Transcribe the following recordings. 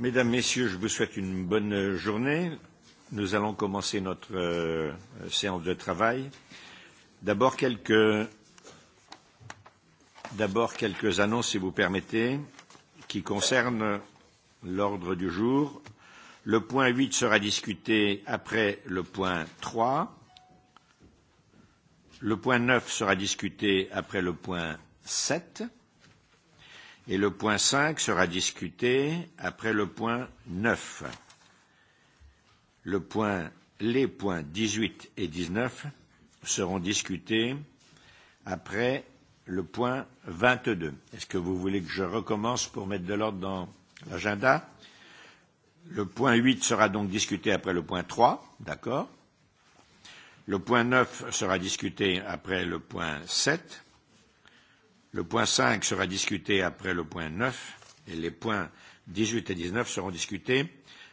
Mesdames, Messieurs, je vous souhaite une bonne journée. Nous allons commencer notre euh, séance de travail. D'abord quelques, quelques annonces, si vous permettez, qui concernent l'ordre du jour. Le point 8 sera discuté après le point 3. Le point 9 sera discuté après le point 7 et le point 5 sera discuté après le point 9. Le point, les points 18 et 19 seront discutés après le point 22. Est-ce que vous voulez que je recommence pour mettre de l'ordre dans l'agenda Le point 8 sera donc discuté après le point 3, d'accord Le point 9 sera discuté après le point 7. Le point 5 sera discuté après le point 9 et les points 18 et 19 seront discutés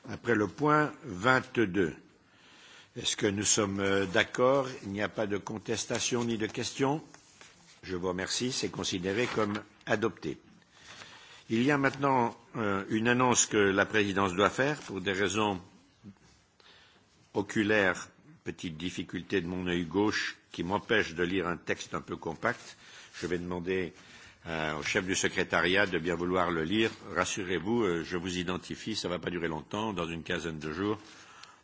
après le point 22. Est-ce que nous sommes euh, d'accord Il n'y a pas de contestation ni de questions Je vous remercie. C'est considéré comme adopté. Il y a maintenant euh, une annonce que la présidence doit faire pour des raisons oculaires, petite difficulté de mon œil gauche qui m'empêche de lire un texte un peu compact. Euh, Je vais demander euh, au chef du secrétariat de bien vouloir le lire. Rassurez-vous, euh, je vous identifie, ça ne va pas durer longtemps, dans une quinzaine de jours,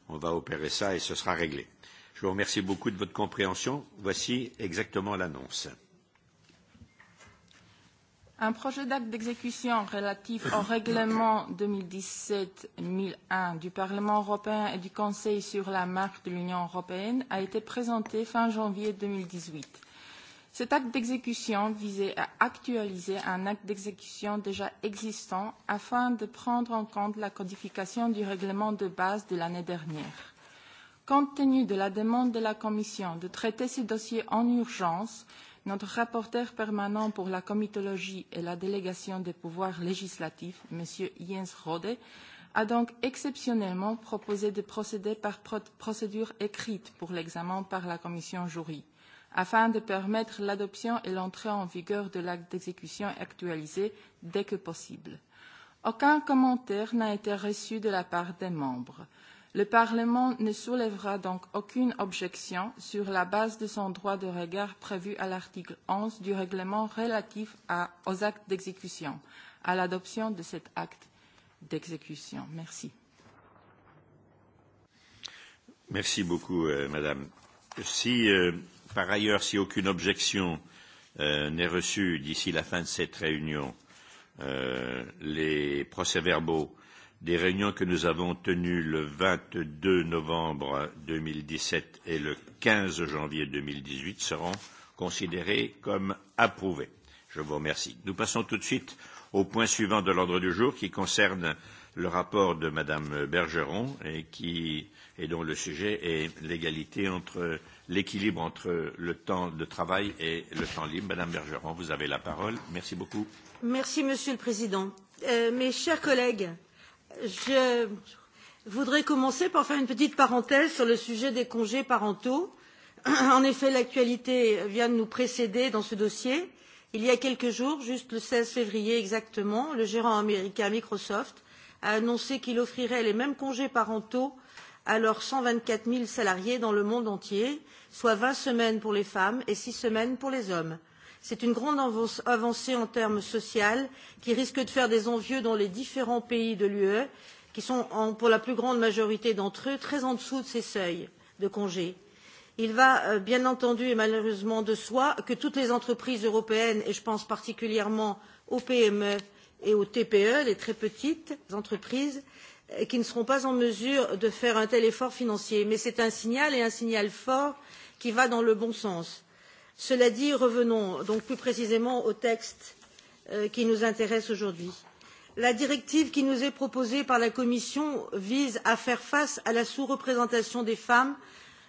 on va opérer ça et ce sera réglé. Je vous remercie beaucoup de votre compréhension. Voici exactement l'annonce. Un projet d'acte d'exécution relatif au règlement 2017-1001 du Parlement européen et du Conseil sur la marque de l'Union européenne a été présenté fin janvier 2018. Cet acte d'exécution visait à actualiser un acte d'exécution déjà existant afin de prendre en compte la codification du règlement de base de l'année dernière. Compte tenu de la demande de la Commission de traiter ces dossiers en urgence, notre rapporteur permanent pour la comitologie et la délégation des pouvoirs législatifs, M. Jens Rode, a donc exceptionnellement proposé de procéder par procédure écrite pour l'examen par la commission jury afin de permettre l'adoption et l'entrée en vigueur de l'acte d'exécution actualisé dès que possible. Aucun commentaire n'a été reçu de la part des membres. Le Parlement ne soulèvera donc aucune objection sur la base de son droit de regard prévu à l'article 11 du règlement relatif à, aux actes d'exécution, à l'adoption de cet acte d'exécution. Merci. Merci beaucoup, euh, Madame. Si euh, Par ailleurs, si aucune objection euh, n'est reçue d'ici la fin de cette réunion, euh, les procès-verbaux des réunions que nous avons tenues le 22 novembre 2017 et le 15 janvier 2018 seront considérés comme approuvés. Je vous remercie. Nous passons tout de suite au point suivant de l'ordre du jour qui concerne le rapport de Madame Bergeron et, qui, et dont le sujet est l'égalité entre l'équilibre entre le temps de travail et le temps libre. Madame Bergeron, vous avez la parole. Merci beaucoup. Merci, Monsieur le Président. Euh, mes chers collègues, je voudrais commencer par faire une petite parenthèse sur le sujet des congés parentaux. En effet, l'actualité vient de nous précéder dans ce dossier. Il y a quelques jours, juste le 16 février exactement, le gérant américain Microsoft a annoncé qu'il offrirait les mêmes congés parentaux à leurs 124 000 salariés dans le monde entier soit 20 semaines pour les femmes et 6 semaines pour les hommes. C'est une grande avancée en termes sociaux qui risque de faire des envieux dans les différents pays de l'UE, qui sont en, pour la plus grande majorité d'entre eux très en dessous de ces seuils de congés. Il va euh, bien entendu et malheureusement de soi que toutes les entreprises européennes, et je pense particulièrement aux PME et aux TPE, les très petites entreprises, euh, qui ne seront pas en mesure de faire un tel effort financier. Mais c'est un signal et un signal fort qui va dans le bon sens. Cela dit, revenons donc plus précisément au texte euh, qui nous intéresse aujourd'hui. La directive qui nous est proposée par la Commission vise à faire face à la sous-représentation des femmes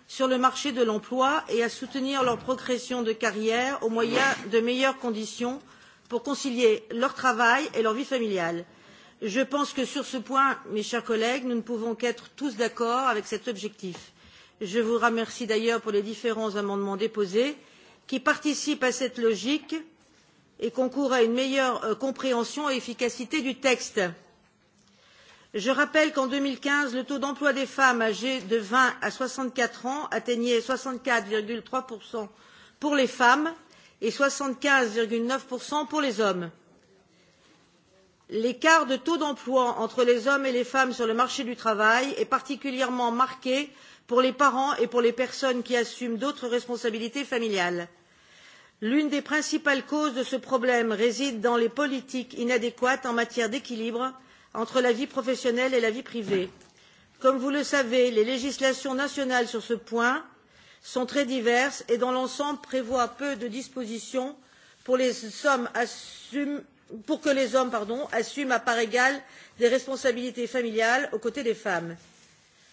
sur le marché de l'emploi et à soutenir leur progression de carrière au moyen de meilleures conditions pour concilier leur travail et leur vie familiale. Je pense que sur ce point, mes chers collègues, nous ne pouvons qu'être tous d'accord avec cet objectif je vous remercie d'ailleurs pour les différents amendements déposés qui participent à cette logique et concourent à une meilleure euh, compréhension et efficacité du texte. je rappelle qu'en deux mille quinze le taux d'emploi des femmes âgées de vingt à soixante quatre ans atteignait soixante quatre trois pour les femmes et soixante quinze neuf pour les hommes. l'écart de taux d'emploi entre les hommes et les femmes sur le marché du travail est particulièrement marqué pour les parents et pour les personnes qui assument d'autres responsabilités familiales. l'une des principales causes de ce problème réside dans les politiques inadéquates en matière d'équilibre entre la vie professionnelle et la vie privée. comme vous le savez les législations nationales sur ce point sont très diverses et dans l'ensemble prévoient peu de dispositions pour, assume, pour que les hommes pardon, assument à parts égales des responsabilités familiales aux côtés des femmes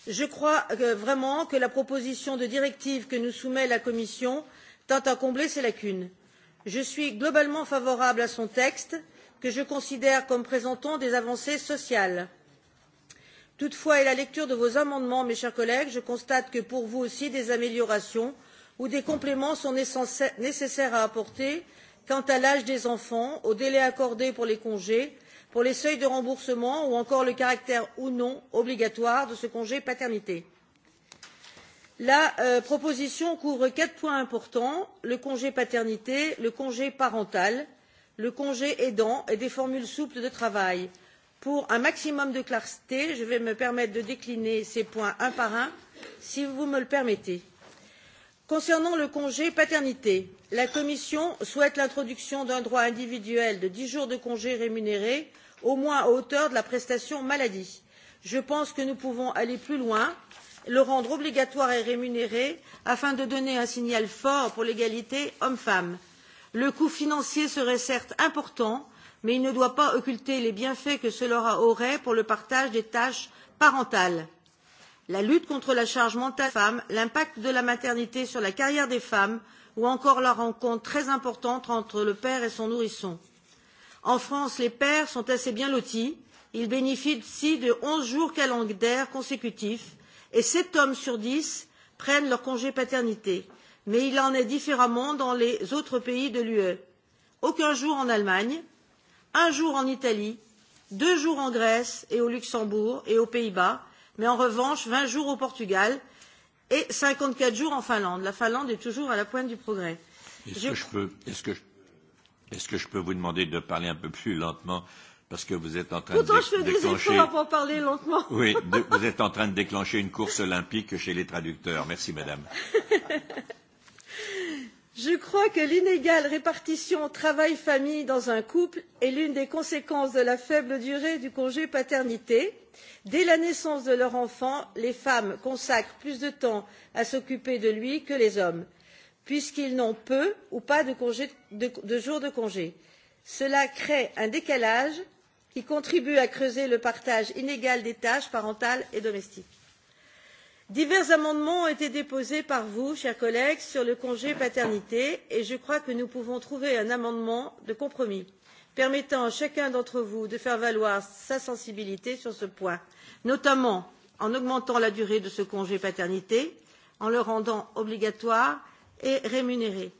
je crois euh, vraiment que la proposition de directive que nous soumet la commission tend à combler ces lacunes. je suis globalement favorable à son texte que je considère comme présentant des avancées sociales. toutefois à la lecture de vos amendements mes chers collègues je constate que pour vous aussi des améliorations ou des compléments sont nécessaires à apporter quant à l'âge des enfants au délai accordé pour les congés pour les seuils de remboursement ou encore le caractère ou non obligatoire de ce congé paternité. La euh, proposition couvre quatre points importants le congé paternité, le congé parental, le congé aidant et des formules souples de travail. Pour un maximum de clarté, je vais me permettre de décliner ces points un par un, si vous me le permettez concernant le congé paternité la commission souhaite l'introduction d'un droit individuel de dix jours de congé rémunérés au moins à hauteur de la prestation maladie. je pense que nous pouvons aller plus loin le rendre obligatoire et rémunéré afin de donner un signal fort pour l'égalité hommes femmes. le coût financier serait certes important mais il ne doit pas occulter les bienfaits que cela aurait pour le partage des tâches parentales la lutte contre la charge mentale des femmes, l'impact de la maternité sur la carrière des femmes ou encore la rencontre très importante entre le père et son nourrisson. En France, les pères sont assez bien lotis. Ils bénéficient de 11 jours calendaires consécutifs et 7 hommes sur 10 prennent leur congé paternité. Mais il en est différemment dans les autres pays de l'UE. Aucun jour en Allemagne, un jour en Italie, deux jours en Grèce et au Luxembourg et aux Pays-Bas, mais en revanche vingt jours au Portugal et cinquante quatre jours en Finlande. La Finlande est toujours à la pointe du progrès. Est-ce je... que je peux est-ce que, je... est que je peux vous demander de parler un peu plus lentement parce que vous êtes en train Pourtant, de je fais déclencher... des efforts pour parler lentement. oui, de, vous êtes en train de déclencher une course olympique chez les traducteurs. Merci, madame. je crois que l'inégale répartition travail famille dans un couple est l'une des conséquences de la faible durée du congé paternité. dès la naissance de leur enfant les femmes consacrent plus de temps à s'occuper de lui que les hommes puisqu'ils n'ont peu ou pas de, congé, de, de jours de congé. cela crée un décalage qui contribue à creuser le partage inégal des tâches parentales et domestiques divers amendements ont été déposés par vous chers collègues sur le congé paternité et je crois que nous pouvons trouver un amendement de compromis permettant à chacun d'entre vous de faire valoir sa sensibilité sur ce point notamment en augmentant la durée de ce congé paternité en le rendant obligatoire et rémunéré.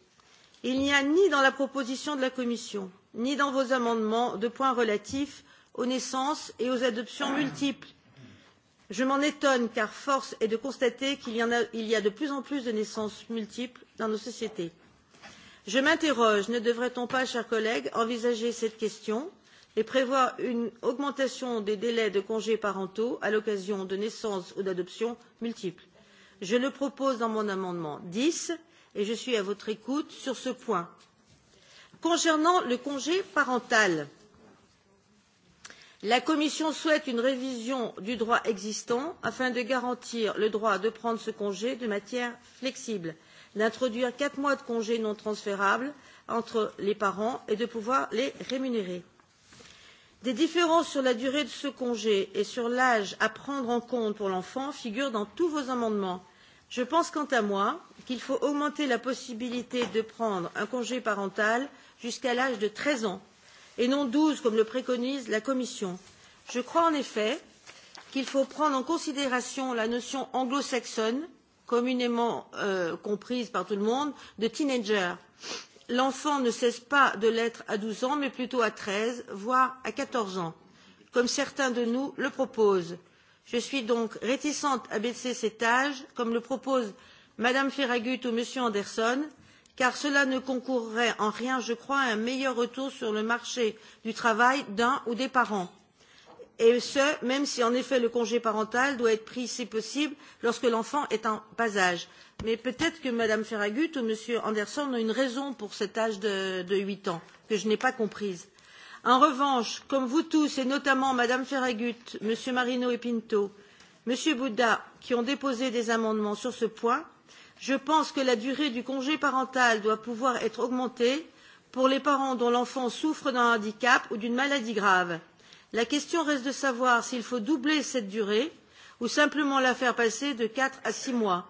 il n'y a ni dans la proposition de la commission ni dans vos amendements de point relatif aux naissances et aux adoptions multiples je m'en étonne car force est de constater qu'il y, y a de plus en plus de naissances multiples dans nos sociétés. je m'interroge ne devrait on pas chers collègues envisager cette question et prévoir une augmentation des délais de congés parentaux à l'occasion de naissances ou d'adoptions multiples? je le propose dans mon amendement dix et je suis à votre écoute sur ce point. concernant le congé parental la commission souhaite une révision du droit existant afin de garantir le droit de prendre ce congé de manière flexible d'introduire quatre mois de congés non transférables entre les parents et de pouvoir les rémunérer. des différences sur la durée de ce congé et sur l'âge à prendre en compte pour l'enfant figurent dans tous vos amendements. je pense quant à moi qu'il faut augmenter la possibilité de prendre un congé parental jusqu'à l'âge de treize ans et non douze comme le préconise la commission. je crois en effet qu'il faut prendre en considération la notion anglo saxonne communément euh, comprise par tout le monde de teenager. l'enfant ne cesse pas de l'être à douze ans mais plutôt à treize voire à quatorze ans comme certains de nous le proposent. je suis donc réticente à baisser cet âge comme le proposent mme ferragut ou m. anderson car cela ne concourrait en rien je crois à un meilleur retour sur le marché du travail d'un ou des parents et ce même si en effet le congé parental doit être pris si possible lorsque l'enfant est en bas âge. mais peut être que mme ferragut ou m. andersson ont une raison pour cet âge de huit ans que je n'ai pas comprise. en revanche comme vous tous et notamment mme ferragut m. marino et pinto m. buda qui ont déposé des amendements sur ce point je pense que la durée du congé parental doit pouvoir être augmentée pour les parents dont l'enfant souffre d'un handicap ou d'une maladie grave. la question reste de savoir s'il faut doubler cette durée ou simplement la faire passer de quatre à six mois.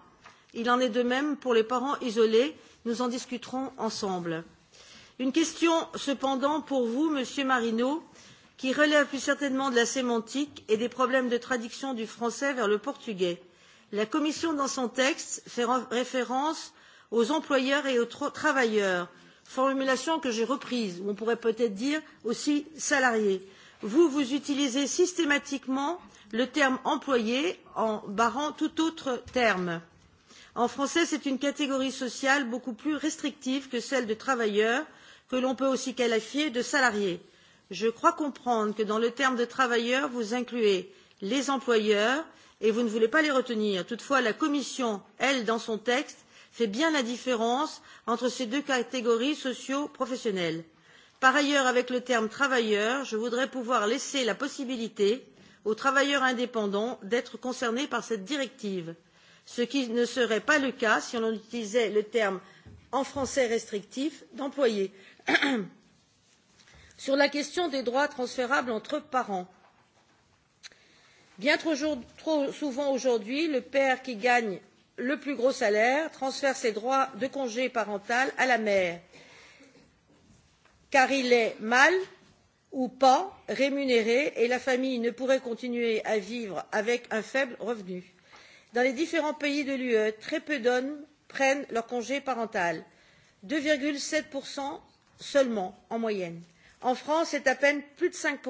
il en est de même pour les parents isolés nous en discuterons ensemble. une question cependant pour vous monsieur marino qui relève plus certainement de la sémantique et des problèmes de traduction du français vers le portugais La Commission, dans son texte, fait référence aux employeurs et aux tra travailleurs, formulation que j'ai reprise, ou on pourrait peut-être dire aussi salariés. Vous, vous utilisez systématiquement le terme employé en barrant tout autre terme. En français, c'est une catégorie sociale beaucoup plus restrictive que celle de travailleurs, que l'on peut aussi qualifier de salariés. Je crois comprendre que dans le terme de travailleurs, vous incluez les employeurs et vous ne voulez pas les retenir. toutefois la commission elle dans son texte fait bien la différence entre ces deux catégories socio professionnelles. par ailleurs avec le terme travailleurs je voudrais pouvoir laisser la possibilité aux travailleurs indépendants d'être concernés par cette directive ce qui ne serait pas le cas si l'on utilisait le terme en français restrictif d'employés. sur la question des droits transférables entre parents bien trop, trop souvent aujourd'hui le père qui gagne le plus gros salaire transfère ses droits de congé parental à la mère car il est mal ou pas rémunéré et la famille ne pourrait continuer à vivre avec un faible revenu. dans les différents pays de l'ue très peu d'hommes prennent leur congé parental deux sept seulement en moyenne. en france c'est à peine plus de cinq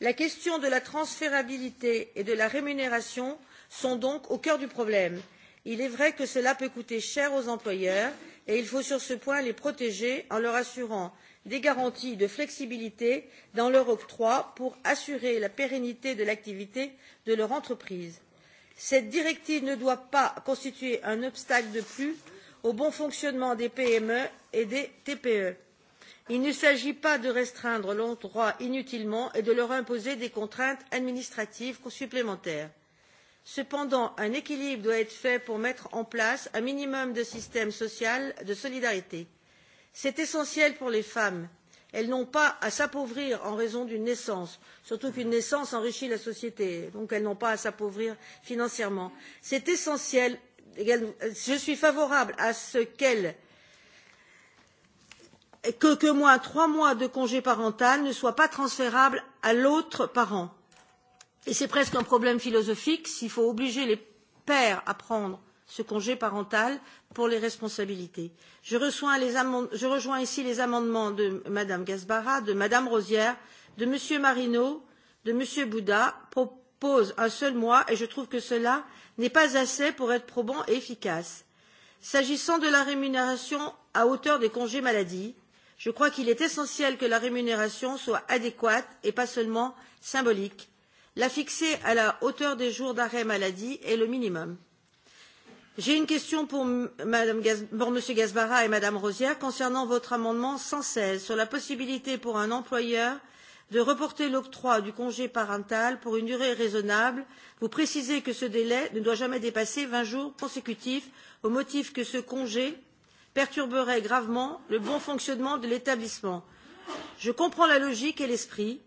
la question de la transférabilité et de la rémunération sont donc au cœur du problème. il est vrai que cela peut coûter cher aux employeurs et il faut sur ce point les protéger en leur assurant des garanties de flexibilité dans leur octroi pour assurer la pérennité de l'activité de leur entreprise. cette directive ne doit pas constituer un obstacle de plus au bon fonctionnement des pme et des tpe il ne s'agit pas de restreindre leurs droits inutilement et de leur imposer des contraintes administratives supplémentaires. cependant un équilibre doit être fait pour mettre en place un minimum de système social de solidarité. c'est essentiel pour les femmes elles n'ont pas à s'appauvrir en raison d'une naissance surtout qu'une naissance enrichit la société donc elles n'ont pas à s'appauvrir financièrement. c'est essentiel je suis favorable à ce qu'elles que, que moins trois mois de congé parental ne soient pas transférables à l'autre parent. Et c'est presque un problème philosophique s'il faut obliger les pères à prendre ce congé parental pour les responsabilités. Je, reçois les je rejoins ici les amendements de Mme Gasbara, de Mme Rosière, de M. Marino, de M. Bouddha, propose un seul mois et je trouve que cela n'est pas assez pour être probant et efficace. S'agissant de la rémunération à hauteur des congés maladie, je crois qu'il est essentiel que la rémunération soit adéquate et pas seulement symbolique. la fixer à la hauteur des jours d'arrêt maladie est le minimum. j'ai une question pour m. gasbara et mme rozière concernant votre amendement cent seize sur la possibilité pour un employeur de reporter l'octroi du congé parental pour une durée raisonnable vous précisez que ce délai ne doit jamais dépasser vingt jours consécutifs au motif que ce congé perturberait gravement le bon fonctionnement de l'établissement. je comprends la logique et l'esprit.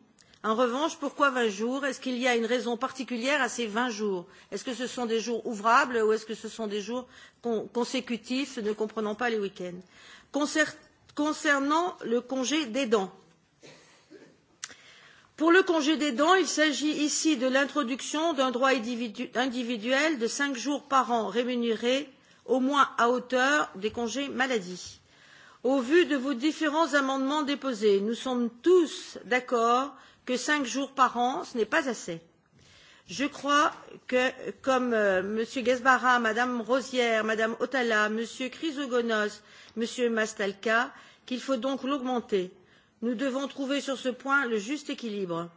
en revanche pourquoi vingt jours? est ce qu'il y a une raison particulière à ces vingt jours? est ce que ce sont des jours ouvrables ou est ce que ce sont des jours consécutifs ne comprenant pas les week ends? concernant le congé d'aidant pour le congé d'aidant il s'agit ici de l'introduction d'un droit individuel de cinq jours par an rémunérés au moins à hauteur des congés maladie. Au vu de vos différents amendements déposés, nous sommes tous d'accord que cinq jours par an, ce n'est pas assez. Je crois que, comme euh, M. Gasbara, Mme Rosière, Mme Otala, M. Chrysogonos, M. Mastalka, qu'il faut donc l'augmenter. Nous devons trouver sur ce point le juste équilibre.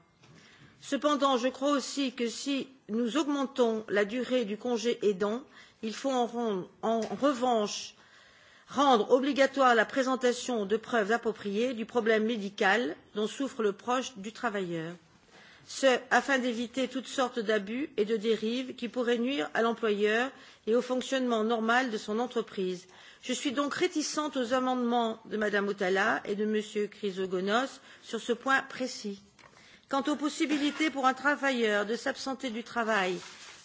Cependant, je crois aussi que si nous augmentons la durée du congé aidant, il faut en, rendre, en revanche rendre obligatoire la présentation de preuves appropriées du problème médical dont souffre le proche du travailleur ce afin d'éviter toutes sortes d'abus et de dérives qui pourraient nuire à l'employeur et au fonctionnement normal de son entreprise. je suis donc réticente aux amendements de mme hautala et de m. chrysogonos sur ce point précis. quant aux possibilités pour un travailleur de s'absenter du travail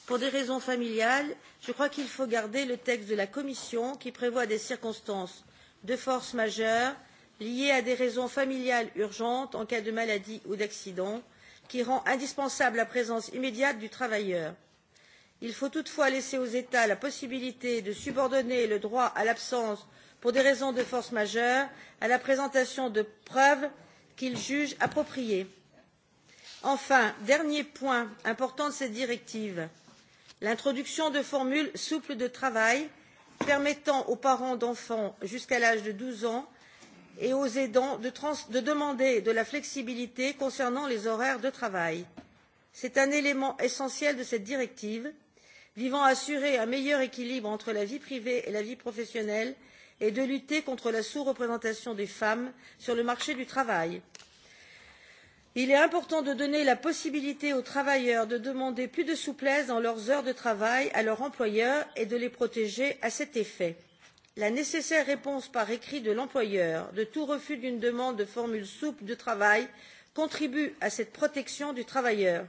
pour des raisons familiales je crois qu'il faut garder le texte de la commission qui prévoit des circonstances de force majeure liées à des raisons familiales urgentes en cas de maladie ou d'accident qui rend indispensable la présence immédiate du travailleur. il faut toutefois laisser aux états la possibilité de subordonner le droit à l'absence pour des raisons de force majeure à la présentation de preuves qu'ils jugent appropriées. enfin dernier point important de cette directive l'introduction de formules souples de travail permettant aux parents d'enfants jusqu'à l'âge de douze ans et aux aidants de, de demander de la flexibilité concernant les horaires de travail. c'est un élément essentiel de cette directive visant à assurer un meilleur équilibre entre la vie privée et la vie professionnelle et à lutter contre la sous représentation des femmes sur le marché du travail il est important de donner la possibilité aux travailleurs de demander plus de souplesse dans leurs heures de travail à leur employeur et de les protéger à cet effet. la nécessaire réponse par écrit de l'employeur de tout refus d'une demande de formule souple de travail contribue à cette protection du travailleur.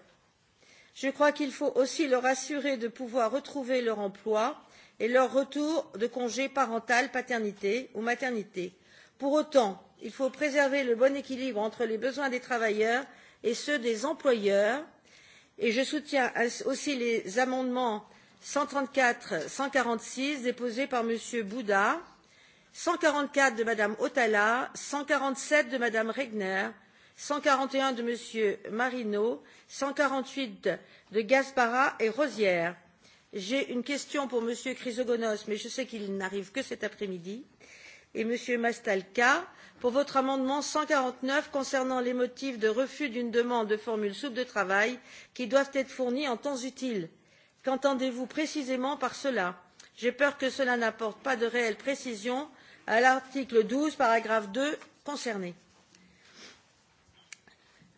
je crois qu'il faut aussi leur assurer de pouvoir retrouver leur emploi et leur retour de congé parental paternité ou maternité. pour autant il faut préserver le bon équilibre entre les besoins des travailleurs et ceux des employeurs et je soutiens aussi les amendements cent trente quatre et cent quarante six déposés par m. buda cent quarante quatre de mme hautala cent quarante sept de mme regner cent quarante et un de m. marino cent quarante huit de gaspara et rozière. j'ai une question pour m. chrysogonos mais je sais qu'il n'arrive que cet après midi. euh, et m. mastalka pour votre amendement cent quarante neuf concernant les motifs de refus d'une demande de formule soupe de travail qui doivent être fournis en temps utile. qu'entendez vous précisément par cela? j'ai peur que cela n'apporte pas de réelles précisions à l'article douze paragraphe deux concerné.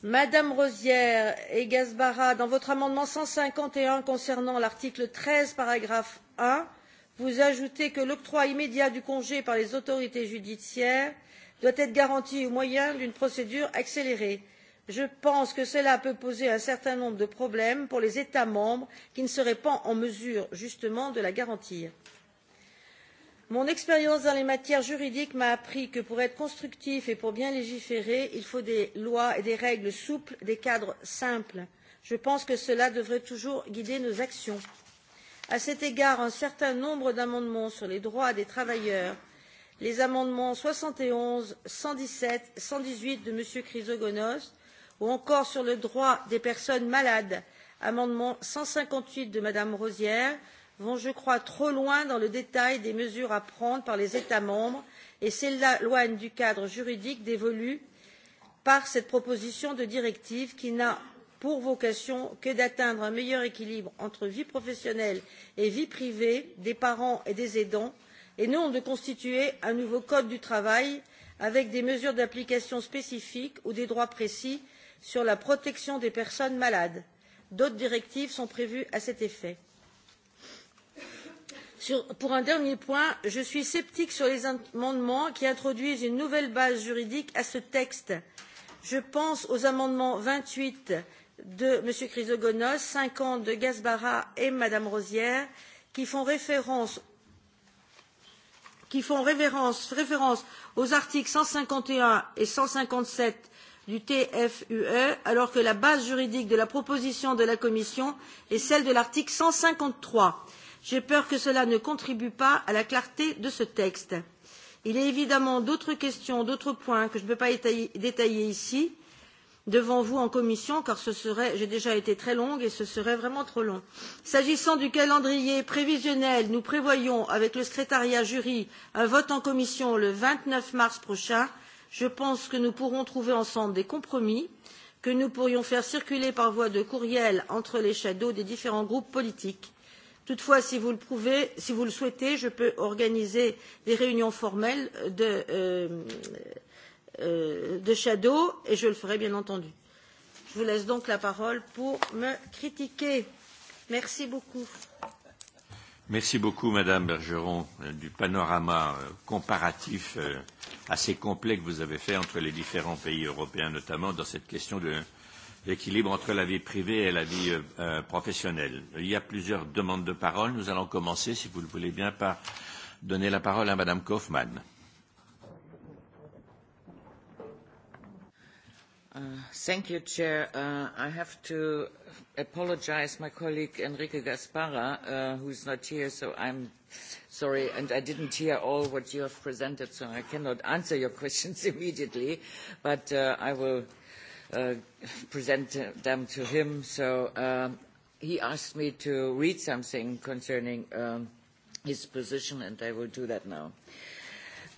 Madame Rosière et Gazbara, dans votre amendement 151 concernant l'article 13, paragraphe 1, vous ajoutez que l'octroi immédiat du congé par les autorités judiciaires doit être garanti au moyen d'une procédure accélérée. je pense que cela peut poser un certain nombre de problèmes pour les états membres qui ne seraient pas en mesure justement de la garantir. mon expérience dans les matières juridiques m'a appris que pour être constructif et pour bien légiférer il faut des lois et des règles souples des cadres simples. je pense que cela devrait toujours guider nos actions à cet égard un certain nombre d'amendements sur les droits des travailleurs les amendements soixante et onze cent dix sept et cent dix huit de m. chrysogonos ou encore sur le droit des personnes malades amendement cent cinquante huit de mme rozière vont je crois trop loin dans le détail des mesures à prendre par les états membres et s'éloignent du cadre juridique dévolu par cette proposition de directive qui n'a pour vocation que d'atteindre un meilleur équilibre entre vie professionnelle et vie privée des parents et des aidants et non de constituer un nouveau code du travail avec des mesures d'application spécifiques ou des droits précis sur la protection des personnes malades. d'autres directives sont prévues à cet effet. Sur, pour un dernier point je suis sceptique sur les amendements qui introduisent une nouvelle base juridique à ce texte. je pense aux amendements vingt huit de M. Chrysogonos, 50 de Gasbara et Mme Rosière, qui font référence qui font référence, référence aux articles 151 et 157 du TFUE, alors que la base juridique de la proposition de la Commission est celle de l'article 153. J'ai peur que cela ne contribue pas à la clarté de ce texte. Il y a évidemment d'autres questions, d'autres points que je ne peux pas détailler ici. Euh, devant vous en commission car ce serait j'ai déjà été très longue et ce serait vraiment trop long. S'agissant du calendrier prévisionnel, nous prévoyons avec le secrétariat jury un vote en commission le 29 mars prochain. Je pense que nous pourrons trouver ensemble des compromis que nous pourrions faire circuler par voie de courriel entre les shadows des différents groupes politiques. Toutefois, si vous le, prouvez, si vous le souhaitez, je peux organiser des réunions formelles de, euh, euh, de shadow et je le ferai bien entendu. Je vous laisse donc la parole pour me critiquer. Merci beaucoup. Merci beaucoup, Madame Bergeron, euh, du panorama euh, comparatif euh, assez complet que vous avez fait entre les différents pays européens, notamment dans cette question de l'équilibre entre la vie privée et la vie professionnelle. Il y a plusieurs demandes de parole. Nous allons commencer, si vous le voulez bien, par donner la parole à Madame Kaufmann. Uh, thank you, Chair. Uh, I have to apologize my colleague Enrique Gaspara, uh, who's not here, so I'm sorry, and I didn't hear all what you have presented, so I cannot answer your questions immediately, but uh, I will uh, present them to him. So um, he asked me to read something concerning um, his position, and I will do that now. Uh,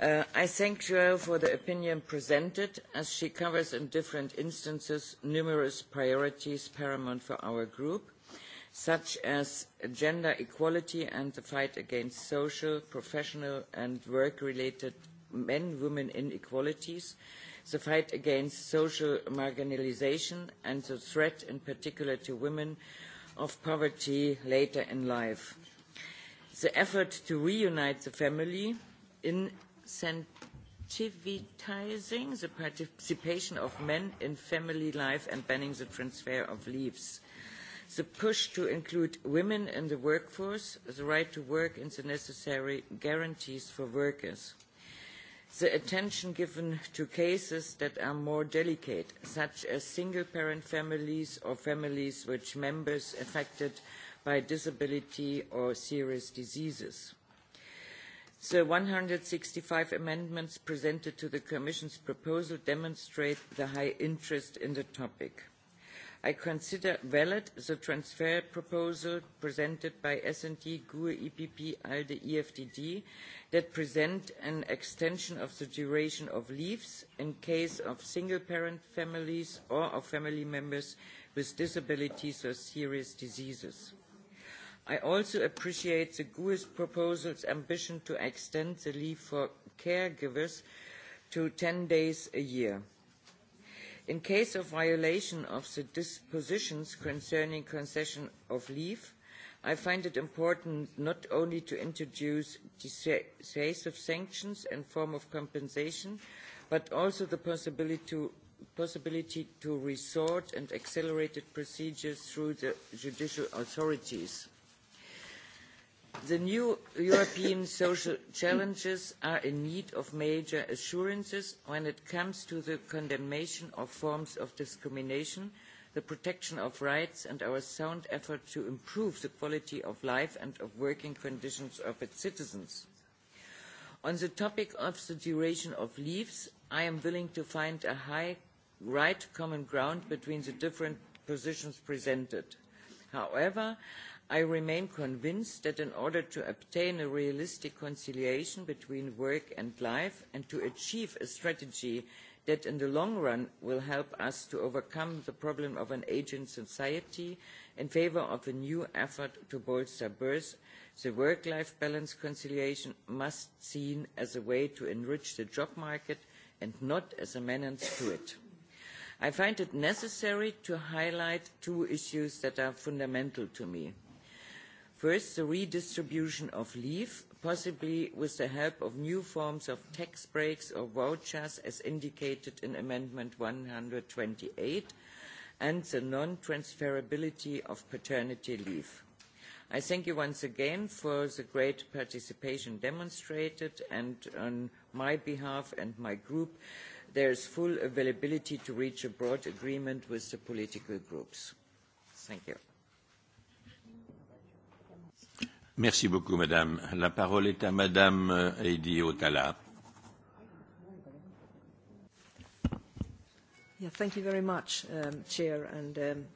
Uh, I thank Joël for the opinion presented, as she covers in different instances numerous priorities paramount for our group, such as gender equality and the fight against social, professional and work-related men-women inequalities, the fight against social marginalization and the threat in particular to women of poverty later in life. The effort to reunite the family in incentivizing the participation of men in family life and banning the transfer of leaves. The push to include women in the workforce, the right to work and the necessary guarantees for workers. The attention given to cases that are more delicate, such as single-parent families or families which members affected by disability or serious diseases the one hundred and sixty five amendments presented to the commission's proposal demonstrate the high interest in the topic. i consider valid the transfer proposal presented by sd gue epp alde efdd that present an extension of the duration of leaves in case of single parent families or of family members with disabilities or serious diseases. I also appreciate the GUE's proposal's ambition to extend the leave for caregivers to 10 days a year. In case of violation of the dispositions concerning concession of leave, I find it important not only to introduce decisive sanctions and form of compensation, but also the possibility to, possibility to resort and accelerated procedures through the judicial authorities. The new European social challenges are in need of major assurances when it comes to the condemnation of forms of discrimination, the protection of rights and our sound effort to improve the quality of life and of working conditions of its citizens. On the topic of the duration of leaves, I am willing to find a high right common ground between the different positions presented. However, I remain convinced that in order to obtain a realistic conciliation between work and life and to achieve a strategy that in the long run will help us to overcome the problem of an aging society in favour of a new effort to bolster birth, the work-life balance conciliation must be seen as a way to enrich the job market and not as a menace to it. I find it necessary to highlight two issues that are fundamental to me. First, the redistribution of leave, possibly with the help of new forms of tax breaks or vouchers as indicated in Amendment 128, and the non-transferability of paternity leave. I thank you once again for the great participation demonstrated, and on my behalf and my group, there is full availability to reach a broad agreement with the political groups. Thank you. Merci beaucoup, madame. La parole est à madame euh, Heidi Otala. Yeah, thank you very much, um, Chair, and um,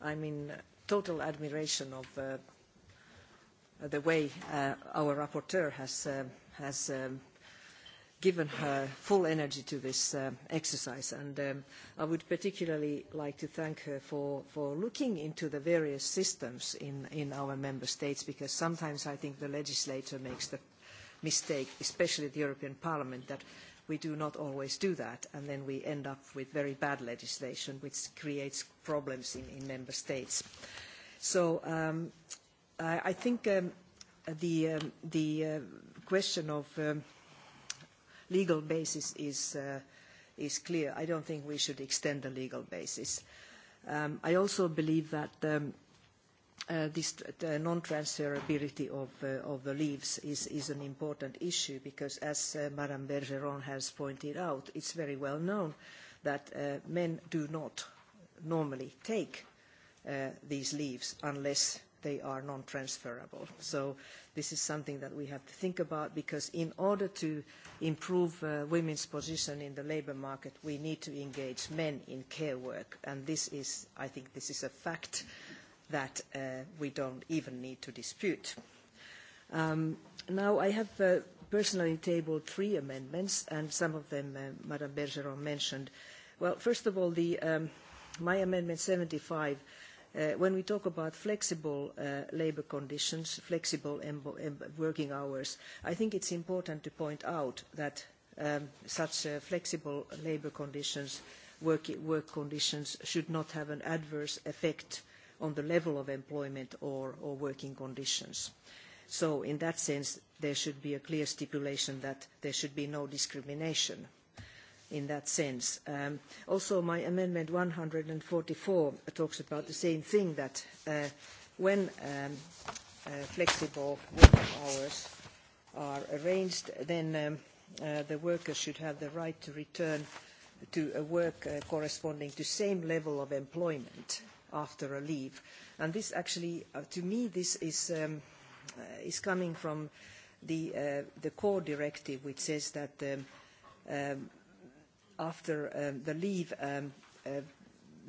I'm in total admiration of uh, the way uh, our rapporteur has, uh, has um, given her full energy to this um, exercise. And um, I would particularly like to thank her for, for looking into the various systems in, in our member states, because sometimes I think the legislator makes the mistake, especially the European Parliament, that we do not always do that, and then we end up with very bad legislation, which creates problems in, in member states. So um, I, I think um, the, um, the uh, question of um, – legal basis is, uh, is clear. I don't think we should extend the legal basis. Um, I also believe that um, uh, this uh, non-transferability of, uh, of the leaves is, is an important issue because, as uh, Madame Bergeron has pointed out, it's very well known that uh, men do not normally take uh, these leaves unless they are non-transferable. So this is something that we have to think about because in order to improve uh, women's position in the labor market, we need to engage men in care work. And this is, I think this is a fact that uh, we don't even need to dispute. Um, now I have uh, personally tabled three amendments, and some of them uh, Madame Bergeron mentioned. Well, first of all, the, um, my amendment 75 Uh, when we talk about flexible uh, labor conditions, flexible working hours, I think it's important to point out that um, such uh, flexible labor conditions, work, work conditions, should not have an adverse effect on the level of employment or, or working conditions. So in that sense, there should be a clear stipulation that there should be no discrimination in that sense. Um, also, my amendment 144 talks about the same thing, that uh, when um, uh, flexible working hours are arranged, then um, uh, the worker should have the right to return to a work uh, corresponding to same level of employment after a leave. And this actually, uh, to me, this is, um, uh, is coming from the, uh, the core directive, which says that um, um, after um, the leave, um, uh,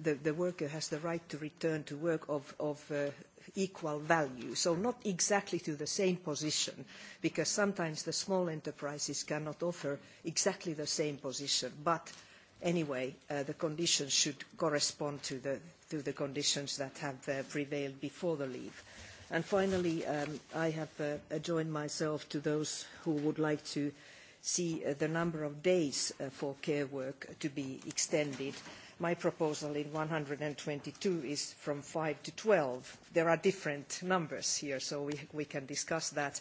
the, the worker has the right to return to work of, of uh, equal value. So not exactly to the same position, because sometimes the small enterprises cannot offer exactly the same position. But anyway, uh, the conditions should correspond to the, to the conditions that have uh, prevailed before the leave. And finally, um, I have uh, joined myself to those who would like to uh, see uh, the number of days uh, for care work to be extended. My proposal in 122 is from 5 to 12. There are different numbers here, so we, we can discuss that.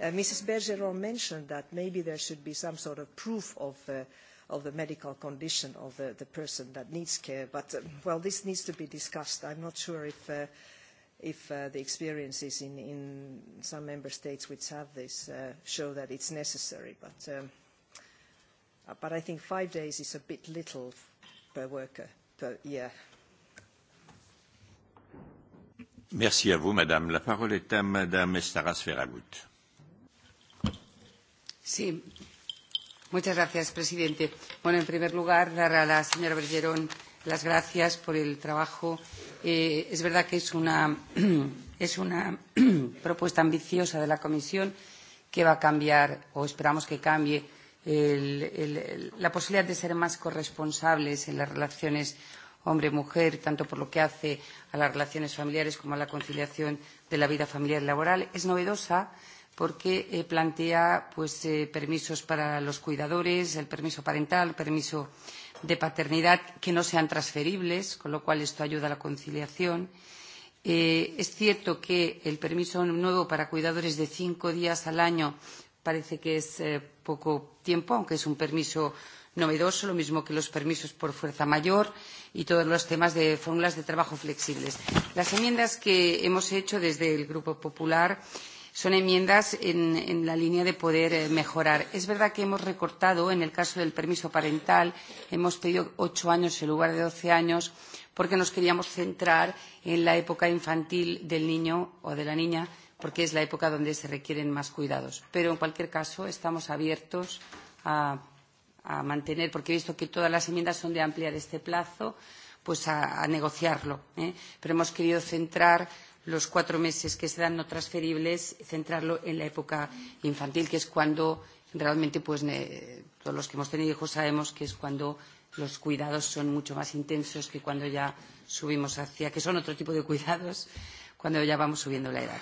Uh, Mrs. Bergeron mentioned that maybe there should be some sort of proof of uh, of the medical condition of the, the person that needs care. But, um, well, this needs to be discussed. I'm not sure if uh, if uh, the experiences in, in some member states which have this uh, show that it's necessary. But, um, uh, but I think five days is a bit little per worker per year. Merci à vous, Madame. La parole est à Madame Estaras Ferragut. Sí. Muchas gracias, presidente. Bueno, en primer lugar, dar a la señora Bergerón las gracias por el trabajo eh, Eh, es verdad que es una, es una propuesta ambiciosa de la Comisión que va a cambiar, o esperamos que cambie, el, el, el, la posibilidad de ser más corresponsables en las relaciones hombre-mujer, tanto por lo que hace a las relaciones familiares como a la conciliación de la vida familiar y laboral. Es novedosa porque eh, plantea pues, eh, permisos para los cuidadores, el permiso parental, permiso de paternidad que no sean transferibles, con lo cual esto ayuda a la conciliación. Eh, es cierto que el permiso nuevo para cuidadores de cinco días al año parece que es eh, poco tiempo, aunque es un permiso novedoso, lo mismo que los permisos por fuerza mayor y todos los temas de fórmulas de trabajo flexibles. Las enmiendas que hemos hecho desde el Grupo Popular eh, son enmiendas en, en la línea de poder eh, mejorar. Es verdad que hemos recortado, en el caso del permiso parental, hemos pedido ocho años en lugar de doce años, porque nos queríamos centrar en la época infantil del niño o de la niña, porque es la época donde se requieren más cuidados. Pero, en cualquier caso, estamos abiertos a, a mantener, porque he visto que todas las enmiendas son de ampliar este plazo, pues a, a negociarlo. ¿eh? Pero hemos querido centrar los cuatro meses que se dan no transferibles, centrarlo en la época infantil, que es cuando realmente pues, ne, todos los que hemos tenido hijos sabemos que es cuando los cuidados son mucho más intensos que cuando ya subimos hacia, que son otro tipo de cuidados, cuando ya vamos subiendo la edad.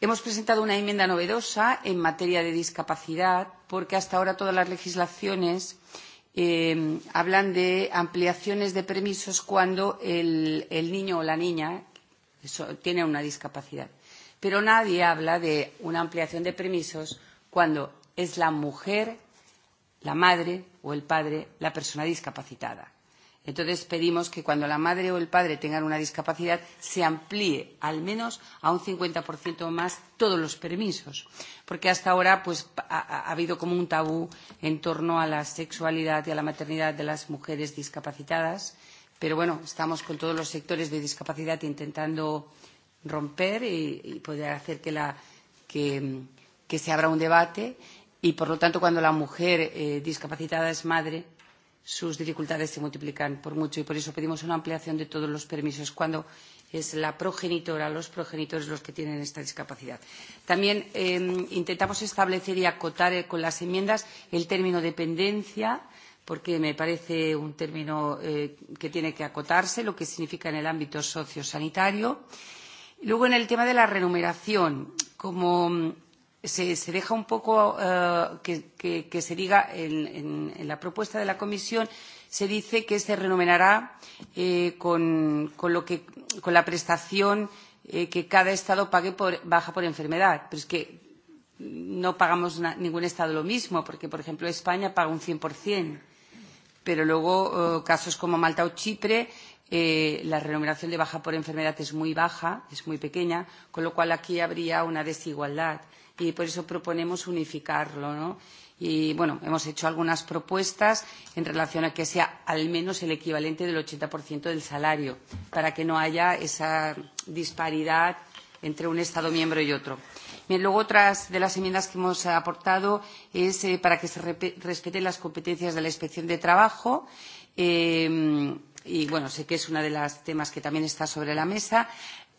Hemos presentado una enmienda novedosa en materia de discapacidad porque hasta ahora todas las legislaciones eh, hablan de ampliaciones de permisos cuando el, el niño o la niña so, tienen una discapacidad. Pero nadie habla de una ampliación de permisos cuando es la mujer, la madre o el padre la persona discapacitada. Entonces pedimos que cuando la madre o el padre tengan una discapacidad se amplíe al menos a un 50% más todos los permisos, porque hasta ahora pues, ha, ha habido como un tabú en torno a la sexualidad y a la maternidad de las mujeres discapacitadas Pero bueno, estamos con todos los sectores de discapacidad intentando romper y, y poder hacer que, la, que, que se abra un debate. Y por lo tanto, cuando la mujer eh, discapacitada es madre, sus dificultades se multiplican por mucho y por eso pedimos una ampliación de todos los permisos cuando es la progenitora, los progenitores los que tienen esta discapacidad. También eh, intentamos establecer y acotar eh, con las enmiendas el término dependencia, eh, porque me parece un término eh, que tiene que acotarse, lo que significa en el ámbito sociosanitario. Luego, en el tema de la remuneración, como mm, se, se deja un poco eh, que, que, que se diga en, en, en la propuesta de la Comisión, se dice que se remunerará eh, con, con, lo que, con la prestación eh, que cada Estado pague por baja por enfermedad. Pero es que no pagamos na, ningún Estado lo mismo, porque, por ejemplo, España paga un 100% pero luego eh, casos como Malta o Chipre eh, la remuneración de baja por enfermedad es muy baja, es muy pequeña, con lo cual aquí habría una desigualdad y por eso proponemos unificarlo. ¿no? Y bueno, hemos hecho algunas propuestas en relación a que sea al menos el equivalente del 80% del salario, para que no haya esa disparidad entre un Estado miembro y otro. Eh, Bien, luego otras de las enmiendas que hemos aportado es eh, para que se re respeten las competencias de la Inspección de Trabajo. Eh, y bueno, sé que es uno de los temas que también está sobre la mesa.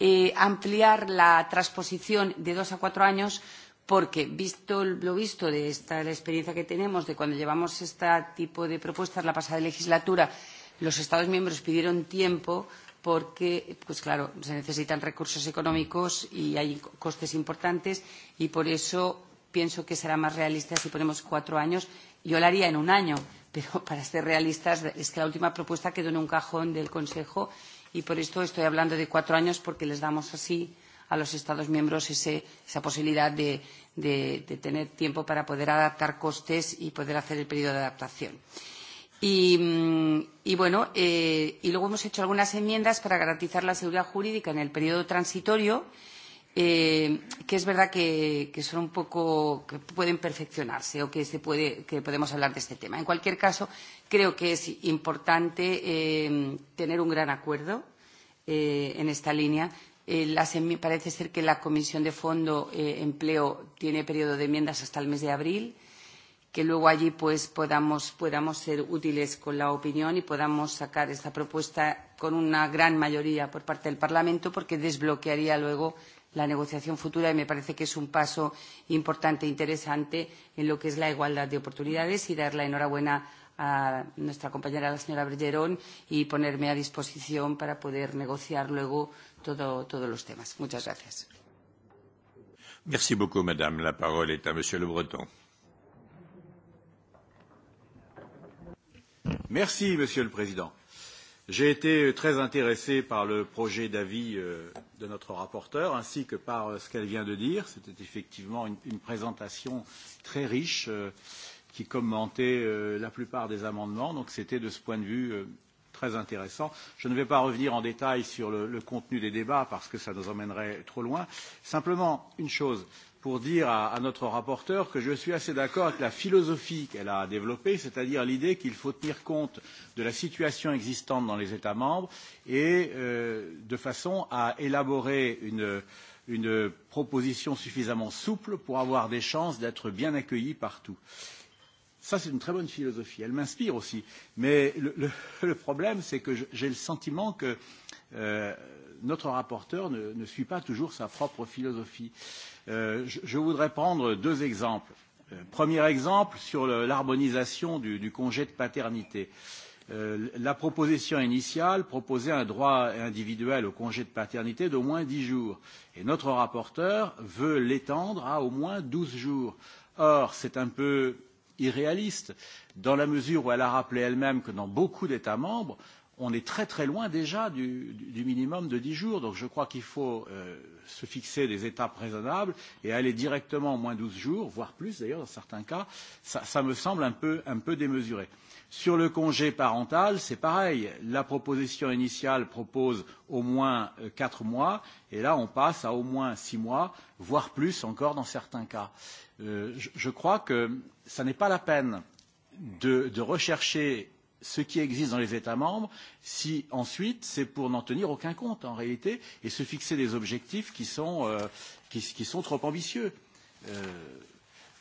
Eh, ampliar la transposición de dos a cuatro años porque visto lo visto de esta la experiencia que tenemos de cuando llevamos este tipo de propuestas la pasada legislatura los Estados miembros pidieron tiempo porque, pues claro, se necesitan recursos económicos y hay costes importantes y por eso pienso que será más realista si ponemos cuatro años. Yo lo haría en un año, pero para ser realistas es que la última propuesta quedó en un cajón del Consejo y por esto estoy hablando de cuatro años porque les damos así a los Estados miembros ese, esa posibilidad de, de, de tener tiempo para poder adaptar costes y poder hacer el periodo de adaptación. Eh, Y, mm, y bueno, eh, y luego hemos hecho algunas enmiendas para garantizar la seguridad jurídica en el periodo transitorio, eh, que es verdad que, que son un poco, que pueden perfeccionarse o que, se puede, que podemos hablar de este tema. En cualquier caso, creo que es importante eh, tener un gran acuerdo eh, en esta línea. Eh, las, parece ser que la Comisión de Fondo eh, Empleo tiene periodo de enmiendas hasta el mes de abril que luego allí pues podamos, podamos ser útiles con la opinión y podamos sacar esta propuesta con una gran mayoría por parte del Parlamento porque desbloquearía luego la negociación futura y me parece que es un paso importante e interesante en lo que es la igualdad de oportunidades y dar la enhorabuena a nuestra compañera la señora Bergerón y ponerme a disposición para poder negociar luego todo, todos los temas. Muchas gracias. Merci beaucoup, madame. La parole est à monsieur Le Breton. Merci, Monsieur le Président. J'ai été très intéressé par le projet d'avis euh, de notre rapporteur ainsi que par euh, ce qu'elle vient de dire. C'était effectivement une, une présentation très riche euh, qui commentait la plupart des amendements. Donc c'était de ce point de vue très intéressant. Je ne vais pas revenir en détail sur le, le contenu des débats parce que ça nous emmènerait trop loin. Simplement une chose, pour dire à, à notre rapporteur que je suis assez d'accord avec la philosophie qu'elle a développée, c'est-à-dire l'idée qu'il faut tenir compte de la situation existante dans les États membres et euh, de façon à élaborer une, une proposition suffisamment souple pour avoir des chances d'être bien accueillie partout. Ça, c'est une très bonne philosophie. Elle m'inspire aussi. Mais le, le, le problème, c'est que j'ai le sentiment que euh, notre rapporteur ne, ne suit pas toujours sa propre philosophie. Euh, je, je voudrais prendre deux exemples. Euh, premier exemple sur l'harmonisation du, du congé de paternité. Euh, la proposition initiale proposait un droit individuel au congé de paternité d'au moins 10 jours. Et notre rapporteur veut l'étendre à au moins 12 jours. Or, c'est un peu irréaliste, dans la mesure où elle a rappelé elle-même que dans beaucoup d'États membres, on est très très loin déjà du, du minimum de 10 jours. Donc je crois qu'il faut euh, se fixer des étapes raisonnables et aller directement en moins 12 jours, voire plus d'ailleurs dans certains cas. Ça, ça me semble un peu, un peu démesuré. Sur le congé parental, c'est pareil. La proposition initiale propose au moins 4 euh, mois et là on passe à au moins 6 mois, voire plus encore dans certains cas. Euh, je, je crois que ça n'est pas la peine de, de rechercher ce qui existe dans les États membres si ensuite c'est pour n'en tenir aucun compte en réalité et se fixer des objectifs qui sont, euh, qui, qui sont trop ambitieux. Euh,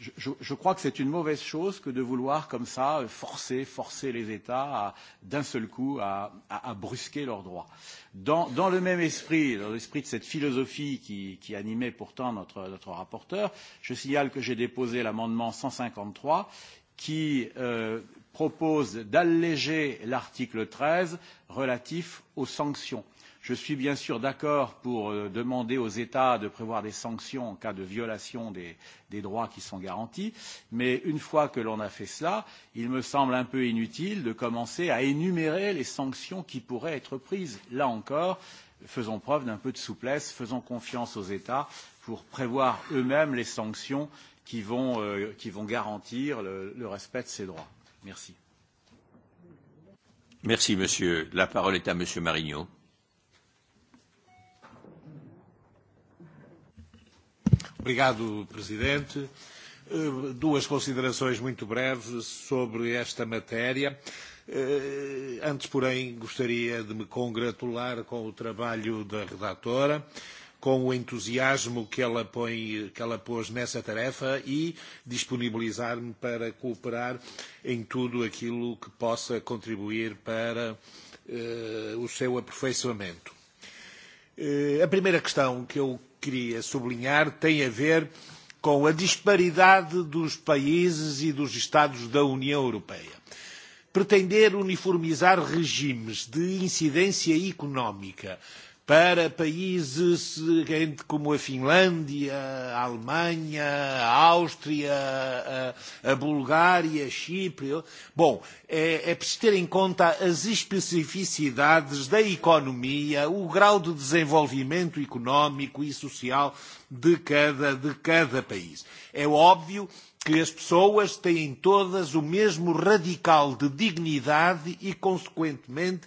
je, je, je crois que c'est une mauvaise chose que de vouloir comme ça forcer, forcer les États d'un seul coup à, à, à brusquer leurs droits. Dans, dans le même esprit, dans l'esprit de cette philosophie qui, qui animait pourtant notre, notre rapporteur, je signale que j'ai déposé l'amendement 153 qui euh, propose d'alléger l'article 13 relatif aux sanctions. Je suis bien sûr d'accord pour euh, demander aux États de prévoir des sanctions en cas de violation des, des droits qui sont garantis, mais une fois que l'on a fait cela, il me semble un peu inutile de commencer à énumérer les sanctions qui pourraient être prises. Là encore, faisons preuve d'un peu de souplesse, faisons confiance aux États pour prévoir eux-mêmes les sanctions qui vont, euh, qui vont garantir le, le respect de ces droits. Merci. Merci, monsieur. La parole est à monsieur Marigno. Obrigado, presidente. Eh, duas considerações muito breves sobre esta matéria. Eh, antes, porém, gostaria de me congratular com o trabalho da redatora com o entusiasmo que ela, põe, que ela pôs nessa tarefa e disponibilizar-me para cooperar em tudo aquilo que possa contribuir para eh, o seu aperfeiçoamento. Eh, a primeira questão que eu queria sublinhar tem a ver com a disparidade dos países e dos Estados da União Europeia pretender uniformizar regimes de incidência económica para países eh, como a Finlândia, a Alemanha, a Áustria, a, a Bulgária, a Chipre. Bom, é, é preciso ter em conta as especificidades da economia, o grau de desenvolvimento económico e social de cada, de cada país. É óbvio que as pessoas têm todas o mesmo radical de dignidade e, consequentemente,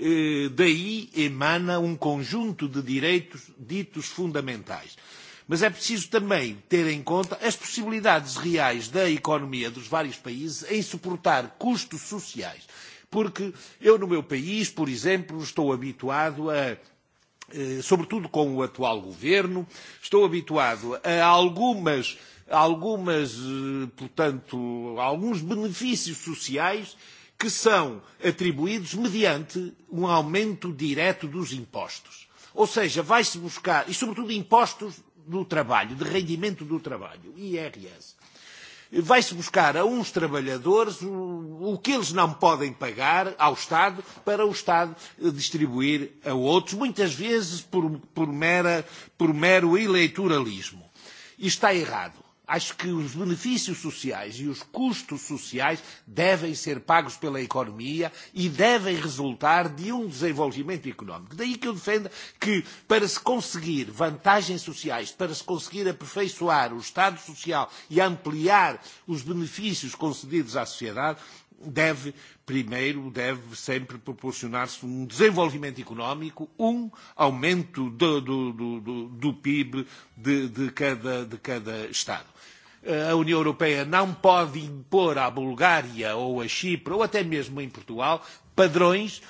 Eh, daí emana um conjunto de direitos ditos fundamentais. Mas é preciso também ter em conta as possibilidades reais da economia dos vários países em suportar custos sociais. Porque eu, no meu país, por exemplo, estou habituado a eh, sobretudo com o atual governo, estou habituado a algumas, a algumas eh, portanto, a alguns benefícios sociais que são atribuídos mediante um aumento direto dos impostos. Ou seja, vai-se buscar, e sobretudo impostos do trabalho, de rendimento do trabalho, IRS. Vai-se buscar a uns trabalhadores o, o que eles não podem pagar ao Estado para o Estado distribuir a outros, muitas vezes por, por, mera, por mero eleitoralismo. E está errado. Acho que os benefícios sociais e os custos sociais devem ser pagos pela economia e devem resultar de um desenvolvimento económico. Daí que eu defendo que, para se conseguir vantagens sociais, para se conseguir aperfeiçoar o Estado Social e ampliar os benefícios concedidos à sociedade, deve primeiro, deve sempre proporcionar-se um desenvolvimento económico, um aumento do, do, do, do, do PIB de, de, cada, de cada Estado. Eh, a União Europeia não pode impor à Bulgária ou a Chipre, ou até mesmo em Portugal, padrões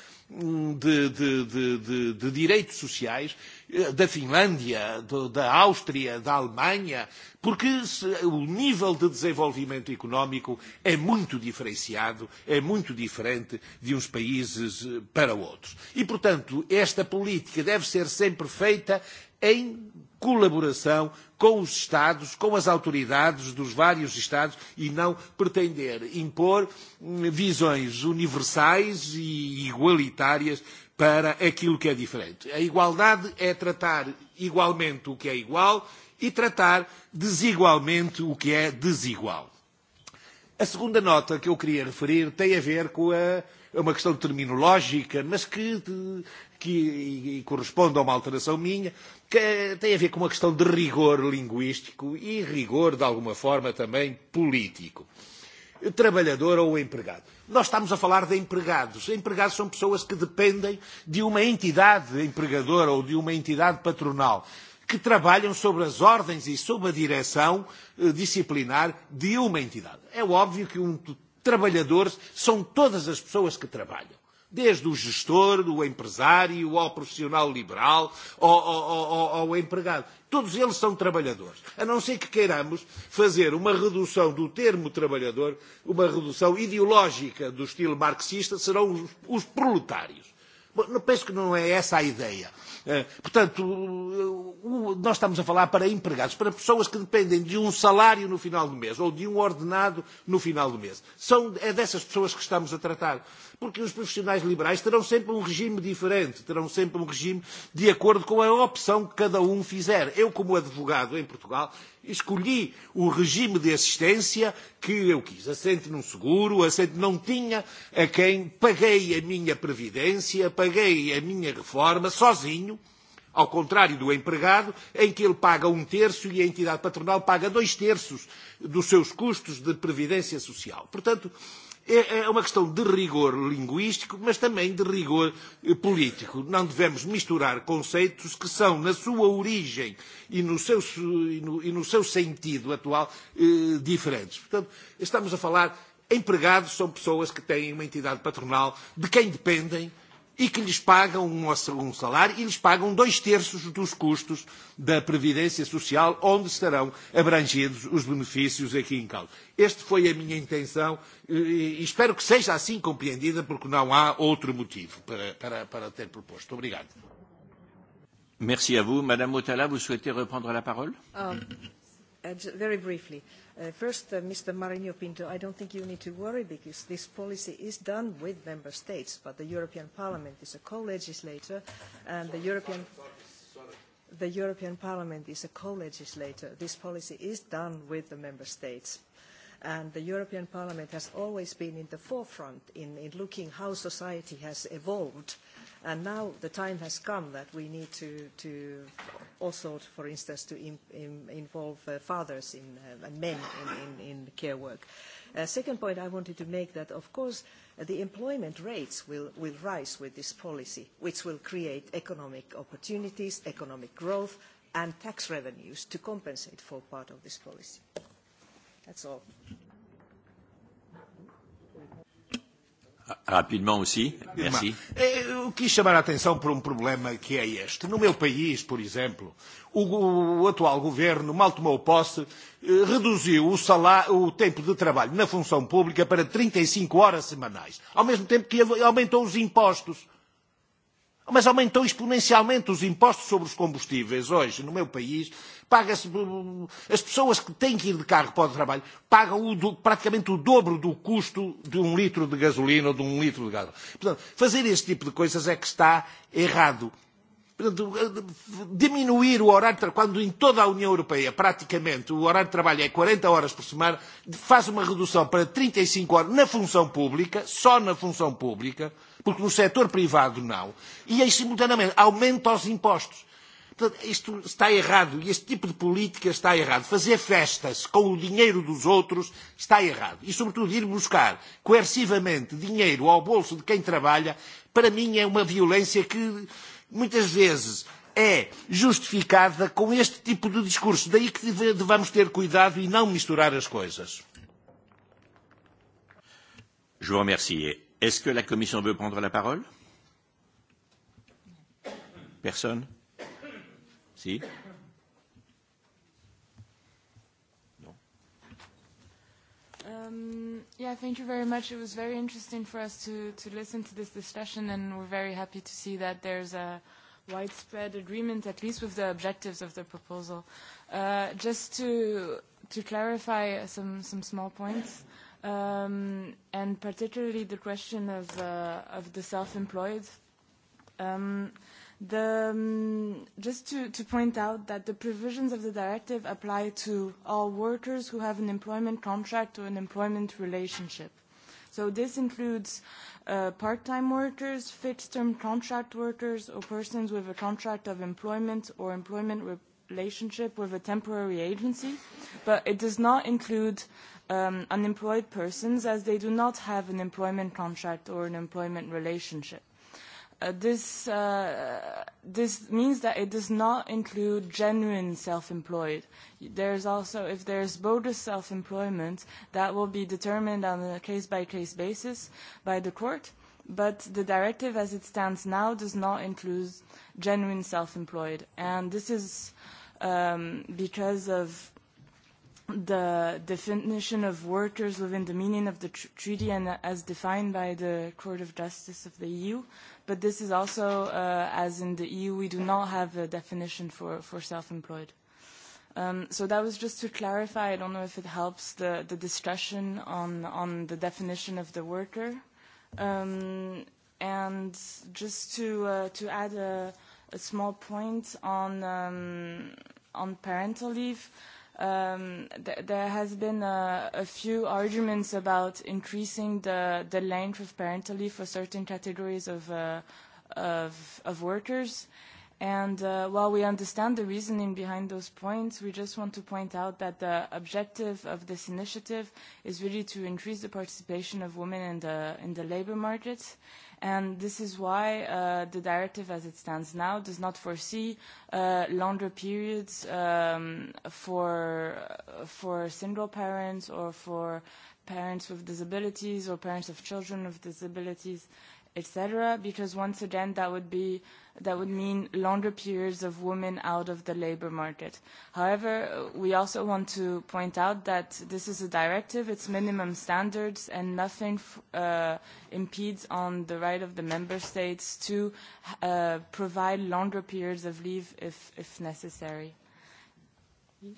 de, de, de, de, de direitos sociais eh, da Finlândia, do, da Áustria, da Alemanha, porque se, o nível de desenvolvimento económico é muito diferenciado, é muito diferente de uns países eh, para outros. E, portanto, esta política deve ser sempre feita em colaboração com os Estados, com as autoridades dos vários Estados e não pretender impor visões universais e igualitárias para aquilo que é diferente. A igualdade é tratar igualmente o que é igual e tratar desigualmente o que é desigual. A segunda nota que eu queria referir tem a ver com a, uma questão terminológica, mas que que e, e corresponde a uma alteração minha, que tem a ver com uma questão de rigor linguístico e rigor, de alguma forma, também político. Trabalhador ou empregado. Nós estamos a falar de empregados. Empregados são pessoas que dependem de uma entidade empregadora ou de uma entidade patronal que trabalham sobre as ordens e sob a direção eh, disciplinar de uma entidade. É óbvio que um trabalhadores são todas as pessoas que trabalham desde o gestor, do empresário, ao profissional liberal, ao, ao, ao, ao empregado. Todos eles são trabalhadores. A não ser que queiramos fazer uma redução do termo trabalhador, uma redução ideológica do estilo marxista, serão os, os proletários. Bom, não penso que não é essa a ideia. Eh, portanto, eh, nós estamos a falar para empregados, para pessoas que dependem de um salário no final do mês ou de um ordenado no final do mês. São, é dessas pessoas que estamos a tratar porque os profissionais liberais terão sempre um regime diferente, terão sempre um regime de acordo com a opção que cada um fizer. Eu, como advogado em Portugal, escolhi o regime de assistência que eu quis, assente num seguro, assente não tinha a quem paguei a minha previdência, paguei a minha reforma sozinho, ao contrário do empregado, em que ele paga um terço e a entidade patronal paga dois terços dos seus custos de previdência social. Portanto, uh, É uma questão de rigor linguístico, mas também de rigor eh, político. Não devemos misturar conceitos que são, na sua origem e no seu, e no, e no seu sentido atual, eh, diferentes. Portanto, estamos a falar, empregados são pessoas que têm uma entidade patronal, de quem dependem, eh, e que lhes pagam um, um salário e lhes pagam dois terços dos custos da Previdência Social, onde estarão abrangidos os benefícios aqui em causa. Esta foi a minha intenção eh, e espero que seja assim compreendida, porque não há outro motivo para, para, para ter proposto. Obrigado. Merci à vous. Madame Motala, vous souhaitez reprendre la parole euh, Uh, very briefly. Uh, first, uh, Mr. Marinho Pinto, I don't think you need to worry because this policy is done with member states, but the European Parliament is a co-legislator and the European... Sorry, sorry, sorry. The European Parliament is a co-legislator. This policy is done with the member states. And the European Parliament has always been in the forefront in, in looking how society has evolved uh, And now the time has come that we need to, to also, for instance, to in, in, involve uh, fathers in, uh, and men in, in, in care work. Uh, second point I wanted to make that, of course, uh, the employment rates will, will rise with this policy, which will create economic opportunities, economic growth, and tax revenues to compensate for part of this policy. That's all. Rapidement aussi, merci. Eu eh, quis chamar a atenção por um problema que é este. No meu país, por exemplo, o, o atual governo mal tomou posse, eh, reduziu o, salário, o tempo de trabalho na função pública para 35 e horas semanais, ao mesmo tempo que aumentou os impostos Mas aumentou exponencialmente os impostos sobre os combustíveis hoje no meu país. Paga-se, as pessoas que têm que ir de carro para o trabalho pagam o, praticamente o dobro do custo de um litro de gasolina ou de um litro de gás. Portanto, fazer este tipo de coisas é que está errado. Portanto, diminuir o horário de trabalho, quando em toda a União Europeia, praticamente, o horário de trabalho é 40 horas por semana, faz uma redução para 35 e horas na função pública, só na função pública, porque no setor privado não, e aí simultaneamente aumenta os impostos. Portanto, isto está errado e este tipo de política está errado. Fazer festas com o dinheiro dos outros está errado. E, sobretudo, ir buscar coercivamente dinheiro ao bolso de quem trabalha, para mim é uma violência que muitas vezes é justificada com este tipo de discurso. Daí que devemos ter cuidado e não misturar as coisas. João Mercier. Est-ce que la Commission veut prendre la parole Personne Si Non um, Yeah, thank you very much. It was very interesting for us to, to listen to this discussion, and we're very happy to see that there's a widespread agreement, at least with the objectives of the proposal. Uh, just to, to clarify some, some small points. Uh, um, and particularly the question of, uh, of the self-employed. Um, the, um, just to, to point out that the provisions of the directive apply to all workers who have an employment contract or an employment relationship. So this includes uh, part-time workers, fixed-term contract workers, or persons with a contract of employment or employment re relationship with a temporary agency, but it does not include uh, um, unemployed persons as they do not have an employment contract or an employment relationship. Uh, this, uh, this means that it does not include genuine self-employed. There's also, if there's border self-employment, that will be determined on a case-by-case -case basis by the court, but the directive as it stands now does not include genuine self-employed. And this is um, because of the definition of workers within the meaning of the tr treaty and uh, as defined by the Court of Justice of the EU. But this is also, uh, as in the EU, we do not have a definition for, for self-employed. Um, so that was just to clarify. I don't know if it helps the, the discussion on, on the definition of the worker. Um, and just to, uh, to add a, a small point on, um, on parental leave, uh, um, th- there has been a, a few arguments about increasing the, the length of parental leave for certain categories of, uh, of, of workers. And uh, while we understand the reasoning behind those points, we just want to point out that the objective of this initiative is really to increase the participation of women in the, in the labor market And this is why uh, the directive as it stands now does not foresee uh, longer periods um, for, for single parents or for parents with disabilities or parents of children with disabilities, etc. Because once again, that would be uh, that would mean longer periods of women out of the labor market. However, we also want to point out that this is a directive, it's minimum standards, and nothing uh, impedes on the right of the member states to uh, provide longer periods of leave if, if necessary.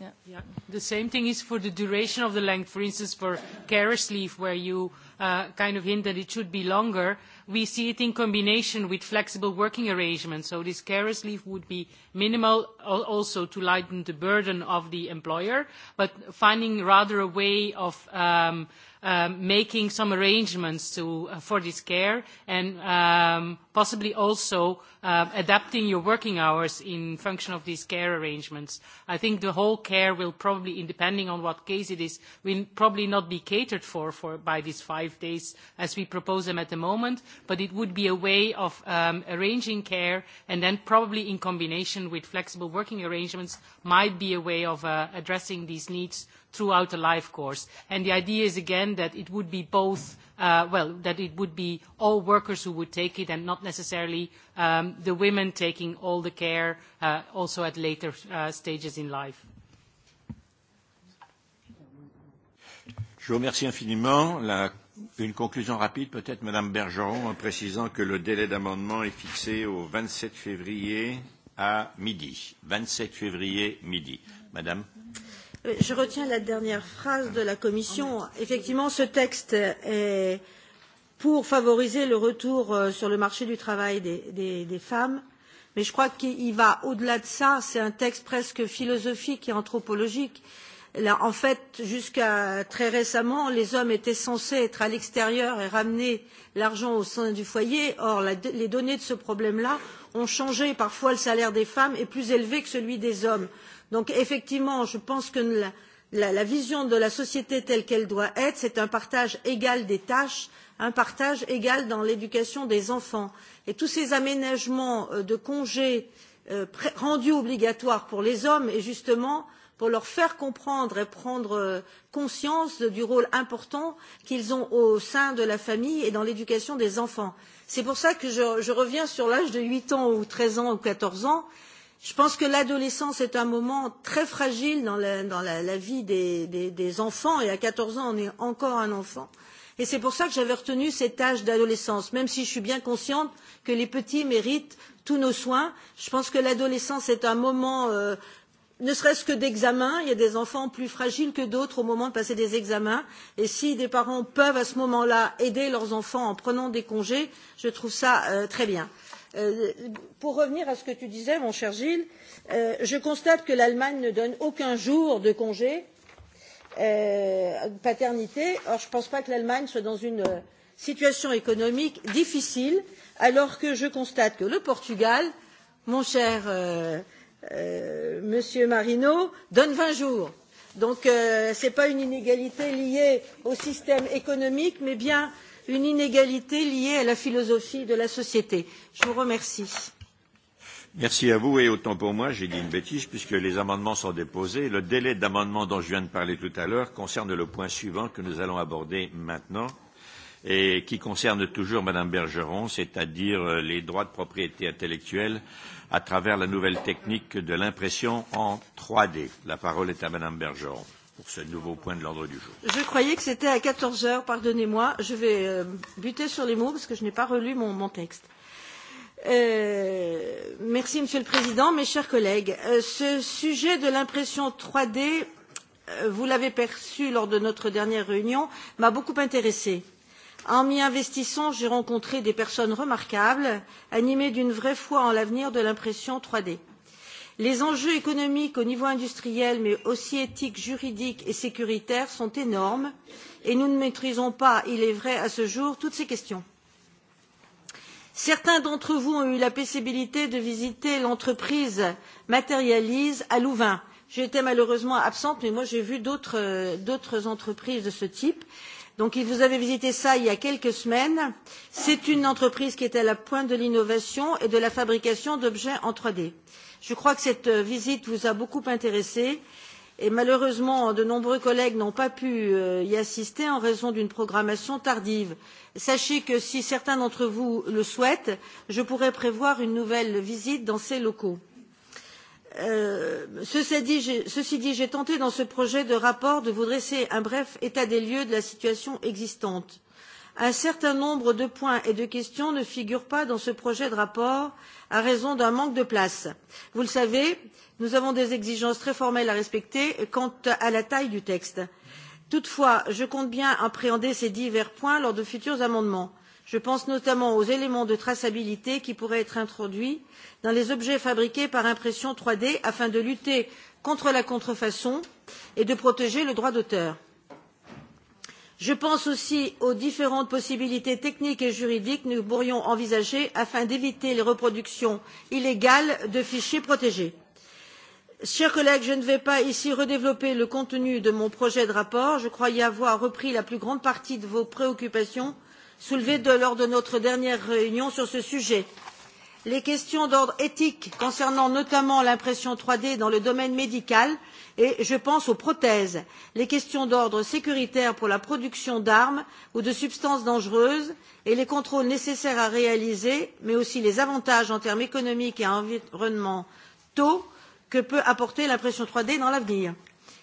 Yeah. Yeah. The same thing is for the duration of the length. For instance, for carers leave, where you uh, kind of hint that it should be longer, we see it in combination with flexible working arrangements. So this carer's leave would be minimal also to lighten the burden of the employer, but finding rather a way of um, um, making some arrangements to, uh, for this care and um, possibly also uh, adapting your working hours in function of these care arrangements. I think the whole care will probably, depending on what case it is, will probably not be catered for, for by this five five days as we propose them at the moment, but it would be a way of um, arranging care and then probably in combination with flexible working arrangements might be a way of uh, addressing these needs throughout the life course. And the idea is again that it would be both, uh, well, that it would be all workers who would take it and not necessarily um, the women taking all the care uh, also at later uh, stages in life. Je vous remercie infiniment. La Une conclusion rapide peut-être, Madame Bergeron, en précisant que le délai d'amendement est fixé au 27 février à midi. 27 février midi. Madame euh, Je retiens la dernière phrase de la Commission. Effectivement, ce texte est pour favoriser le retour euh, sur le marché du travail des, des, des femmes, mais je crois qu'il va au-delà de ça. C'est un texte presque philosophique et anthropologique. Euh, Là, en fait, jusqu'à très récemment, les hommes étaient censés être à l'extérieur et ramener l'argent au sein du foyer. Or, la, les données de ce problème-là ont changé. Parfois, le salaire des femmes est plus élevé que celui des hommes. Donc, effectivement, je pense que la, la, la vision de la société telle qu'elle doit être, c'est un partage égal des tâches, un partage égal dans l'éducation des enfants. Et tous ces aménagements euh, de congés euh, rendus obligatoires pour les hommes et justement pour leur faire comprendre et prendre euh, conscience du rôle important qu'ils ont au sein de la famille et dans l'éducation des enfants. C'est pour ça que je, je reviens sur l'âge de 8 ans ou 13 ans ou 14 ans. Je pense que l'adolescence est un moment très fragile dans la, dans la, la vie des, des, des enfants et à 14 ans, on est encore un enfant. Et c'est pour ça que j'avais retenu cet âge d'adolescence, même si je suis bien consciente que les petits méritent tous nos soins. Je pense que l'adolescence est un moment euh, ne serait-ce que d'examen, il y a des enfants plus fragiles que d'autres au moment de passer des examens. Et si des parents peuvent à ce moment-là aider leurs enfants en prenant des congés, je trouve ça euh, très bien. Euh, pour revenir à ce que tu disais, mon cher Gilles, euh, je constate que l'Allemagne ne donne aucun jour de congé euh, paternité. Or, je ne pense pas que l'Allemagne soit dans une euh, situation économique difficile, alors que je constate que le Portugal, mon cher. Euh, euh, Monsieur Marino, donne 20 jours. Donc euh, ce n'est pas une inégalité liée au système économique, mais bien une inégalité liée à la philosophie de la société. Je vous remercie. Merci à vous et autant pour moi, j'ai dit une bêtise puisque les amendements sont déposés. Le délai d'amendement dont je viens de parler tout à l'heure concerne le point suivant que nous allons aborder maintenant. Euh, et qui concerne toujours Madame Bergeron, c'est-à-dire euh, les droits de propriété intellectuelle à travers la nouvelle technique de l'impression en 3D. La parole est à Madame Bergeron pour ce nouveau point de l'ordre du jour. Je croyais que c'était à 14 heures, pardonnez-moi, je vais euh, buter sur les mots parce que je n'ai pas relu mon, mon texte. Euh, merci Monsieur le Président, mes chers collègues. Euh, ce sujet de l'impression 3D, euh, vous l'avez perçu lors de notre dernière réunion, m'a beaucoup intéressée. Euh, En m'y investissant, j'ai rencontré des personnes remarquables, animées d'une vraie foi en l'avenir de l'impression 3D. Les enjeux économiques au niveau industriel, mais aussi éthiques, juridiques et sécuritaires, sont énormes et nous ne maîtrisons pas, il est vrai, à ce jour, toutes ces questions. Certains d'entre vous ont eu la possibilité de visiter l'entreprise Matérialise à Louvain. J'étais malheureusement absente, mais moi j'ai vu d'autres euh, entreprises de ce type. Euh, Donc, vous avez visité ça il y a quelques semaines. C'est une entreprise qui est à la pointe de l'innovation et de la fabrication d'objets en 3D. Je crois que cette euh, visite vous a beaucoup intéressé et malheureusement de nombreux collègues n'ont pas pu euh, y assister en raison d'une programmation tardive. sachez que si certains d'entre vous le souhaitent je pourrai prévoir une nouvelle visite dans ces locaux. Euh, ceci dit, j'ai tenté dans ce projet de rapport de vous dresser un bref état des lieux de la situation existante. Un certain nombre de points et de questions ne figurent pas dans ce projet de rapport à raison d'un manque de place. Vous le savez, nous avons des exigences très formelles à respecter quant à la taille du texte. Toutefois, je compte bien appréhender ces divers points lors de futurs amendements je pense notamment aux éléments de traçabilité qui pourraient être introduits dans les objets fabriqués par impression trois d afin de lutter contre la contrefaçon et de protéger le droit d'auteur. je pense aussi aux différentes possibilités techniques et juridiques que nous pourrions envisager afin d'éviter les reproductions illégales de fichiers protégés. chers collègues je ne vais pas ici redévelopper le contenu de mon projet de rapport je crois y avoir repris la plus grande partie de vos préoccupations soulevée de, lors de notre dernière réunion sur ce sujet. Les questions d'ordre éthique concernant notamment l'impression 3D dans le domaine médical et je pense aux prothèses, les questions d'ordre sécuritaire pour la production d'armes ou de substances dangereuses et les contrôles nécessaires à réaliser, mais aussi les avantages en termes économiques et environnementaux que peut apporter l'impression 3D dans l'avenir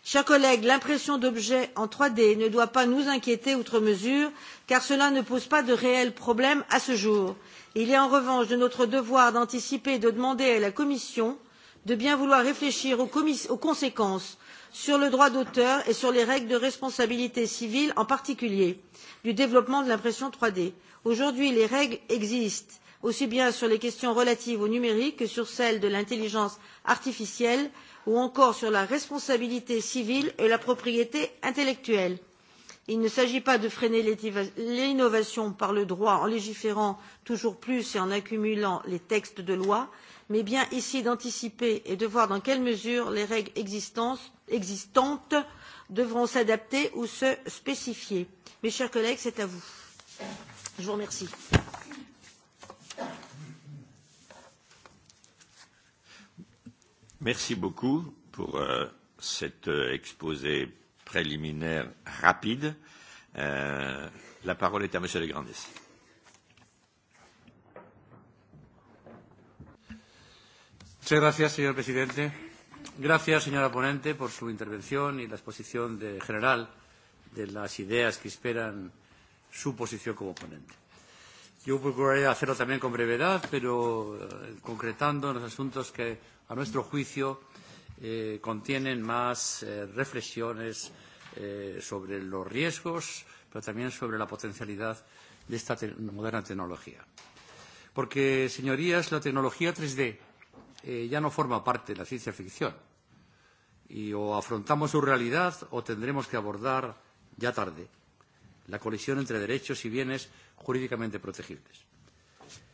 chers collègues l'impression d'objets en trois d ne doit pas nous inquiéter outre mesure car cela ne pose pas de réel problème à ce jour. il est en revanche de notre devoir d'anticiper et de demander à la commission de bien vouloir réfléchir aux, aux conséquences sur le droit d'auteur et sur les règles de responsabilité civile en particulier du développement de l'impression trois d. aujourd'hui les règles existent aussi bien sur les questions relatives au numérique que sur celles de l'intelligence artificielle ou encore sur la responsabilité civile et la propriété intellectuelle. il ne s'agit pas de freiner l'innovation par le droit en légiférant toujours plus et en accumulant les textes de loi mais bien ici d'anticiper et de voir dans quelle mesure les règles existantes devront s'adapter ou se spécifier. mes chers collègues c'est à vous. je vous remercie. Merci beaucoup pour euh, cet euh, exposé préliminaire rapide. Euh, la parole est à Monsieur Legrandis. Muchas gracias, señor presidente. Gracias, señora ponente, por su intervención y la exposición de, general de las ideas que esperan su posición como ponente. Yo procuraré hacerlo también con brevedad, pero eh, concretando los asuntos que, a nuestro juicio, eh, contienen más eh, reflexiones eh, sobre los riesgos, pero también sobre la potencialidad de esta te moderna tecnología. Porque, señorías, la tecnología 3D eh, ya no forma parte de la ciencia ficción. Y o afrontamos su realidad o tendremos que abordar ya tarde la colisión entre derechos y bienes jurídicamente protegibles.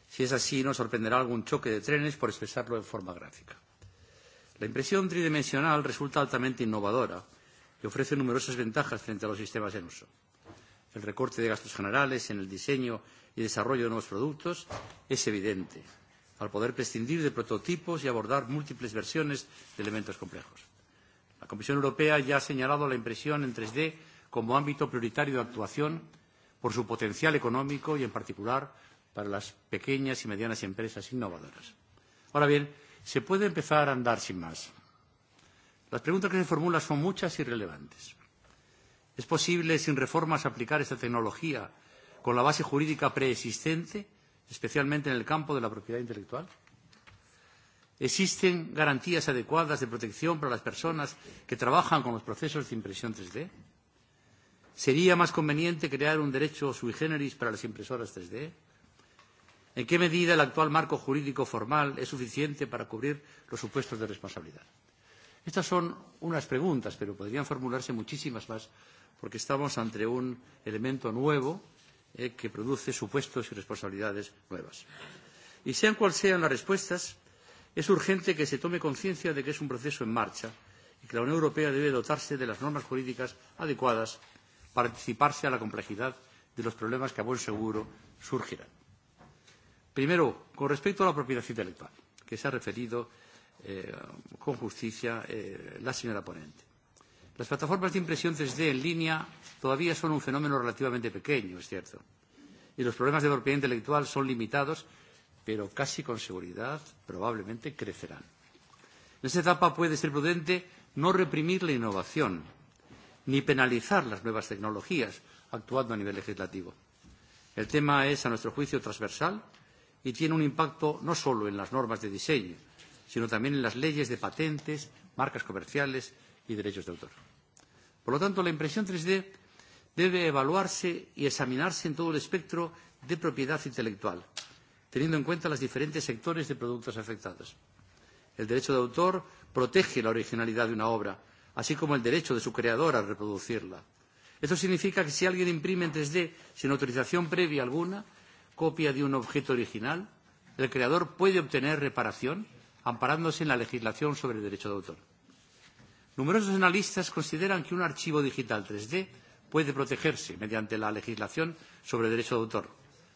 Si es así, nos sorprenderá algún choque de trenes por expresarlo en forma gráfica. La impresión tridimensional resulta altamente innovadora y ofrece numerosas ventajas frente a los sistemas en uso. El recorte de gastos generales en el diseño y desarrollo de nuevos productos es evidente, al poder prescindir de prototipos y abordar múltiples versiones de elementos complejos. La Comisión Europea ya ha señalado la impresión en 3D como ámbito prioritario de actuación por su potencial económico y, en particular, para las pequeñas y medianas empresas innovadoras. Ahora bien, se puede empezar a andar sin más. Las preguntas que se formulan son muchas y relevantes. ¿Es posible, sin reformas, aplicar esta tecnología con la base jurídica preexistente, especialmente en el campo de la propiedad intelectual? ¿Existen garantías adecuadas de protección para las personas que trabajan con los procesos de impresión 3D? ¿Sería más conveniente crear un derecho sui generis para las impresoras 3D? ¿En qué medida el actual marco jurídico formal es suficiente para cubrir los supuestos de responsabilidad? Estas son unas preguntas, pero podrían formularse muchísimas más, porque estamos ante un elemento nuevo eh, que produce supuestos y responsabilidades nuevas. Y sean cuales sean las respuestas, es urgente que se tome conciencia de que es un proceso en marcha y que la Unión Europea debe dotarse de las normas jurídicas adecuadas para anticiparse a la complejidad de los problemas que a buen seguro surgirán. Primero, con respecto a la propiedad intelectual, que se ha referido eh, con justicia eh, la señora ponente. Las plataformas de impresión 3D en línea todavía son un fenómeno relativamente pequeño, es cierto, y los problemas de propiedad intelectual son limitados, pero casi con seguridad probablemente crecerán. En esta etapa puede ser prudente no reprimir la innovación, ni penalizar las nuevas tecnologías actuando a nivel legislativo. El tema es, a nuestro juicio, transversal y tiene un impacto no solo en las normas de diseño, sino también en las leyes de patentes, marcas comerciales y derechos de autor. Por lo tanto, la impresión 3D debe evaluarse y examinarse en todo el espectro de propiedad intelectual, teniendo en cuenta los diferentes sectores de productos afectados. El derecho de autor protege la originalidad de una obra así como el derecho de su creador a reproducirla. Esto significa que si alguien imprime en 3D sin autorización previa alguna copia de un objeto original, el creador puede obtener reparación amparándose en la legislación sobre el derecho de autor. Numerosos analistas consideran que un archivo digital 3D puede protegerse mediante la legislación sobre derecho de autor,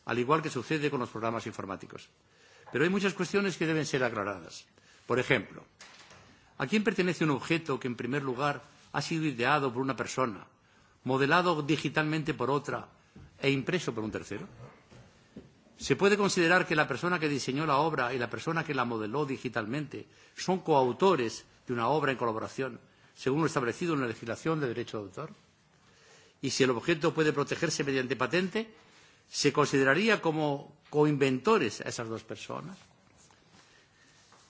al igual que sucede con los programas informáticos. Pero hay muchas cuestiones que deben ser aclaradas. Por ejemplo, ¿A quién pertenece un objeto que, en primer lugar, ha sido ideado por una persona, modelado digitalmente por otra e impreso por un tercero? ¿Se puede considerar que la persona que diseñó la obra y la persona que la modeló digitalmente son coautores de una obra en colaboración, según lo establecido en la legislación de derecho de autor? Y si el objeto puede protegerse mediante patente, ¿se consideraría como coinventores a esas dos personas?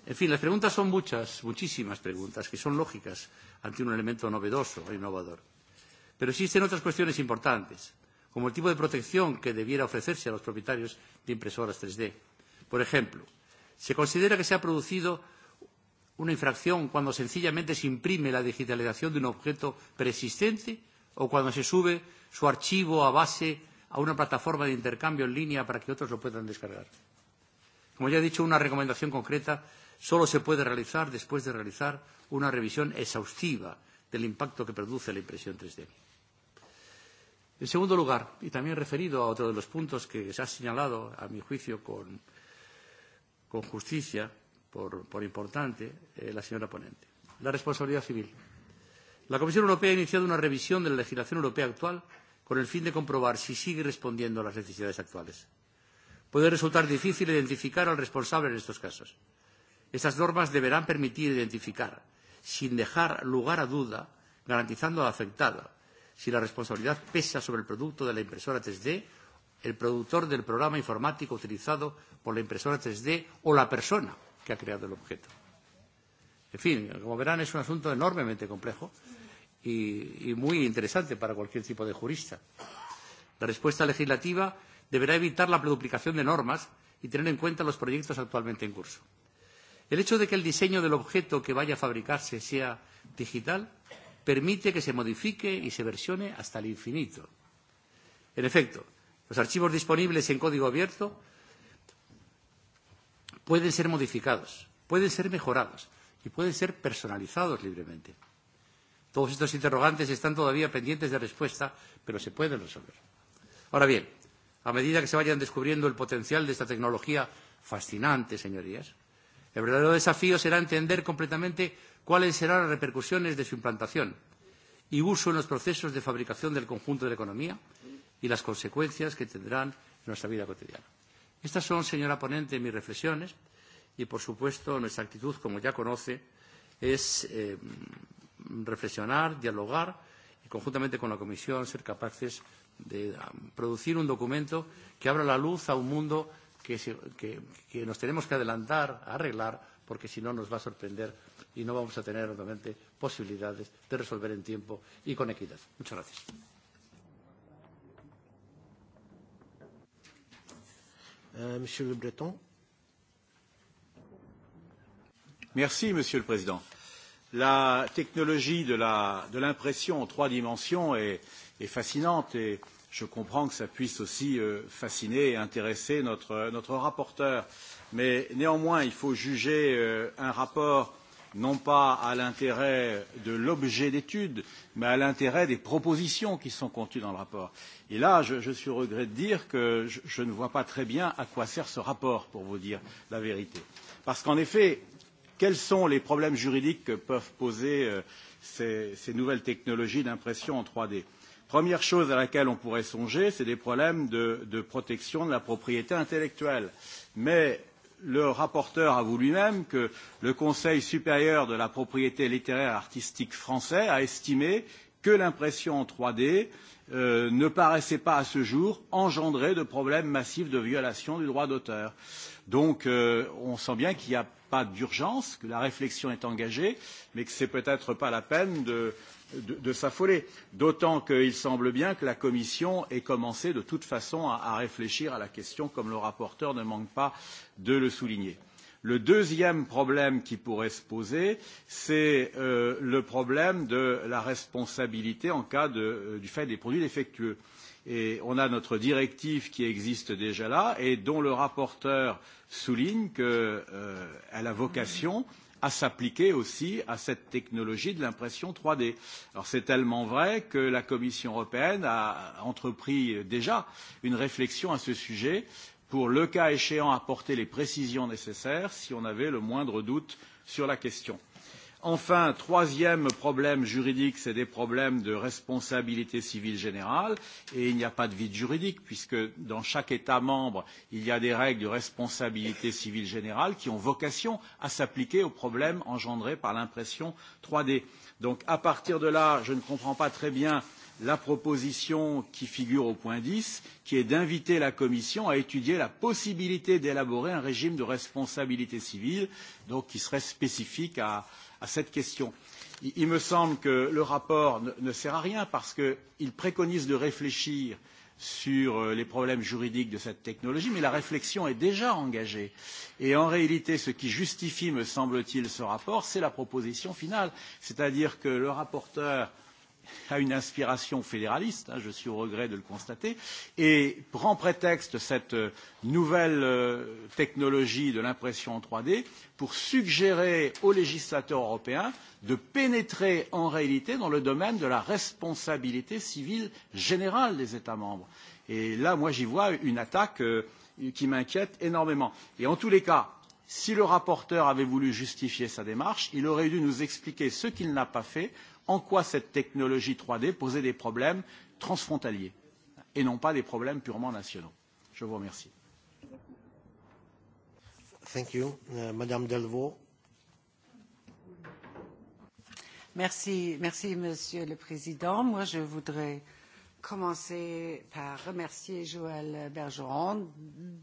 En fin, las preguntas son muchas, muchísimas preguntas, que son lógicas ante un elemento novedoso e innovador. Pero existen otras cuestiones importantes, como el tipo de protección que debiera ofrecerse a los propietarios de impresoras 3D. Por ejemplo, se considera que se ha producido una infracción cuando sencillamente se imprime la digitalización de un objeto preexistente o cuando se sube su archivo a base a una plataforma de intercambio en línea para que otros lo puedan descargar. Como ya he dicho, una recomendación concreta solo se puede realizar después de realizar una revisión exhaustiva del impacto que produce la impresión 3D. En segundo lugar, y también referido a otro de los puntos que se ha señalado, a mi juicio, con, con justicia, por, por importante, eh, la señora ponente, la responsabilidad civil. La Comisión Europea ha iniciado una revisión de la legislación europea actual con el fin de comprobar si sigue respondiendo a las necesidades actuales. Puede resultar difícil identificar al responsable en estos casos. Estas normas deberán permitir identificar, sin dejar lugar a duda, garantizando a la afectada, si la responsabilidad pesa sobre el producto de la impresora 3D, el productor del programa informático utilizado por la impresora 3D o la persona que ha creado el objeto. En fin, como verán, es un asunto enormemente complejo y, y muy interesante para cualquier tipo de jurista. La respuesta legislativa deberá evitar la duplicación de normas y tener en cuenta los proyectos actualmente en curso. El hecho de que el diseño del objeto que vaya a fabricarse sea digital permite que se modifique y se versione hasta el infinito. En efecto, los archivos disponibles en código abierto pueden ser modificados, pueden ser mejorados y pueden ser personalizados libremente. Todos estos interrogantes están todavía pendientes de respuesta, pero se pueden resolver. Ahora bien, a medida que se vayan descubriendo el potencial de esta tecnología fascinante, señorías, El verdadero desafío será entender completamente cuáles serán las repercusiones de su implantación y uso en los procesos de fabricación del conjunto de la economía y las consecuencias que tendrán en nuestra vida cotidiana. Estas son, señora ponente, mis reflexiones y, por supuesto, nuestra actitud, como ya conoce, es eh, reflexionar, dialogar y, conjuntamente con la Comisión, ser capaces de ah, producir un documento que abra la luz a un mundo que, se, que, que nos tenemos que adelantar, a arreglar, porque si no nos va a sorprender y no vamos a tener realmente posibilidades de resolver en tiempo y con equidad. Muchas gracias. Euh, Monsieur Le Breton. Merci, Monsieur le Président. La technologie de l'impression en trois dimensions est, est fascinante et, je comprends que ça puisse aussi euh, fasciner et intéresser notre, notre rapporteur. Mais néanmoins, il faut juger euh, un rapport non pas à l'intérêt de l'objet d'étude, mais à l'intérêt des propositions qui sont contenues dans le rapport. Et là, je, je suis au regret de dire que je, je ne vois pas très bien à quoi sert ce rapport, pour vous dire la vérité. Parce qu'en effet, quels sont les problèmes juridiques que peuvent poser euh, ces, ces nouvelles technologies d'impression en 3D euh, Première chose à laquelle on pourrait songer, c'est des problèmes de, de protection de la propriété intellectuelle. Mais le rapporteur avoue lui-même que le Conseil supérieur de la propriété littéraire et artistique français a estimé que l'impression en 3D euh, ne paraissait pas à ce jour engendrer de problèmes massifs de violation du droit d'auteur. Donc euh, on sent bien qu'il n'y a pas d'urgence, que la réflexion est engagée, mais que ce n'est peut-être pas la peine de, euh, de, de s'affoler, d'autant qu'il semble bien que la Commission ait commencé de toute façon à, à réfléchir à la question, comme le rapporteur ne manque pas de le souligner. Le deuxième problème qui pourrait se poser, c'est euh, le problème de la responsabilité en cas de, euh, du fait des produits défectueux. Et on a notre directive qui existe déjà là et dont le rapporteur souligne qu'elle euh, a vocation euh, à s'appliquer aussi à cette technologie de l'impression 3D. Alors c'est tellement vrai que la Commission européenne a entrepris déjà une réflexion à ce sujet pour, le cas échéant, apporter les précisions nécessaires si on avait le moindre doute sur la question. Enfin, troisième problème juridique, c'est des problèmes de responsabilité civile générale. Et il n'y a pas de vide juridique, puisque dans chaque État membre, il y a des règles de responsabilité civile générale qui ont vocation à s'appliquer aux problèmes engendrés par l'impression 3D. Donc, à partir de là, je ne comprends pas très bien la proposition qui figure au point 10, qui est d'inviter la Commission à étudier la possibilité d'élaborer un régime de responsabilité civile, donc qui serait spécifique à, à cette question. Il, il me semble que le rapport ne, ne sert à rien parce qu'il préconise de réfléchir sur euh, les problèmes juridiques de cette technologie, mais la réflexion est déjà engagée. Et en réalité, ce qui justifie, me semble-t-il, ce rapport, c'est la proposition finale. C'est-à-dire que le rapporteur a une inspiration fédéraliste, hein, je suis au regret de le constater, et prend prétexte cette euh, nouvelle euh, technologie de l'impression en 3D pour suggérer aux législateurs européens de pénétrer en réalité dans le domaine de la responsabilité civile générale des États membres. Et là, moi, j'y vois une attaque euh, qui m'inquiète énormément. Et en tous les cas, si le rapporteur avait voulu justifier sa démarche, il aurait dû nous expliquer ce qu'il n'a pas fait en quoi cette technologie 3D posait des problèmes transfrontaliers et non pas des problèmes purement nationaux. Je vous remercie. Thank you. Uh, Madame Delvaux. Merci, merci, Monsieur le Président. Moi, je voudrais commencer par remercier Joël Bergeron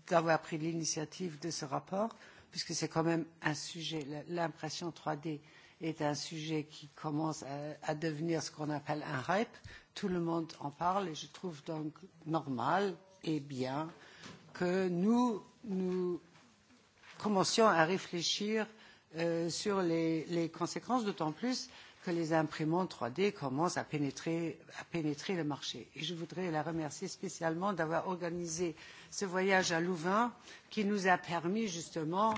d'avoir pris l'initiative de ce rapport, puisque c'est quand même un sujet, l'impression 3D, euh, est un sujet qui commence à, à devenir ce qu'on appelle un hype. Tout le monde en parle et je trouve donc normal et bien que nous, nous commencions à réfléchir euh, sur les, les conséquences, d'autant plus que les imprimantes 3D commencent à pénétrer, à pénétrer le marché. Et je voudrais la remercier spécialement d'avoir organisé ce voyage à Louvain qui nous a permis justement euh,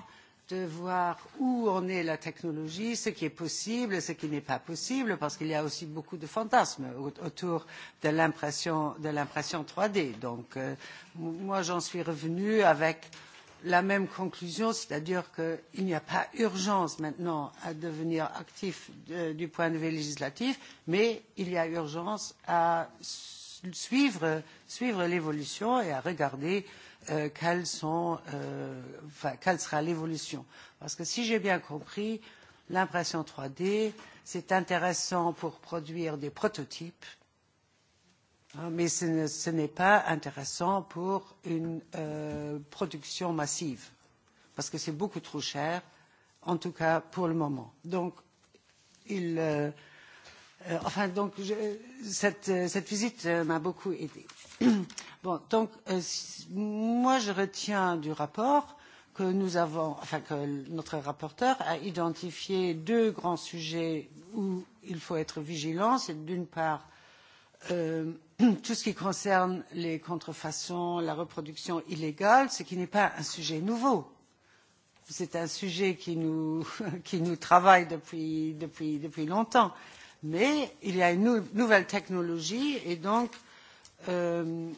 de voir où en est la technologie, ce qui est possible et ce qui n'est pas possible, parce qu'il y a aussi beaucoup de fantasmes autour de l'impression 3D. Donc, euh, moi, j'en suis revenue avec la même conclusion, c'est-à-dire qu'il n'y a pas urgence maintenant à devenir actif de, euh, du point de vue législatif, mais il y a urgence à suivre, suivre l'évolution et à regarder euh, euh, quelles sont, euh, enfin, quelle sera l'évolution. Parce que si j'ai bien compris, l'impression 3D, c'est intéressant pour produire des prototypes, hein, mais ce, ne, ce n'est pas intéressant pour une euh, production massive, parce que c'est beaucoup trop cher, en tout cas pour le moment. Donc, il, euh, Euh, enfin, donc, je, cette, euh, cette visite euh, m'a beaucoup aidée. bon, donc, euh, si, moi, je retiens du rapport que nous avons, enfin, que notre rapporteur a identifié deux grands sujets où il faut être vigilant. C'est d'une part euh, tout ce qui concerne les contrefaçons, la reproduction illégale, ce qui n'est pas un sujet nouveau. C'est un sujet qui nous, qui nous travaille depuis, depuis, depuis longtemps. Euh, mais il y a une nou nouvelle technologie et donc euh,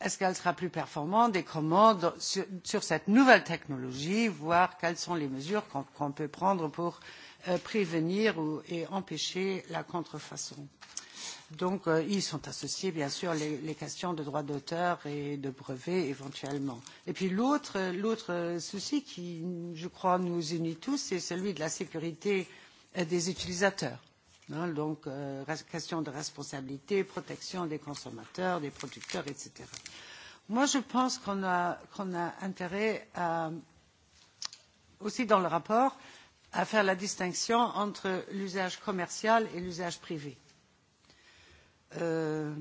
est-ce qu'elle sera plus performante et comment sur, sur cette nouvelle technologie, voir quelles sont les mesures qu'on qu, on, qu on peut prendre pour euh, prévenir ou, et empêcher la contrefaçon. Donc, euh, ils sont associés, bien sûr, les, les questions de droit d'auteur et de brevet éventuellement. Et puis l'autre, l'autre souci qui, je crois, nous unit tous, c'est celui de la sécurité euh, des utilisateurs Hein, donc, euh, question de responsabilité, protection des consommateurs, des producteurs, etc. Moi, je pense qu'on a, qu'on a intérêt à, aussi dans le rapport à faire la distinction entre l'usage commercial et l'usage privé. Euh,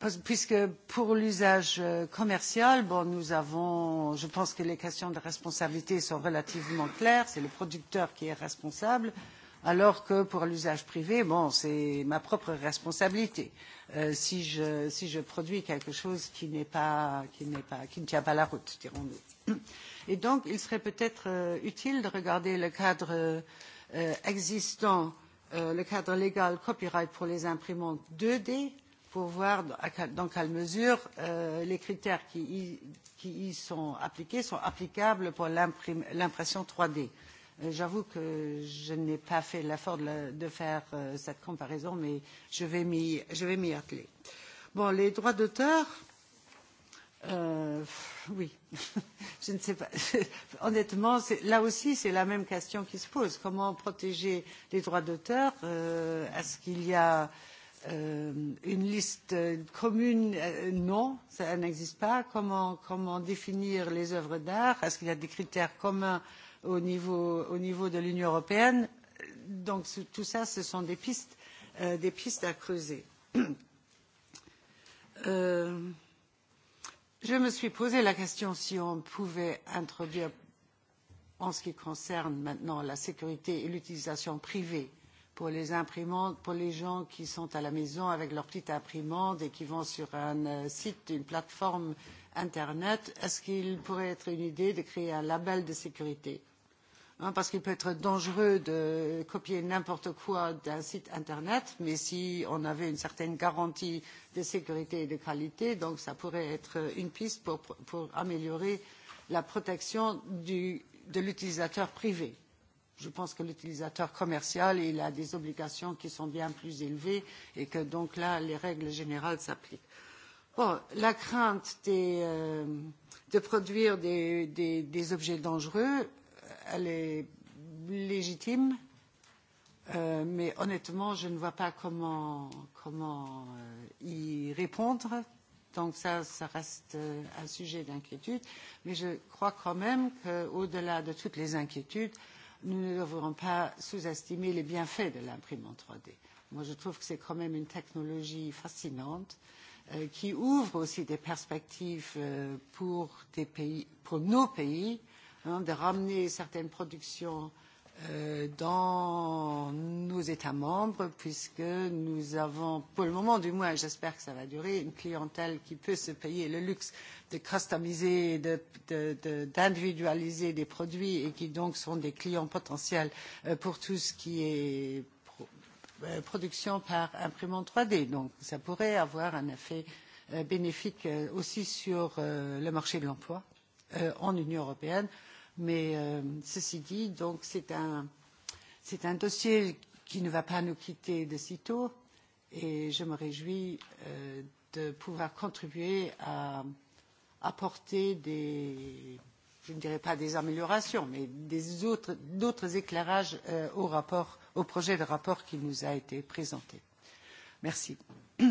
parce, puisque pour l'usage euh, commercial, bon, nous avons, je pense que les questions de responsabilité sont relativement claires, c'est le producteur qui est responsable, alors que pour l'usage privé, bon, c'est ma propre responsabilité euh, si, je, si je produis quelque chose qui, pas, qui, pas, qui ne tient pas la route, dirons-nous. Et donc, il serait peut-être euh, utile de regarder le cadre euh, existant, euh, le cadre légal copyright pour les imprimantes 2D, pour voir dans quelle mesure euh, les critères qui y, qui y sont appliqués sont applicables pour l'impression 3D. Euh, j'avoue que je n'ai pas fait l'effort de, de faire euh, cette comparaison, mais je vais m'y atteler. Bon, les droits d'auteur, euh, oui, je ne sais pas. Honnêtement, là aussi, c'est la même question qui se pose. Comment protéger les droits d'auteur euh, Est-ce qu'il y a euh, euh, une liste euh, commune euh, Non, ça n'existe pas. Comment, comment définir les œuvres d'art Est-ce qu'il y a des critères communs au niveau, au niveau de l'Union européenne Donc tout ça, ce sont des pistes, euh, des pistes à creuser. euh, je me suis posé la question si on pouvait introduire, en ce qui concerne maintenant la sécurité et l'utilisation privée pour les imprimantes, pour les gens qui sont à la maison avec leur petite imprimante et qui vont sur un euh, site, une plateforme Internet, est-ce qu'il pourrait être une idée de créer un label de sécurité hein, Parce qu'il peut être dangereux de copier n'importe quoi d'un site Internet, mais si on avait une certaine garantie de sécurité et de qualité, donc ça pourrait être une piste pour, pour améliorer la protection du, de l'utilisateur privé. Euh, je pense que l'utilisateur commercial, il a des obligations qui sont bien plus élevées et que donc là, les règles générales s'appliquent. Bon, la crainte des, euh, de produire des, des, des objets dangereux, elle est légitime, euh, mais honnêtement, je ne vois pas comment, comment euh, y répondre. Donc ça, ça reste euh, un sujet d'inquiétude. Mais je crois quand même qu'au-delà de toutes les inquiétudes, euh, nous ne devons pas sous-estimer les bienfaits de l'imprimante 3D. Moi, je trouve que c'est quand même une technologie fascinante euh, qui ouvre aussi des perspectives euh, pour, des pays, pour nos pays, hein, de ramener certaines productions euh, Euh, dans nos États membres, puisque nous avons, pour le moment du moins, j'espère que ça va durer, une clientèle qui peut se payer le luxe de customiser, d'individualiser de, de, de, des produits et qui donc sont des clients potentiels euh, pour tout ce qui est pro, euh, production par imprimante 3D. Donc ça pourrait avoir un effet bénéfique aussi sur le marché de l'emploi en Union européenne. Euh, Mais euh, ceci dit, donc c'est un, c'est un dossier qui ne va pas nous quitter de sitôt et je me réjouis euh, de pouvoir contribuer à apporter des, je ne dirais pas des améliorations, mais des autres, d'autres éclairages euh, au rapport, au projet de rapport qui nous a été présenté. Merci.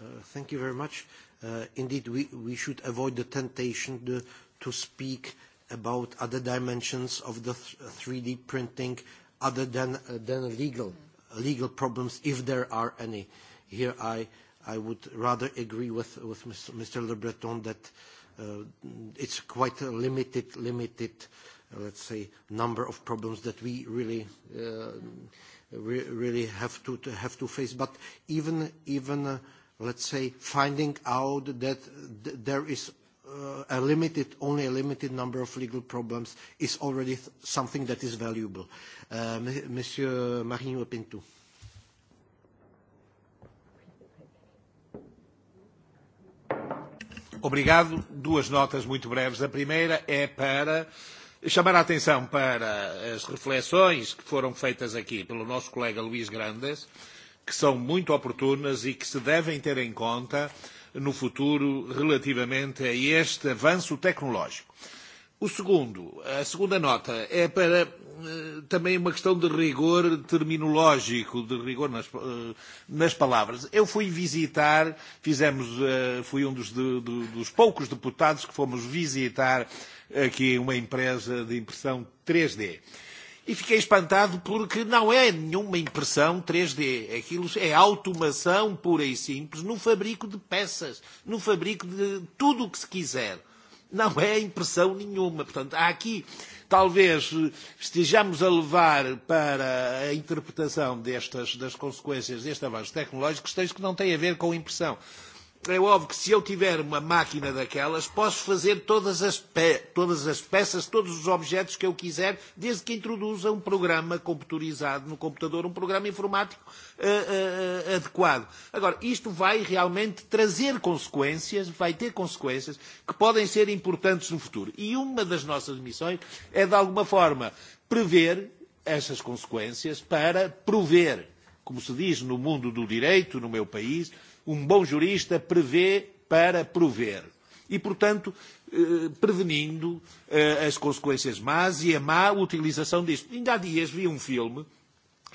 Uh, thank you very much. Uh, indeed, we, we should avoid the temptation the, to speak uh, about other dimensions of the 3D printing other than, uh, than legal, legal problems, if there are any. Here I, I would rather agree with, with Mr. Le Breton that uh, it's quite a limited, limited, uh, let's say, number of problems that we really, uh, re really have to, to have to face. But even, even uh, let's say, finding out that th there is uh, a limited, only a limited number of legal problems is already th something that is valuable. Uh, Monsieur Marinho Pinto. Obrigado. Duas notas muito breves. A primeira é para chamar a atenção para as reflexões que foram feitas aqui pelo nosso colega Luís Grandes, que são muito oportunas e que se devem ter em conta uh, no futuro relativamente a este avanço tecnológico. O segundo, a segunda nota é para eh, também uma questão de rigor terminológico, de rigor nas, eh, nas palavras. Eu fui visitar, fizemos, eh, fui um dos, de, de, dos poucos deputados que fomos visitar aqui uma empresa de impressão 3D. Uh, e fiquei espantado porque não é nenhuma impressão 3D. Aquilo é automação pura e simples no fabrico de peças, no fabrico de tudo o que se quiser. Não é impressão nenhuma. Portanto, há aqui, talvez estejamos a levar para a interpretação destas, das consequências deste avanço tecnológico questões que não têm a ver com impressão é óbvio que se eu tiver uma máquina daquelas, posso fazer todas as, pe todas as peças, todos os objetos que eu quiser, desde que introduza um programa computurizado no computador, um programa informático uh, uh, adequado. Agora, isto vai realmente trazer consequências, vai ter consequências que podem ser importantes no futuro. E uma das nossas missões é, de alguma forma, prever essas consequências para prover, como se diz no mundo do direito, no meu país, uh, um bom jurista prevê para prover. E, portanto, eh, prevenindo eh, as consequências más e a má utilização disto. Ainda há dias vi um filme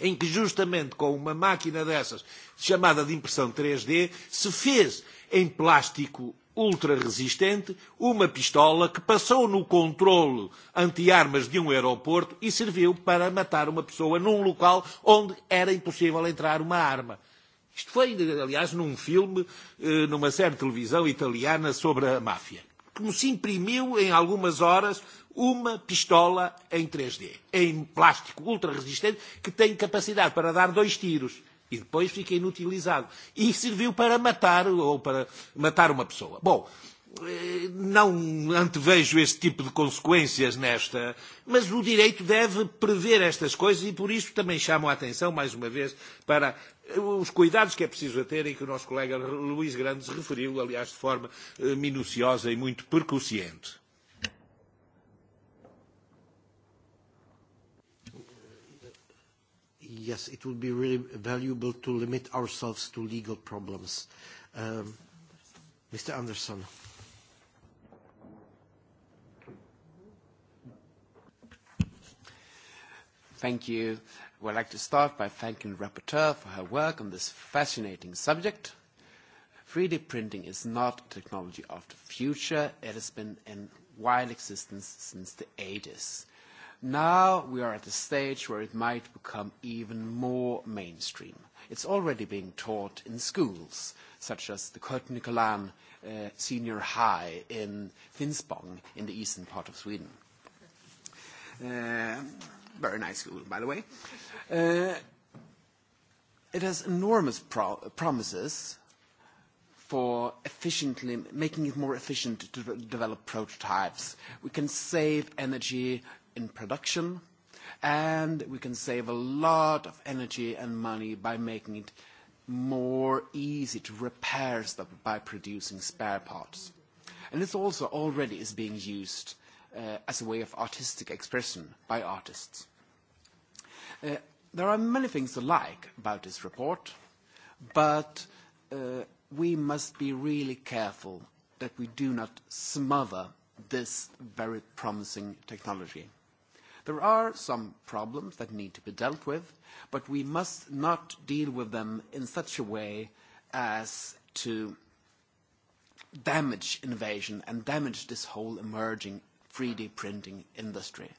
em que justamente com uma máquina dessas, chamada de impressão 3D, se fez em plástico ultra resistente uma pistola que passou no controle anti-armas de um aeroporto e serviu para matar uma pessoa num local onde era impossível entrar uma arma. Isto foi, aliás, num filme, eh, numa série de televisão italiana sobre a máfia. Como se imprimiu em algumas horas uma pistola em 3D, em plástico ultra resistente, que tem capacidade para dar dois tiros e depois fica inutilizado. E serviu para matar ou para matar uma pessoa. Bom, uh, não antevejo esse tipo de consequências nesta, mas o direito deve prever estas coisas e por isso também chamo a atenção, mais uma vez, para os cuidados que é preciso ter e que o nosso colega Luís Grandes referiu, aliás, de forma eh, minuciosa e muito percussiente. Yes, it would be really valuable to limit ourselves to legal problems. Um, Mr. Anderson. thank you. I would like to start by thanking the rapporteur for her work on this fascinating subject. 3D printing is not a technology of the future. It has been in wide existence since the 80s. Now we are at a stage where it might become even more mainstream. It's already being taught in schools, such as the Kotnikolan uh, Senior High in Finspång in the eastern part of Sweden. Uh, very nice school, by the way. Uh, it has enormous pro promises for efficiently making it more efficient to develop prototypes. We can save energy in production, and we can save a lot of energy and money by making it more easy to repair stuff by producing spare parts. And this also already is being used uh, as a way of artistic expression by artists. Uh, there are many things to like about this report, but uh, we must be really careful that we do not smother this very promising technology. There are some problems that need to be dealt with, but we must not deal with them in such a way as to damage innovation and damage this whole emerging 3D printing industry.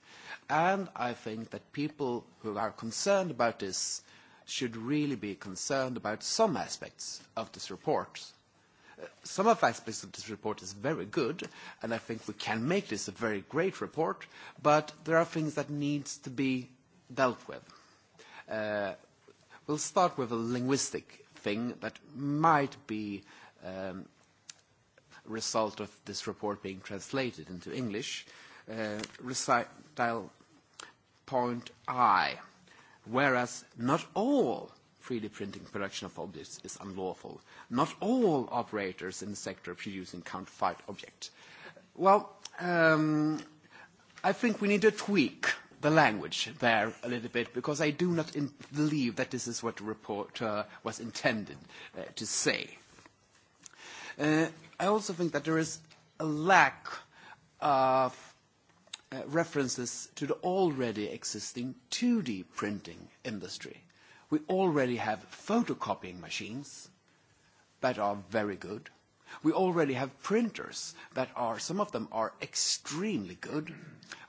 And I think that people who are concerned about this should really be concerned about some aspects of this report. Uh, some of aspects of this report is very good, and I think we can make this a very great report, but there are things that needs to be dealt with. Uh, we'll start with a linguistic thing that might be um, result of this report being translated into English, uh, recital point I, whereas not all 3D printing production of objects is unlawful. Not all operators in the sector producing counterfeit objects. Well, um, I think we need to tweak the language there a little bit because I do not in- believe that this is what the report uh, was intended uh, to say. Uh, I also think that there is a lack of uh, references to the already existing 2D printing industry. We already have photocopying machines that are very good. We already have printers that are, some of them are extremely good.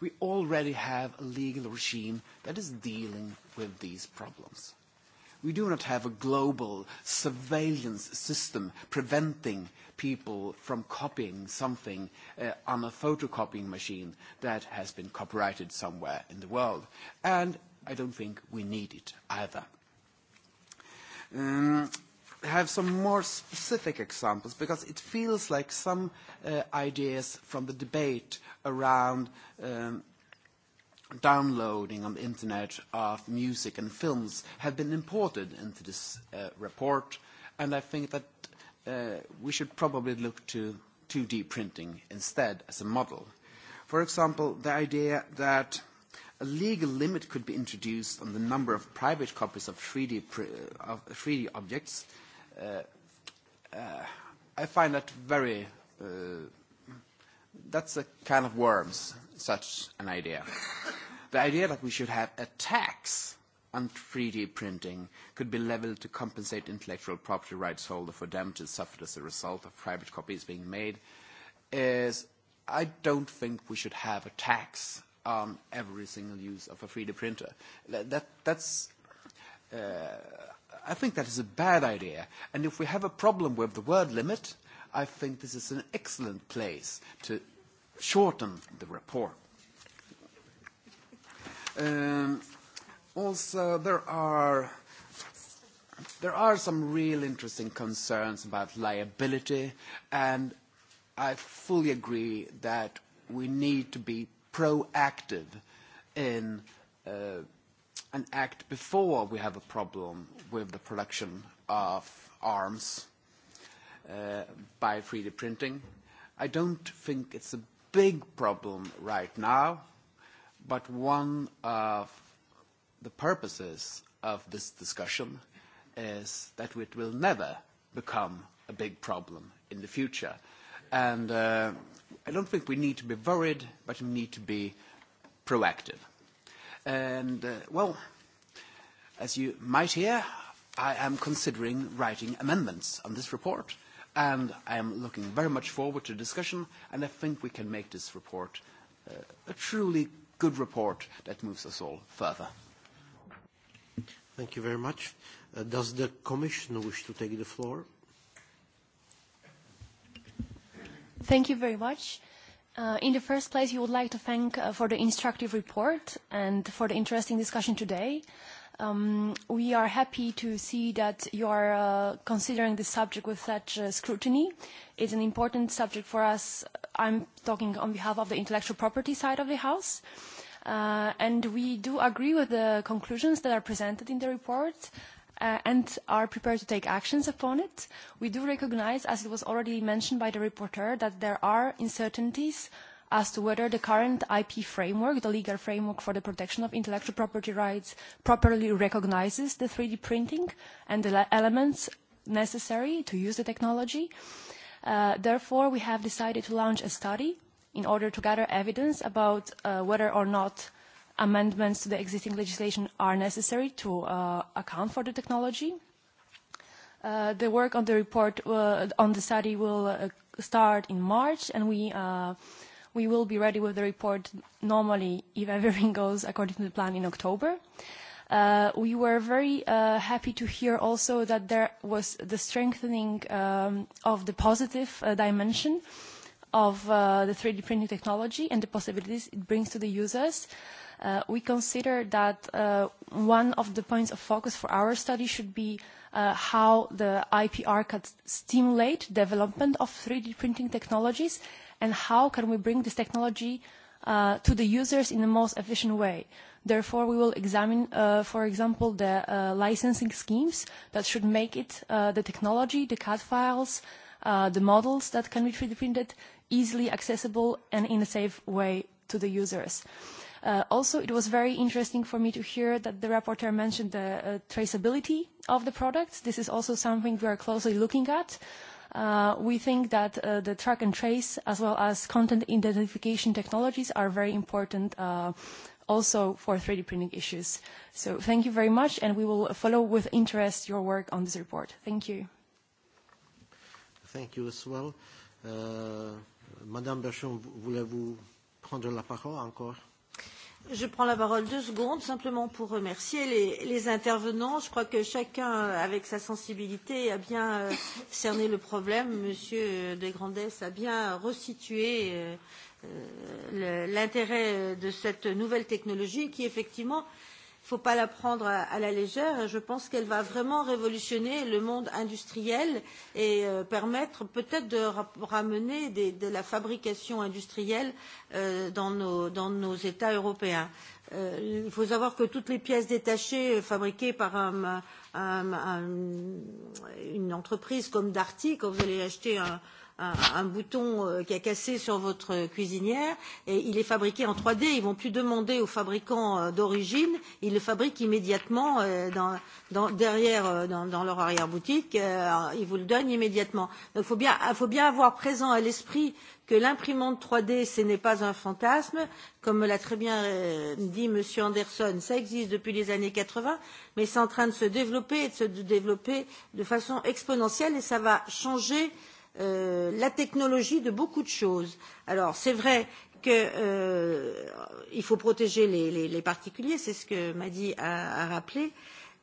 We already have a legal regime that is dealing with these problems. We do not have a global surveillance system preventing people from copying something uh, on a photocopying machine that has been copyrighted somewhere in the world. And I don't think we need it either. Um, have some more specific examples because it feels like some uh, ideas from the debate around um, downloading on the internet of music and films have been imported into this uh, report, and I think that uh, we should probably look to 2D printing instead as a model. For example, the idea that a legal limit could be introduced on the number of private copies of 3D, pr uh, of 3D objects, uh, uh, I find that very uh, that's a kind of worms, such an idea. The idea that we should have a tax on 3D printing could be leveled to compensate intellectual property rights holder for damages suffered as a result of private copies being made is I don't think we should have a tax on every single use of a 3D printer. That, that, that's, uh, I think that is a bad idea. And if we have a problem with the word limit, I think this is an excellent place to shorten the report. Um, also, there are there are some real interesting concerns about liability, and I fully agree that we need to be proactive in uh, an act before we have a problem with the production of arms uh, by 3D printing. I don't think it's a big problem right now, but one of the purposes of this discussion is that it will never become a big problem in the future. And uh, I don't think we need to be worried, but we need to be proactive. And, uh, well, as you might hear, I am considering writing amendments on this report and I am looking very much forward to discussion, and I think we can make this report uh, a truly good report that moves us all further. Thank you very much. Uh, does the Commission wish to take the floor? Thank you very much. Uh, in the first place, you would like to thank uh, for the instructive report and for the interesting discussion today. Uh, Um, we are happy to see that you are uh, considering this subject with such uh, scrutiny. It's an important subject for us. I'm talking on behalf of the intellectual property side of the House. Uh, and we do agree with the conclusions that are presented in the report uh, and are prepared to take actions upon it. We do recognize, as it was already mentioned by the reporter, that there are uncertainties uh, as to whether the current IP framework, the legal framework for the protection of intellectual property rights, properly recognizes the 3D printing and the elements necessary to use the technology. Uh, therefore, we have decided to launch a study in order to gather evidence about uh, whether or not amendments to the existing legislation are necessary to uh, account for the technology. Uh, the work on the report uh, on the study will uh, start in March, and we uh, We will be ready with the report normally, if everything goes according to the plan, in October. Uh, we were very uh, happy to hear also that there was the strengthening um, of the positive uh, dimension of uh, the 3D printing technology and the possibilities it brings to the users. Uh, we consider that uh, one of the points of focus for our study should be uh, how the IPR could stimulate development of 3D printing technologies and how can we bring this technology uh, to the users in the most efficient way. Therefore, we will examine, uh, for example, the uh, licensing schemes that should make it, uh, the technology, the CAD files, uh, the models that can be 3D printed easily accessible and in a safe way to the users. Uh, also, it was very interesting for me to hear that the rapporteur mentioned the uh, traceability of the products. This is also something we are closely looking at. Uh, Uh, we think that uh, the track and trace, as well as content identification technologies, are very important uh, also for 3D printing issues. So thank you very much, and we will follow with interest your work on this report. Thank you. Thank you as well. Uh, Madame Bergeon, voulez-vous prendre la parole encore? Je prends la parole deux secondes simplement pour remercier les, les intervenants. Je crois que chacun, avec sa sensibilité, a bien euh, cerné le problème. Monsieur Desgrandès a bien resitué euh, euh l'intérêt de cette nouvelle technologie qui, effectivement, euh, ne faut pas la prendre à, à la légère et je pense qu'elle va vraiment révolutionner le monde industriel et euh, permettre peut-être de ra ramener des, de la fabrication industrielle euh, dans, nos, dans nos États européens. Euh, il faut savoir que toutes les pièces détachées euh, fabriquées par un, un, un, une entreprise comme Darty, quand vous allez acheter un, un, un bouton euh, qui a cassé sur votre cuisinière et il est fabriqué en 3D. Ils vont plus demander aux fabricants euh, d'origine, ils le fabriquent immédiatement euh, dans, dans, derrière, euh, dans, dans leur arrière-boutique. Euh, ils vous le donnent immédiatement. Donc il faut bien, ah, faut bien avoir présent à l'esprit que l'imprimante 3D, ce n'est pas un fantasme, comme l'a très bien euh, dit M. Anderson, ça existe depuis les années 80, mais c'est en train de se développer et de se développer de façon exponentielle et ça va changer euh, euh, la technologie de beaucoup de choses. Alors c'est vrai qu'il euh, faut protéger les, les, les particuliers, c'est ce que Madi a, a rappelé, euh,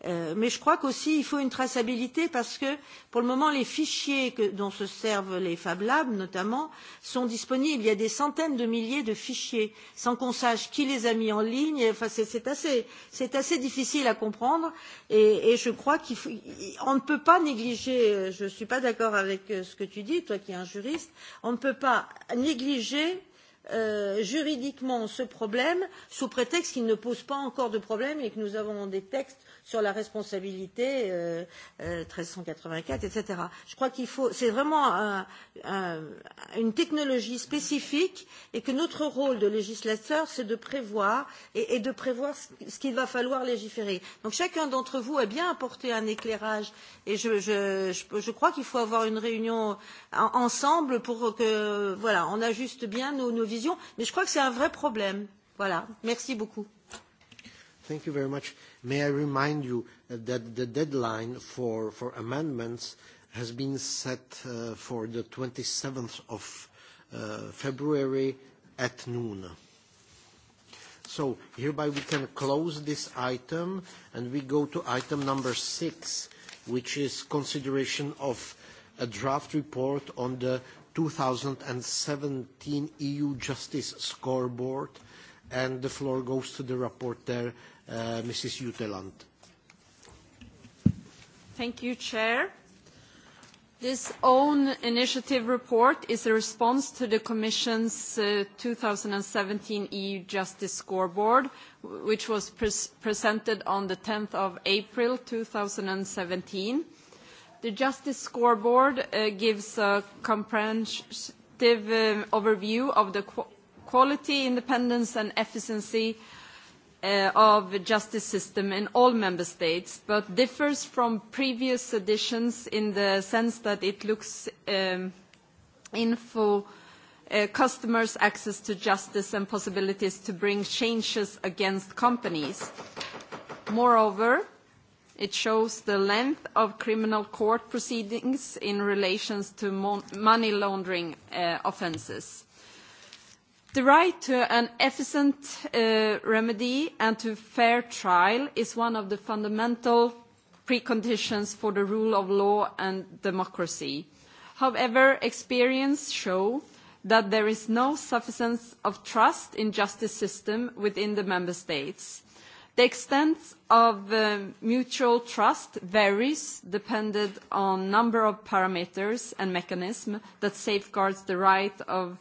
Euh, mais je crois qu'aussi il faut une traçabilité parce que pour le moment les fichiers que, dont se servent les Fab Labs notamment sont disponibles. Il y a des centaines de milliers de fichiers sans qu'on sache qui les a mis en ligne. Enfin, c'est assez, assez difficile à comprendre et, et je crois qu'on ne peut pas négliger, euh, je ne suis pas d'accord avec euh, ce que tu dis, toi qui es un juriste, on ne peut pas négliger Euh, juridiquement ce problème sous prétexte qu'il ne pose pas encore de problème et que nous avons des textes sur la responsabilité euh, euh, 1384, etc. Je crois qu'il faut, c'est vraiment un, un, une technologie spécifique et que notre rôle de législateur, c'est de prévoir et, et de prévoir ce, ce qu'il va falloir légiférer. Donc chacun d'entre vous a bien apporté un éclairage et je, je, je, je crois qu'il faut avoir une réunion en, ensemble pour que, voilà, on ajuste bien nos, nos visions. Mais je crois que c'est un vrai problème. Voilà. Merci beaucoup. Thank you very much. May I remind you uh, that the deadline for, for amendments has been set uh, for the 27th of uh, February at noon. So hereby we can close this item, and we go to item number six, which is consideration of a draft report on the 2017 EU Justice Scoreboard, and the floor goes to the rapporteur, uh, Mrs. Juteland. Thank you, Chair. This own initiative report is a response to the Commission's uh, 2017 EU Justice Scoreboard, which was pres presented on the 10th of April 2017. The Justice Scoreboard uh, gives a comprehensive uh, overview of the qu quality, independence and efficiency uh, uh, of justice system in all member states, but differs from previous editions in the sense that it looks um, in for uh, customers' access to justice and possibilities to bring changes against companies. Moreover, it shows the length of criminal court proceedings in relation to mon money laundering uh, offences. The right to an efficient uh, remedy and to fair trial is one of the fundamental preconditions for the rule of law and democracy. However, experience show that there is no sufficiency of trust in justice system within the member states. The extent of um, mutual trust varies dependent on number of parameters and mechanisms that safeguards the right of uh,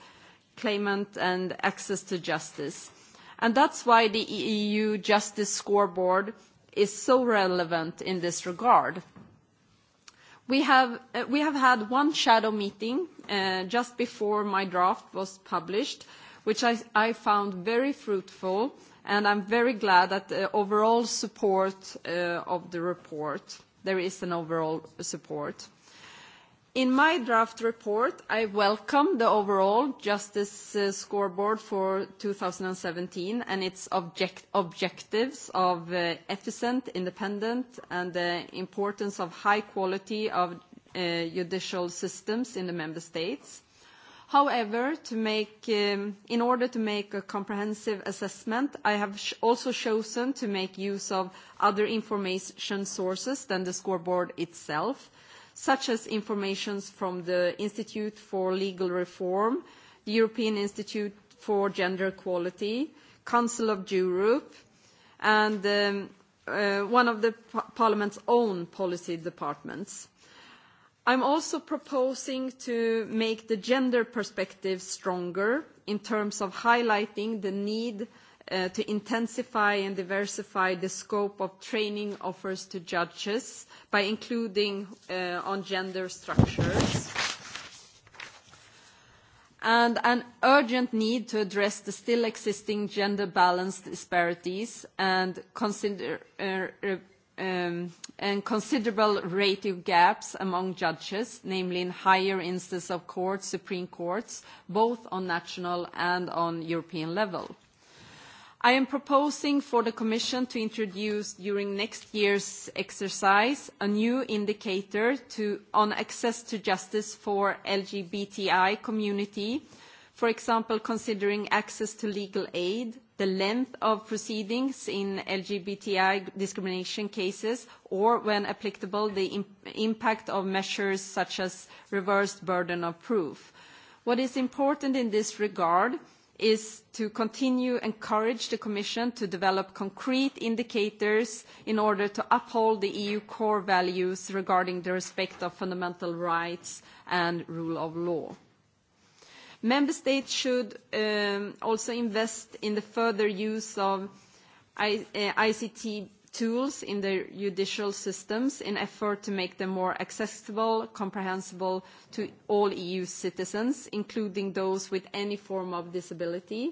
claimant and access to justice. And that's why the EU e Justice Scoreboard is so relevant in this regard. We have, uh, we have had one shadow meeting uh, just before my draft was published, which I, I found very fruitful, and I'm very glad at the overall support uh, of the report. There is an overall support. Uh, In my draft report, I welcome the overall justice uh, scoreboard for 2017 and its object objectives of uh, efficient, independent, and the importance of high quality of uh, judicial systems in the member states. However, to make, um, in order to make a comprehensive assessment, I have sh also chosen to make use of other information sources than the scoreboard itself, uh, such as information from the Institute for Legal Reform, the European Institute for Gender Equality, Council of Europe, and um, uh, one of the Parliament's own policy departments. I'm also proposing to make the gender perspective stronger in terms of highlighting the need uh, to intensify and diversify the scope of training offers to judges by including uh, on gender structures. And an urgent need to address the still existing gender balance disparities and consider uh, um, and considerable ratio gaps among judges, namely in higher instances of courts, Supreme Courts, both on national and on European level. I am proposing for the Commission to introduce during next year's exercise a new indicator to, on access to justice for LGBTI community, for example, considering access to legal aid, the length of proceedings in LGBTI discrimination cases, or, when applicable, the imp impact of measures such as reversed burden of proof. What is important in this regard is is to continue encourage the Commission to develop concrete indicators in order to uphold the EU core values regarding the respect of fundamental rights and rule of law. Member States should um, also invest in the further use of I, uh, ICT tools in the judicial systems in effort to make them more accessible, comprehensible to all EU citizens, including those with any form of disability.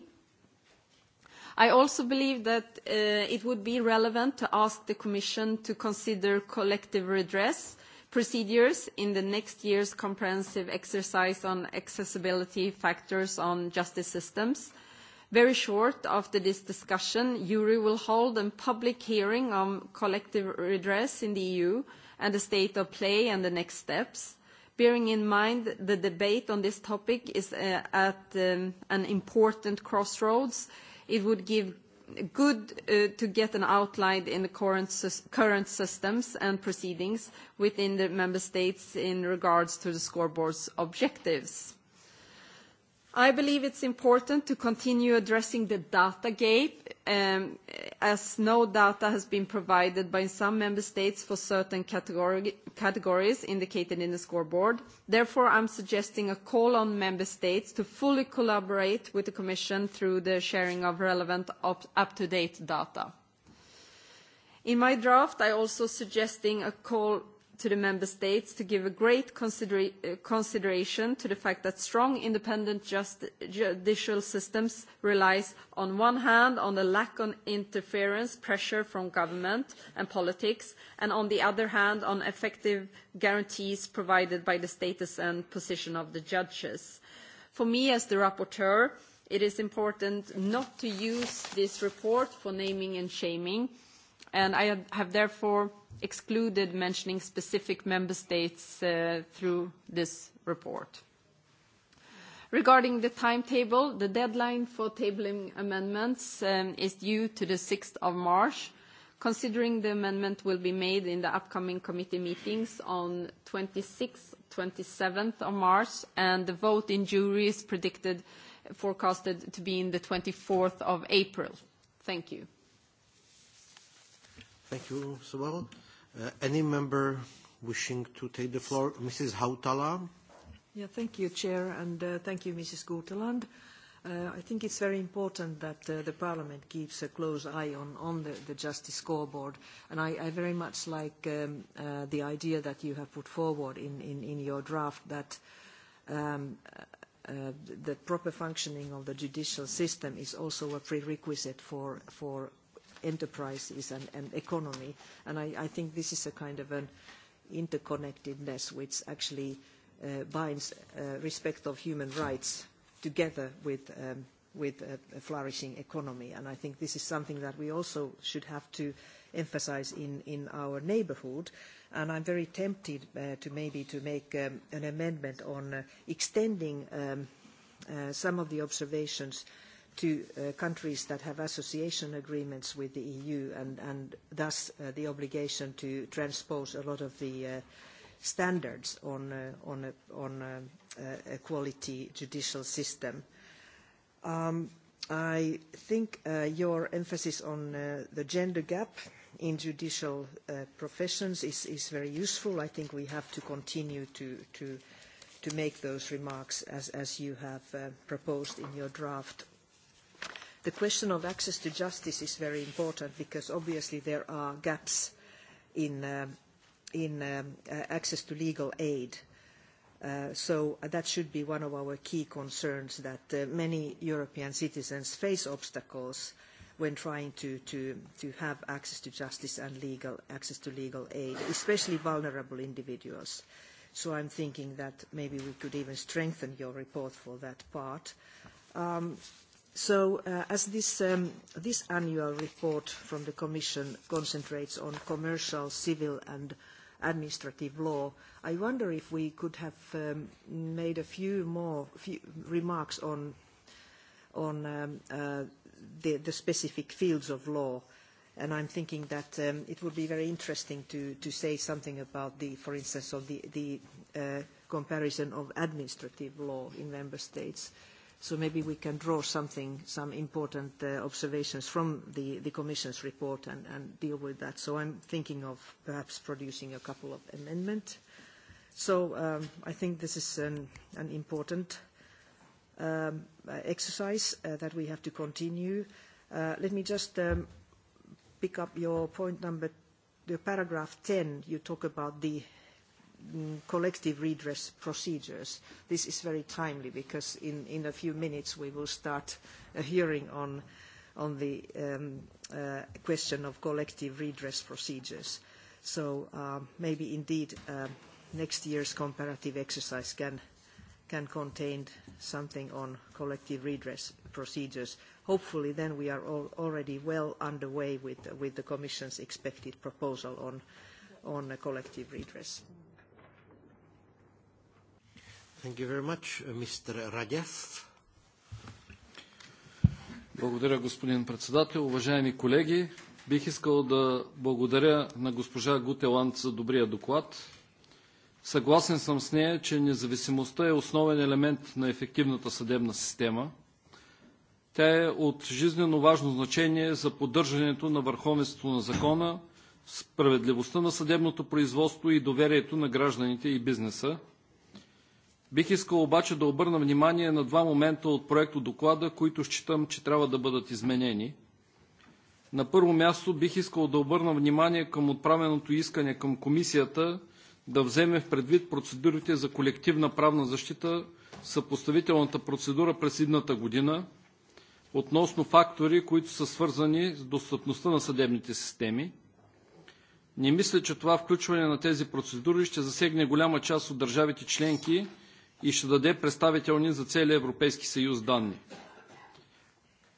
I also believe that uh, it would be relevant to ask the Commission to consider collective redress procedures in the next year's comprehensive exercise on accessibility factors on justice systems, uh, Very short after this discussion, URI will hold a public hearing on collective redress in the EU and the state of play and the next steps. Bearing in mind the debate on this topic is uh, at um, an important crossroads, it would give good uh, to get an outline in the current, current systems and proceedings within the member states in regards to the scoreboard's objectives. I believe it's important to continue addressing the data gap, um, as no data has been provided by some member states for certain category, categories indicated in the scoreboard. Therefore, I'm suggesting a call on member states to fully collaborate with the Commission through the sharing of relevant up-to-date data. In my draft, I also suggesting a call to the member states to give a great considera uh, consideration to the fact that strong independent just judicial systems relies on one hand on the lack of interference pressure from government and politics and on the other hand on effective guarantees provided by the status and position of the judges. For me as the rapporteur, it is important not to use this report for naming and shaming and I have therefore excluded mentioning specific member states uh, through this report. Regarding the timetable, the deadline for tabling amendments um, is due to the 6th of March. Considering the amendment will be made in the upcoming committee meetings on 26th, 27th of March, and the vote in jury is predicted, forecasted to be in the 24th of April. Thank you. Thank you, Sobal. Uh, any member wishing to take the floor? Mrs. Hautala? Yeah, thank you, Chair, and uh, thank you, Mrs. Guteland. Uh, I think it's very important that uh, the Parliament keeps a close eye on, on the, the justice scoreboard, and I, I very much like um, uh, the idea that you have put forward in, in, in your draft that um, uh, the proper functioning of the judicial system is also a prerequisite for, for enterprises and, and economy. And I, I think this is a kind of an interconnectedness which actually uh, binds uh, respect of human rights together with, um, with a, a flourishing economy. And I think this is something that we also should have to emphasize in, in our neighborhood. And I'm very tempted uh, to maybe to make um, an amendment on uh, extending um, uh, some of the observations uh, to uh, countries that have association agreements with the EU and, and thus uh, the obligation to transpose a lot of the uh, standards on, uh, on, a, on a, uh, a quality judicial system. Um, I think uh, your emphasis on uh, the gender gap in judicial uh, professions is, is very useful. I think we have to continue to, to, to make those remarks as, as you have uh, proposed in your draft The question of access to justice is very important because obviously there are gaps in, uh, in um, uh, access to legal aid. Uh, so that should be one of our key concerns that uh, many European citizens face obstacles when trying to, to, to have access to justice and legal access to legal aid, especially vulnerable individuals. So I'm thinking that maybe we could even strengthen your report for that part. Um, So, uh, as this, um, this annual report from the Commission concentrates on commercial, civil, and administrative law, I wonder if we could have um, made a few more few remarks on, on um, uh, the, the specific fields of law. And I'm thinking that um, it would be very interesting to, to say something about the, for instance, of the, the uh, comparison of administrative law in member states So maybe we can draw something, some important uh, observations from the, the Commission's report and, and deal with that. So I'm thinking of perhaps producing a couple of amendments. So um, I think this is an, an important um, exercise uh, that we have to continue. Uh, let me just um, pick up your point number, the paragraph 10. You talk about the Mm, collective redress procedures. This is very timely because in, in a few minutes we will start a hearing on, on the um, uh, question of collective redress procedures. So uh, maybe indeed uh, next year's comparative exercise can, can contain something on collective redress procedures. Hopefully then we are all already well underway with, with the Commission's expected proposal on, on collective redress. Mm-hmm. Thank you very much. Uh, Mr. Радев. Благодаря, господин председател. Уважаеми колеги, бих искал да благодаря на госпожа Гутеланд за добрия доклад. Съгласен съм с нея, че независимостта е основен елемент на ефективната съдебна система. Тя е от жизненно важно значение за поддържането на върховенството на закона, справедливостта на съдебното производство и доверието на гражданите и бизнеса, Бих искал обаче да обърна внимание на два момента от проекто доклада, които считам, че трябва да бъдат изменени. На първо място бих искал да обърна внимание към отправеното искане към комисията да вземе в предвид процедурите за колективна правна защита в съпоставителната процедура през едната година относно фактори, които са свързани с достъпността на съдебните системи. Не мисля, че това включване на тези процедури ще засегне голяма част от държавите членки – и ще даде представителни за целия Европейски съюз данни.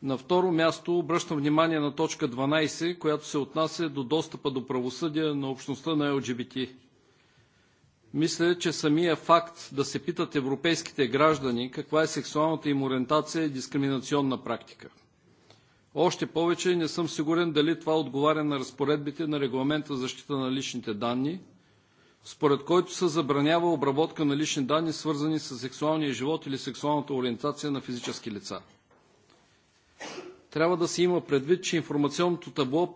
На второ място обръщам внимание на точка 12, която се отнася до достъпа до правосъдие на общността на ЛГБТ. Мисля, че самия факт да се питат европейските граждани каква е сексуалната им ориентация е дискриминационна практика. Още повече не съм сигурен дали това отговаря на разпоредбите на регламента за защита на личните данни – според който се забранява обработка на лични данни, свързани с сексуалния живот или сексуалната ориентация на физически лица. Трябва да се има предвид, че информационното табло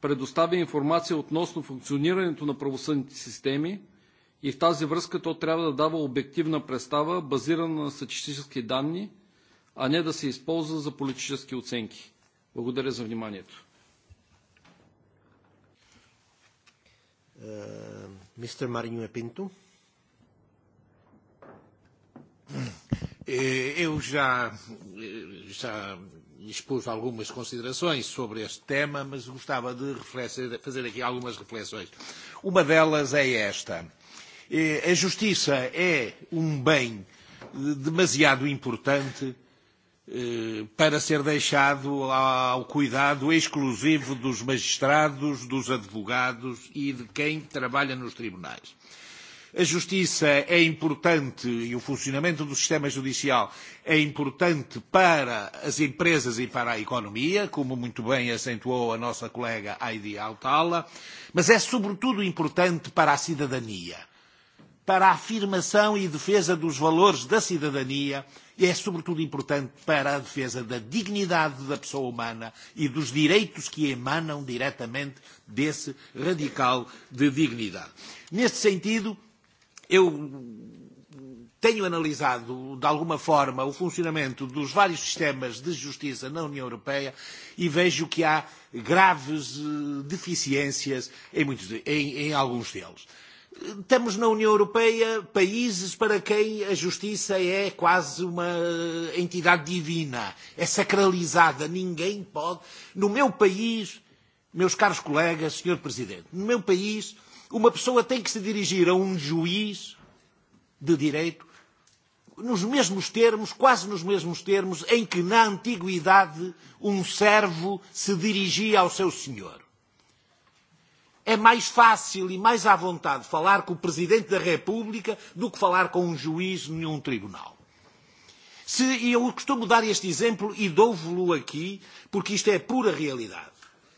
предоставя информация относно функционирането на правосъдните системи и в тази връзка то трябва да дава обективна представа, базирана на статистически данни, а не да се използва за политически оценки. Благодаря за вниманието. Uh, eh, Mr. Marinho e Pinto. Eh, eu já, eh, já expus algumas considerações sobre este tema, mas gostava de fazer aqui algumas reflexões. Uma delas é esta. A justiça é um bem demasiado importante Eh, para ser deixado ao cuidado exclusivo dos magistrados, dos advogados e de quem trabalha nos tribunais. A justiça é importante e o funcionamento do sistema judicial é importante para as empresas e para a economia, como muito bem acentuou a nossa colega Heidi Altala, mas é sobretudo importante para a cidadania para a afirmação e defesa dos valores da cidadania e é sobretudo importante para a defesa da dignidade da pessoa humana e dos direitos que emanam diretamente desse radical de dignidade. Neste sentido, eu tenho analisado, de alguma forma, o funcionamento dos vários sistemas de justiça na União Europeia e vejo que há graves eh, deficiências em, muitos, em, em alguns deles. Uh, Temos na União Europeia países para quem a justiça é quase uma entidade divina, é sacralizada, ninguém pode. No meu país, meus caros colegas, senhor presidente, no meu país, uma pessoa tem que se dirigir a um juiz de direito nos mesmos termos, quase nos mesmos termos, em que na antiguidade um servo se dirigia ao seu senhor. É mais fácil e mais à vontade falar com o Presidente da República do que falar com um juiz em um tribunal. Se, e eu costumo dar este exemplo e dou-vos-lo aqui, porque isto é pura realidade.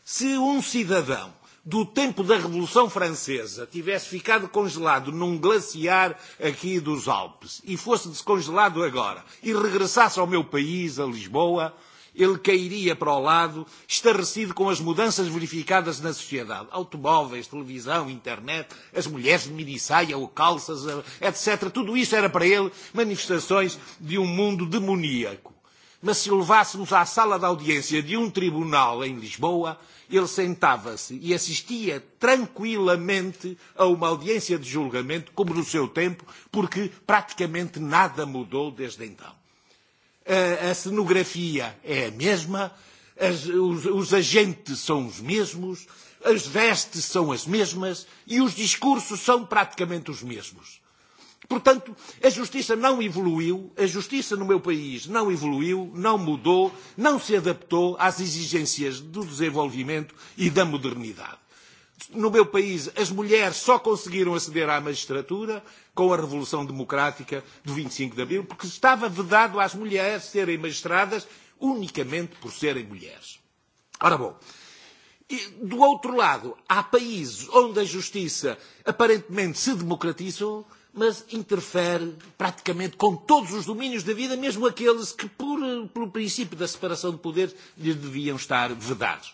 Se um cidadão do tempo da Revolução Francesa tivesse ficado congelado num glaciar aqui dos Alpes e fosse descongelado agora e regressasse ao meu país, a Lisboa, ele cairia para o lado, estarrecido com as mudanças verificadas na sociedade. Automóveis, televisão, internet, as mulheres de minissaia ou calças, etc. Tudo isso era para ele manifestações de um mundo demoníaco. Mas se o levássemos à sala de audiência de um tribunal em Lisboa, ele sentava-se e assistia tranquilamente a uma audiência de julgamento, como no seu tempo, porque praticamente nada mudou desde então a, a cenografia é a mesma, as, os, os agentes são os mesmos, as vestes são as mesmas e os discursos são praticamente os mesmos. Portanto, a justiça não evoluiu, a justiça no meu país não evoluiu, não mudou, não se adaptou às exigências do desenvolvimento e da modernidade. No meu país, as mulheres só conseguiram aceder à magistratura com a Revolução Democrática do 25 e de Abril, porque estava vedado às mulheres serem magistradas unicamente por serem mulheres. Ora bom, e, do outro lado, há países onde a justiça aparentemente se democratizou, mas interfere praticamente com todos os domínios da vida, mesmo aqueles que, por, pelo princípio da separação de poderes, lhe deviam estar vedados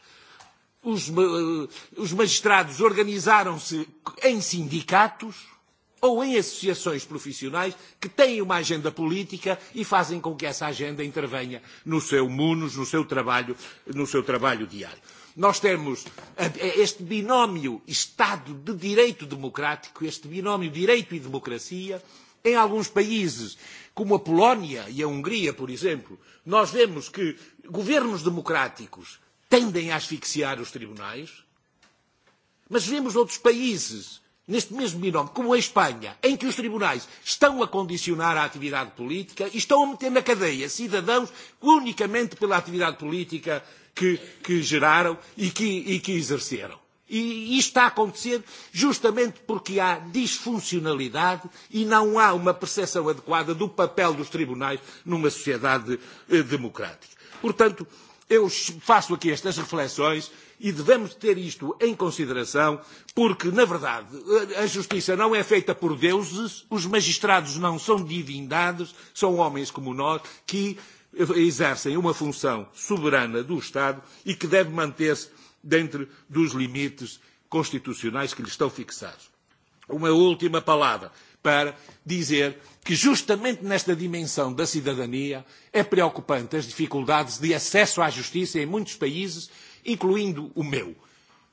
os, eh, os magistrados organizaram-se em sindicatos ou em associações profissionais que têm uma agenda política e fazem com que essa agenda intervenha no seu munos, no seu trabalho, no seu trabalho diário. Nós temos este binómio Estado de Direito Democrático, este binómio Direito e Democracia, em alguns países, como a Polónia e a Hungria, por exemplo, nós vemos que governos democráticos tendem a asfixiar os tribunais. Mas vemos outros países, neste mesmo binómio, como a Espanha, em que os tribunais estão a condicionar a atividade política e estão a meter na cadeia cidadãos unicamente pela atividade política que, que geraram e que, e que exerceram. E isto está a acontecer justamente porque há disfuncionalidade e não há uma percepção adequada do papel dos tribunais numa sociedade eh, democrática. Portanto, Eu faço aqui estas reflexões e devemos ter isto em consideração, porque, na verdade, a justiça não é feita por deuses, os magistrados não são divindades, são homens como nós que exercem uma função soberana do Estado e que deve manter-se dentro dos limites constitucionais que lhe estão fixados. Uma última palavra para dizer que justamente nesta dimensão da cidadania é preocupante as dificuldades de acesso à justiça em muitos países, incluindo o meu.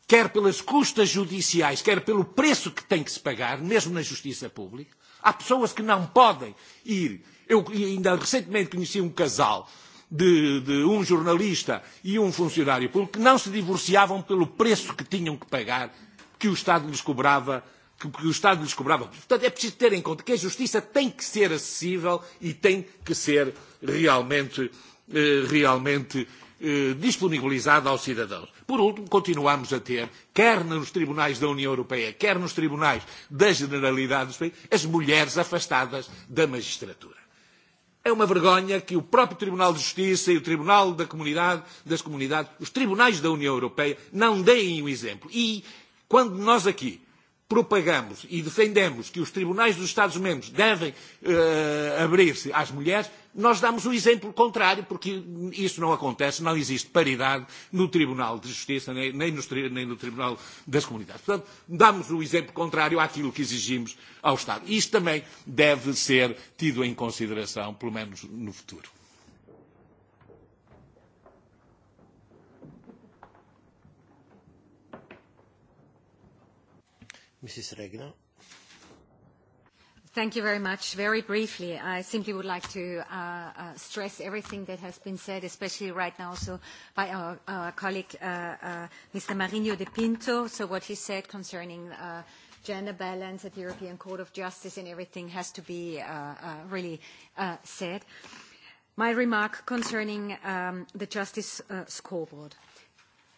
Quer pelas custas judiciais, quer pelo preço que tem que se pagar, mesmo na justiça pública. Há pessoas que não podem ir. Eu ainda recentemente conheci um casal de, de um jornalista e um funcionário público que não se divorciavam pelo preço que tinham que pagar, que o Estado lhes cobrava que, que o Estado lhes cobrava. Portanto, é preciso ter em conta que a justiça tem que ser acessível e tem que ser realmente, eh, realmente eh, disponibilizada aos cidadãos. Por último, continuamos a ter, quer nos tribunais da União Europeia, quer nos tribunais da Generalidade dos países, as mulheres afastadas da magistratura. É uma vergonha que o próprio Tribunal de Justiça e o Tribunal da Comunidade, das Comunidades, os tribunais da União Europeia, não deem o exemplo. E quando nós aqui propagamos e defendemos que os tribunais dos Estados-membros devem uh, abrir-se às mulheres, nós damos o exemplo contrário, porque isso não acontece, não existe paridade no Tribunal de Justiça, nem, nem, nos, nem no Tribunal das Comunidades. Portanto, damos o exemplo contrário àquilo que exigimos ao Estado. E isto também deve ser tido em consideração, pelo menos no futuro. Mrs. Regner. Thank you very much. Very briefly, I simply would like to uh, uh, stress everything that has been said, especially right now also by our, our colleague, uh, uh, Mr. Marinho de Pinto. So what he said concerning uh, gender balance at the European Court of Justice and everything has to be uh, uh, really uh, said. My remark concerning um, the Justice uh, Scoreboard. Uh,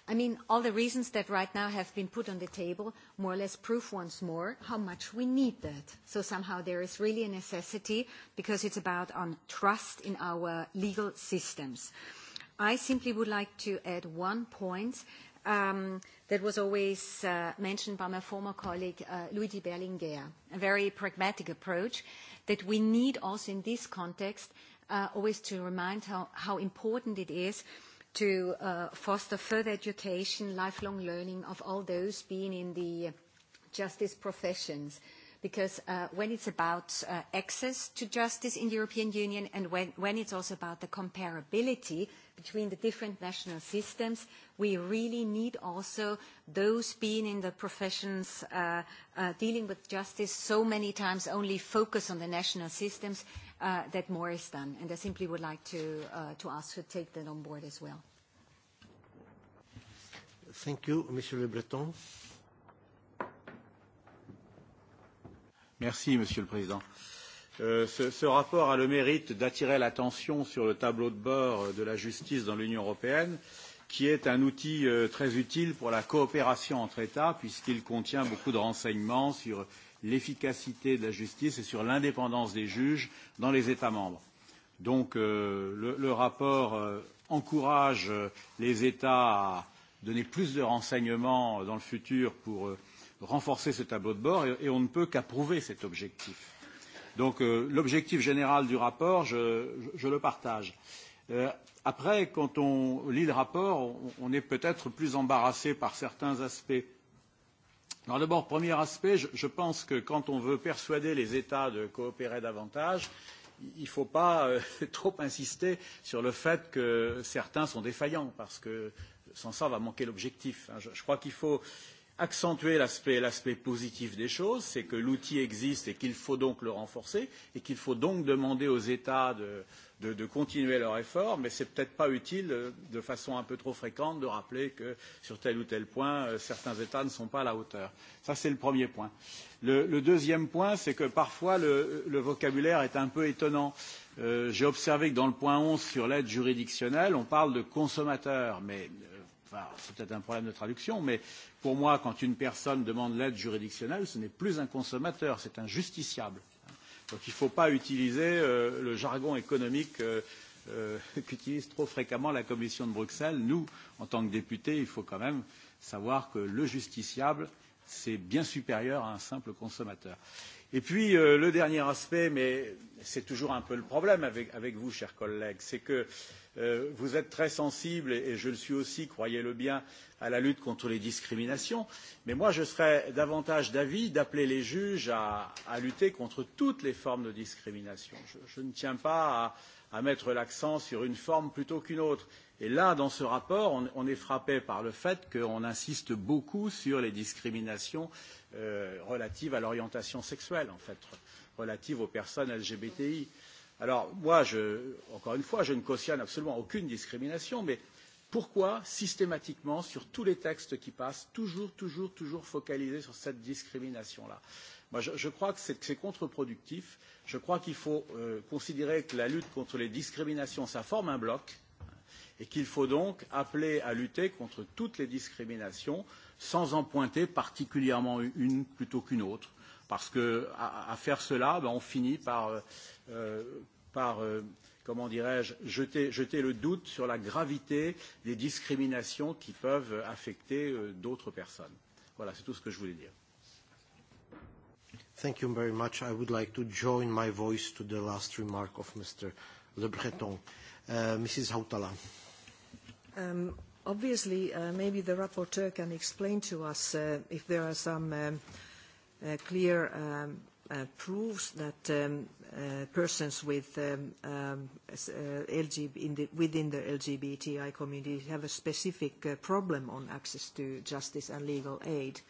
I mean, all the reasons that right now have been put on the table more or less prove once more how much we need that. So somehow there is really a necessity because it's about on um, trust in our legal systems. I simply would like to add one point um, that was always uh, mentioned by my former colleague, uh, Luigi Berlinguer, a very pragmatic approach that we need also in this context uh, always to remind how, how important it is uh, to uh, foster further education, lifelong learning of all those being in the justice professions. Because uh, when it's about uh, access to justice in the European Union and when, when it's also about the comparability between the different national systems, we really need also those being in the professions uh, uh, dealing with justice so many times only focus on the national systems uh, that more is done. And I simply would like to, uh, to ask to take that on board as well. Thank you. Monsieur Le Breton. Merci, Monsieur le Président. Euh, ce, ce rapport a le mérite d'attirer l'attention sur le tableau de bord de la justice dans l'Union européenne, qui est un outil euh, très utile pour la coopération entre États, puisqu'il contient beaucoup de renseignements sur l'efficacité de la justice et sur l'indépendance des juges dans les États membres. Donc euh, le, le rapport euh, encourage euh, les États à donner plus de renseignements dans le futur pour euh, renforcer ce tableau de bord et, et on ne peut qu'approuver cet objectif. Donc euh, l'objectif général du rapport, je, je, je le partage. Euh, après, quand on lit le rapport, on, on est peut-être plus embarrassé par certains aspects. Alors d'abord, premier aspect, je, je pense que quand on veut persuader les États de coopérer davantage, il ne faut pas euh, trop insister sur le fait que certains sont défaillants, parce que sans ça, on va manquer l'objectif. Hein. Je, je crois qu'il faut, euh, accentuer l'aspect positif des choses, c'est que l'outil existe et qu'il faut donc le renforcer et qu'il faut donc demander aux États de, de, de continuer leur effort, mais c'est peut-être pas utile euh, de façon un peu trop fréquente de rappeler que sur tel ou tel point, euh, certains États ne sont pas à la hauteur. Ça, c'est le premier point. Le, le deuxième point, c'est que parfois le, le vocabulaire est un peu étonnant. Euh, J'ai observé que dans le point 11 sur l'aide juridictionnelle, on parle de consommateurs, mais euh, enfin, c'est peut-être un problème de traduction, mais pour moi, quand une personne demande l'aide juridictionnelle, ce n'est plus un consommateur, c'est un justiciable. Donc il ne faut pas utiliser euh, le jargon économique euh, euh, qu'utilise trop fréquemment la Commission de Bruxelles. Nous, en tant que députés, il faut quand même savoir que le justiciable, c'est bien supérieur à un simple consommateur. Euh, Et puis, euh, le dernier aspect, mais c'est toujours un peu le problème avec, avec vous, chers collègues, c'est que euh, vous êtes très sensible, et, et je le suis aussi, croyez-le bien, à la lutte contre les discriminations, mais moi, je serais davantage d'avis d'appeler les juges à, à lutter contre toutes les formes de discrimination. Je, je ne tiens pas à, à mettre l'accent sur une forme plutôt qu'une autre. Et là, dans ce rapport, on, on est frappé par le fait qu'on insiste beaucoup sur les discriminations euh, euh, relative à l'orientation sexuelle, en fait, relative aux personnes LGBTI. Alors, moi, je, encore une fois, je ne cautionne absolument aucune discrimination, mais pourquoi, systématiquement, sur tous les textes qui passent, toujours, toujours, toujours focaliser sur cette discrimination-là Moi, je, je crois que c'est contre-productif. Je crois qu'il faut euh, considérer que la lutte contre les discriminations, ça forme un bloc, et qu'il faut donc appeler à lutter contre toutes les discriminations, sans en pointer particulièrement une plutôt qu'une autre. Parce que à, à faire cela, ben, on finit par, euh, euh, par euh, comment dirais-je, jeter, jeter le doute sur la gravité des discriminations qui peuvent affecter euh, d'autres personnes. Voilà, c'est tout ce que je voulais dire. Thank you very much. I would like to join my voice to the last remark of Mr. Le Breton. Uh, Mrs. Hautala. Um, Obviously, uh, maybe the rapporteur can explain to us uh, if there are some um, uh, clear um, uh, proofs that um, uh, persons with, um, um, uh, LGB in the, within the LGBTI community have a specific uh, problem on access to justice and legal aid.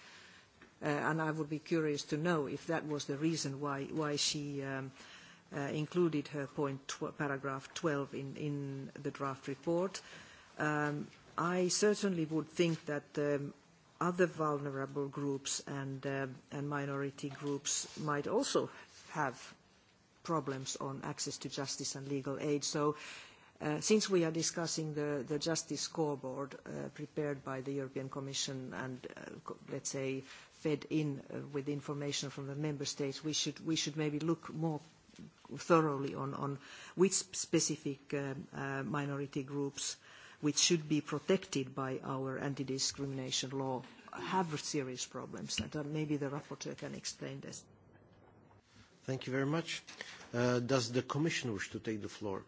Uh, and I would be curious to know if that was the reason why, why she um, uh, included her point tw paragraph 12 in, in the draft report. Um, I certainly would think that um, other vulnerable groups and, uh, and minority groups might also have problems on access to justice and legal aid. So uh, since we are discussing the, the justice scoreboard uh, prepared by the European Commission and, uh, let's say, fed in uh, with information from the member states, we should, we should maybe look more thoroughly on, on which specific uh, uh, minority groups which should be protected by our anti-discrimination law have serious problems. And uh, maybe the rapporteur can explain this. Thank you very much. Uh, does the Commission wish to take the floor?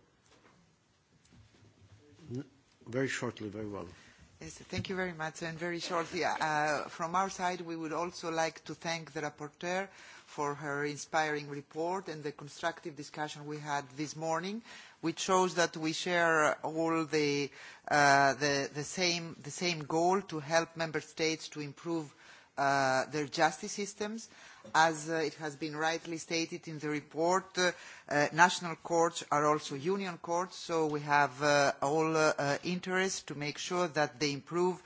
N very shortly, very well. Yes, thank you very much. And very shortly, uh, from our side, we would also like to thank the rapporteur uh, for her inspiring report and the constructive discussion we had this morning, which shows that we share all the, uh, the, the, same, the same goal to help member states to improve uh, their justice systems. As uh, it has been rightly stated in the report, uh, uh, national courts are also union courts, so we have uh, all uh, uh, interest to make sure that they improve uh,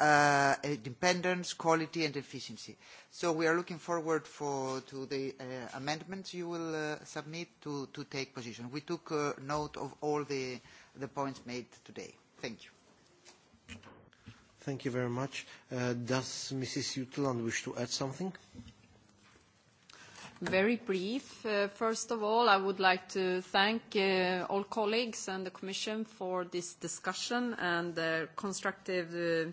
uh, independence, quality and efficiency. So we are looking forward for, to the uh, amendments you will uh, submit to, to take position. We took uh, note of all the, the points made today. Thank you. Thank you very much. Uh, does Mrs. Jutland wish to add something? Very brief. Uh, first of all, I would like to thank uh, all colleagues and the Commission for this discussion and the constructive uh,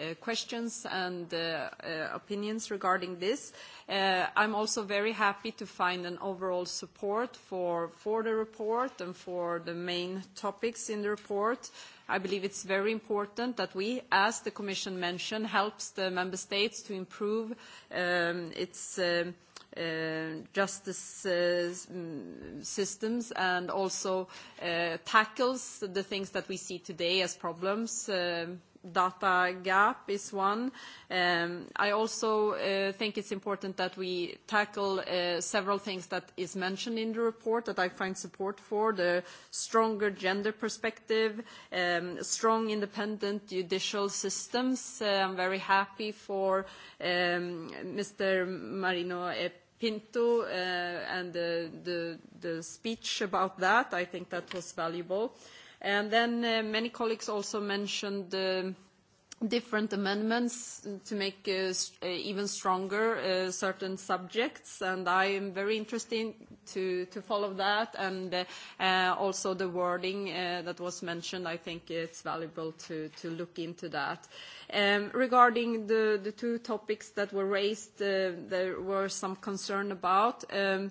uh, questions and uh, uh, opinions regarding this. Uh, I'm also very happy to find an overall support for, for the report and for the main topics in the report. I believe it's very important that we, as the Commission mentioned, helps the Member States to improve um, its um, Uh, justice uh, mm, systems and also uh, tackles the things that we see today as problems, um, data gap is one. Um, I also uh, think it's important that we tackle uh, several things that is mentioned in the report that I find support for, the stronger gender perspective, um, strong independent judicial systems. Uh, I'm very happy for um, Mr. Marino Pinto uh, and the, the, the speech about that. I think that was valuable. Uh, And then uh, many colleagues also mentioned uh, different amendments to make uh, st uh, even stronger uh, certain subjects and I am very interested to, to follow that and uh, uh, also the wording uh, that was mentioned I think it's valuable to, to look into that. Um, regarding the, the two topics that were raised uh, there were some concern about um, uh,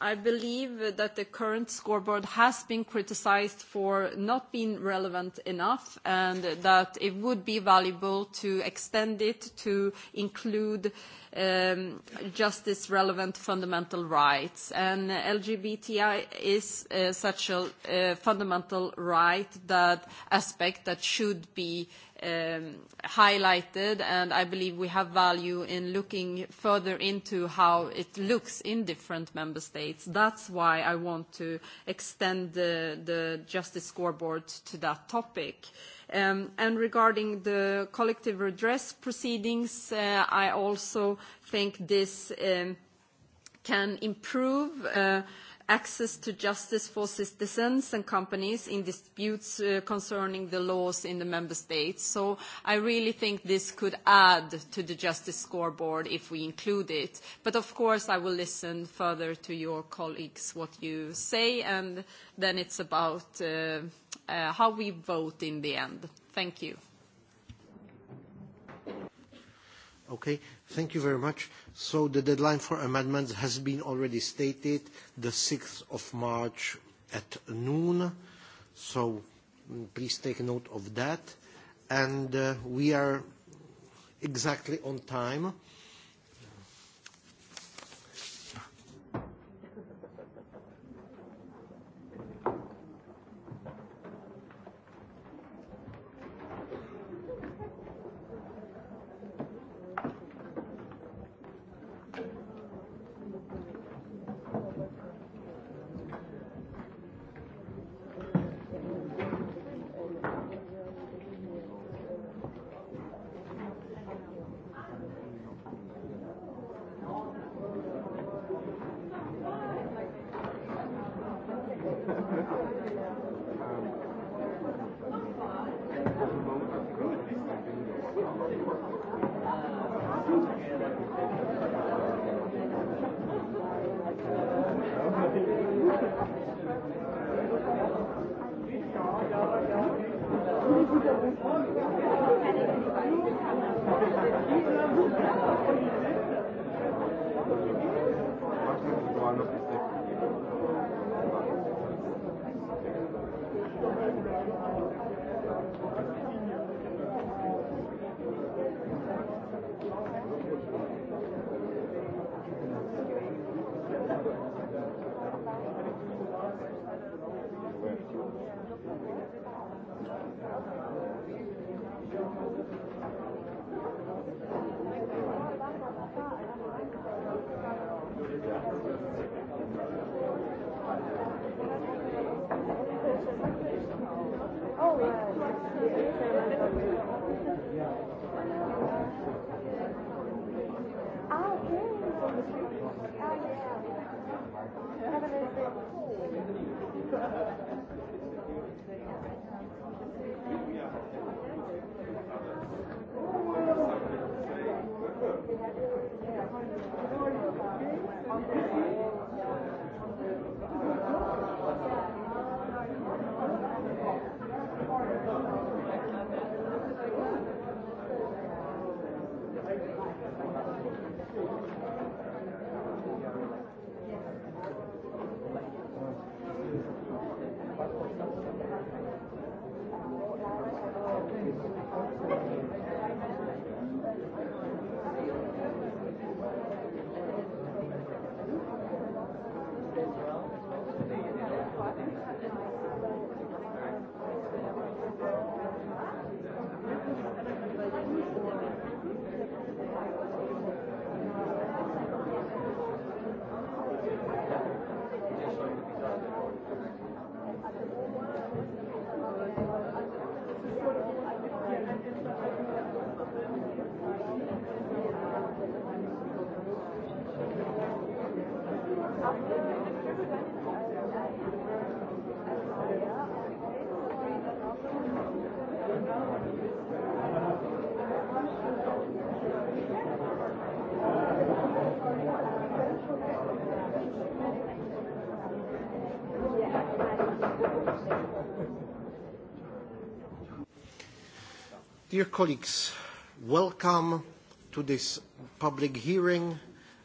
I believe that the current scoreboard has been criticized for not being relevant enough, and that it would be valuable to extend it to include um, justice-relevant fundamental rights. And LGBTI is uh, such a uh, fundamental right that aspect that should be um, highlighted, and I believe we have value in looking further into how it looks in different member states. That's why I want to extend the, the justice scoreboard to that topic. Um, and regarding the collective redress proceedings, uh, I also think this um, can improve uh, access to justice for citizens and companies in disputes uh, concerning the laws in the member states. So I really think this could add to the justice scoreboard if we include it. But of course, I will listen further to your colleagues what you say, and then it's about uh, uh, how we vote in the end. Thank you. Okay, thank you very much. So the deadline for amendments has been already stated, the 6th of March at noon. So mm, please take note of that. And uh, we are exactly on time. Dear colleagues, welcome to this public hearing.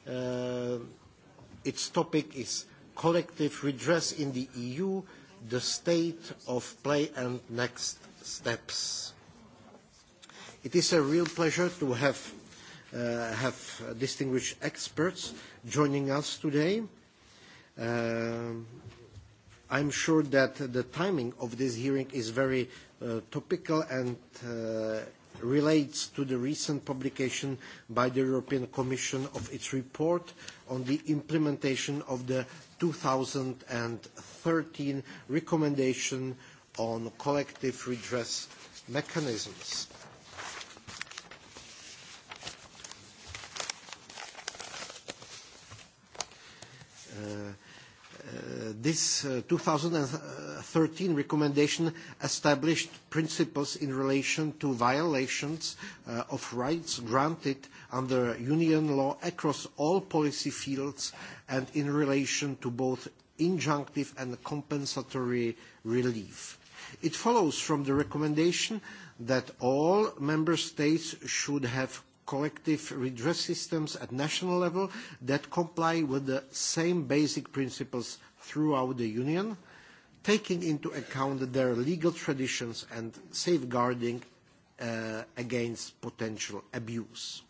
Uh, its topic is Collective Redress in the EU, the state of play and next steps. It is a real pleasure to have, uh, have distinguished experts joining us today. Uh, I'm sure that the timing of this hearing is very uh, topical and uh, relates to the recent publication by the European Commission of its report on the implementation of the 2013 recommendation on collective redress mechanisms. Uh, this uh, 2013 recommendation established principles in relation to violations uh, of rights granted under union law across all policy fields and in relation to both injunctive and compensatory relief. It follows from the recommendation that all member states should have collective redress systems at national level that comply with the same basic principles throughout the Union, taking into account their legal traditions and safeguarding uh, against potential abuse.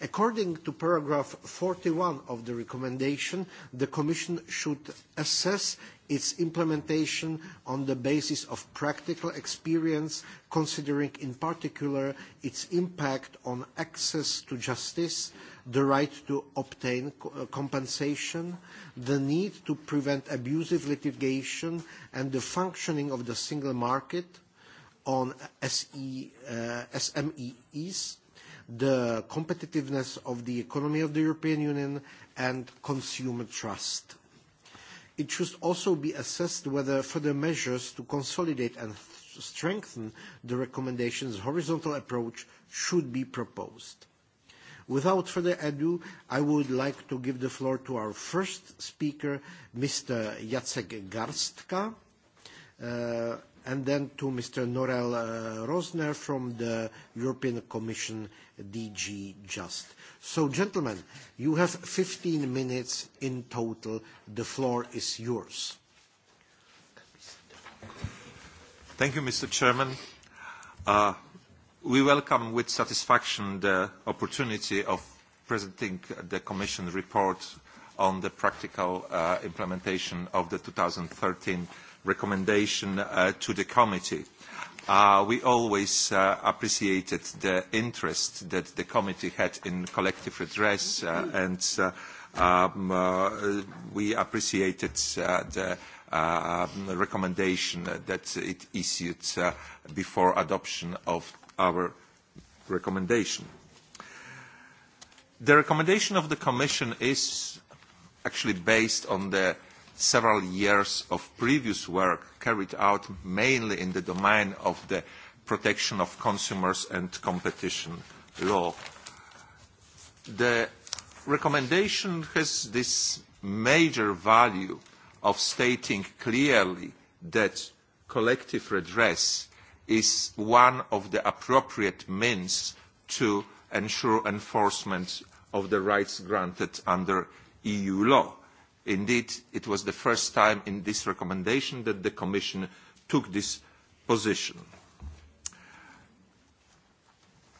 According to paragraph 41 of the recommendation, the Commission should assess its implementation on the basis of practical experience, considering in particular its impact on access to justice, the right to obtain uh, compensation, the need to prevent abusive litigation, and the functioning of the single market on SE, uh, SMEs, e the competitiveness of the economy of the European Union, and consumer trust. It should also be assessed whether further measures to consolidate and strengthen the recommendations' horizontal approach should be proposed. Without further ado, I would like to give the floor to our first speaker, Mr. Jacek Garstka, uh, and then to Mr. Norel uh, Rosner from the European Commission DG Just. So, gentlemen, you have 15 minutes in total. The floor is yours. Thank you, Mr. Chairman. Uh, we welcome with satisfaction the opportunity of presenting the Commission report on the practical uh, implementation of the 2013 recommendation uh, to the committee. Uh, we always uh, appreciated the interest that the committee had in collective redress uh, and uh, um, uh, we appreciated uh, the uh, recommendation that it issued uh, before adoption of our recommendation. The recommendation of the Commission is actually based on the uh, several years of previous work carried out mainly in the domain of the protection of consumers and competition law. The recommendation has this major value of stating clearly that collective redress is one of the appropriate means to ensure enforcement of the rights granted under EU law. Indeed, it was the first time in this recommendation that the Commission took this position.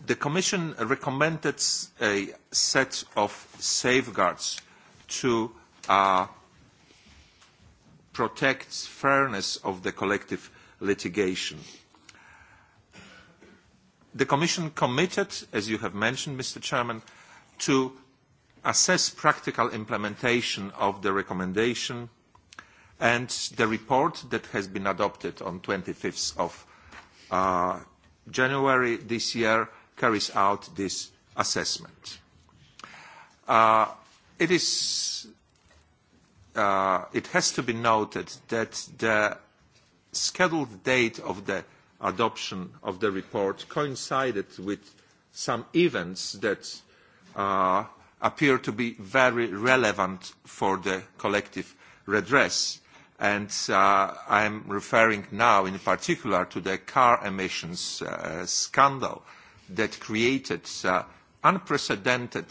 The Commission recommended a set of safeguards to uh, protect fairness of the collective litigation. The Commission committed, as you have mentioned, Mr. Chairman, to assess practical implementation of the recommendation and the report that has been adopted on 25th of uh, January this year carries out this assessment. Uh, it is uh, it has to be noted that the scheduled date of the adoption of the report coincided with some events that uh, appear to be very relevant for the collective redress. And uh, I'm referring now in particular to the car emissions uh, scandal that created uh, unprecedented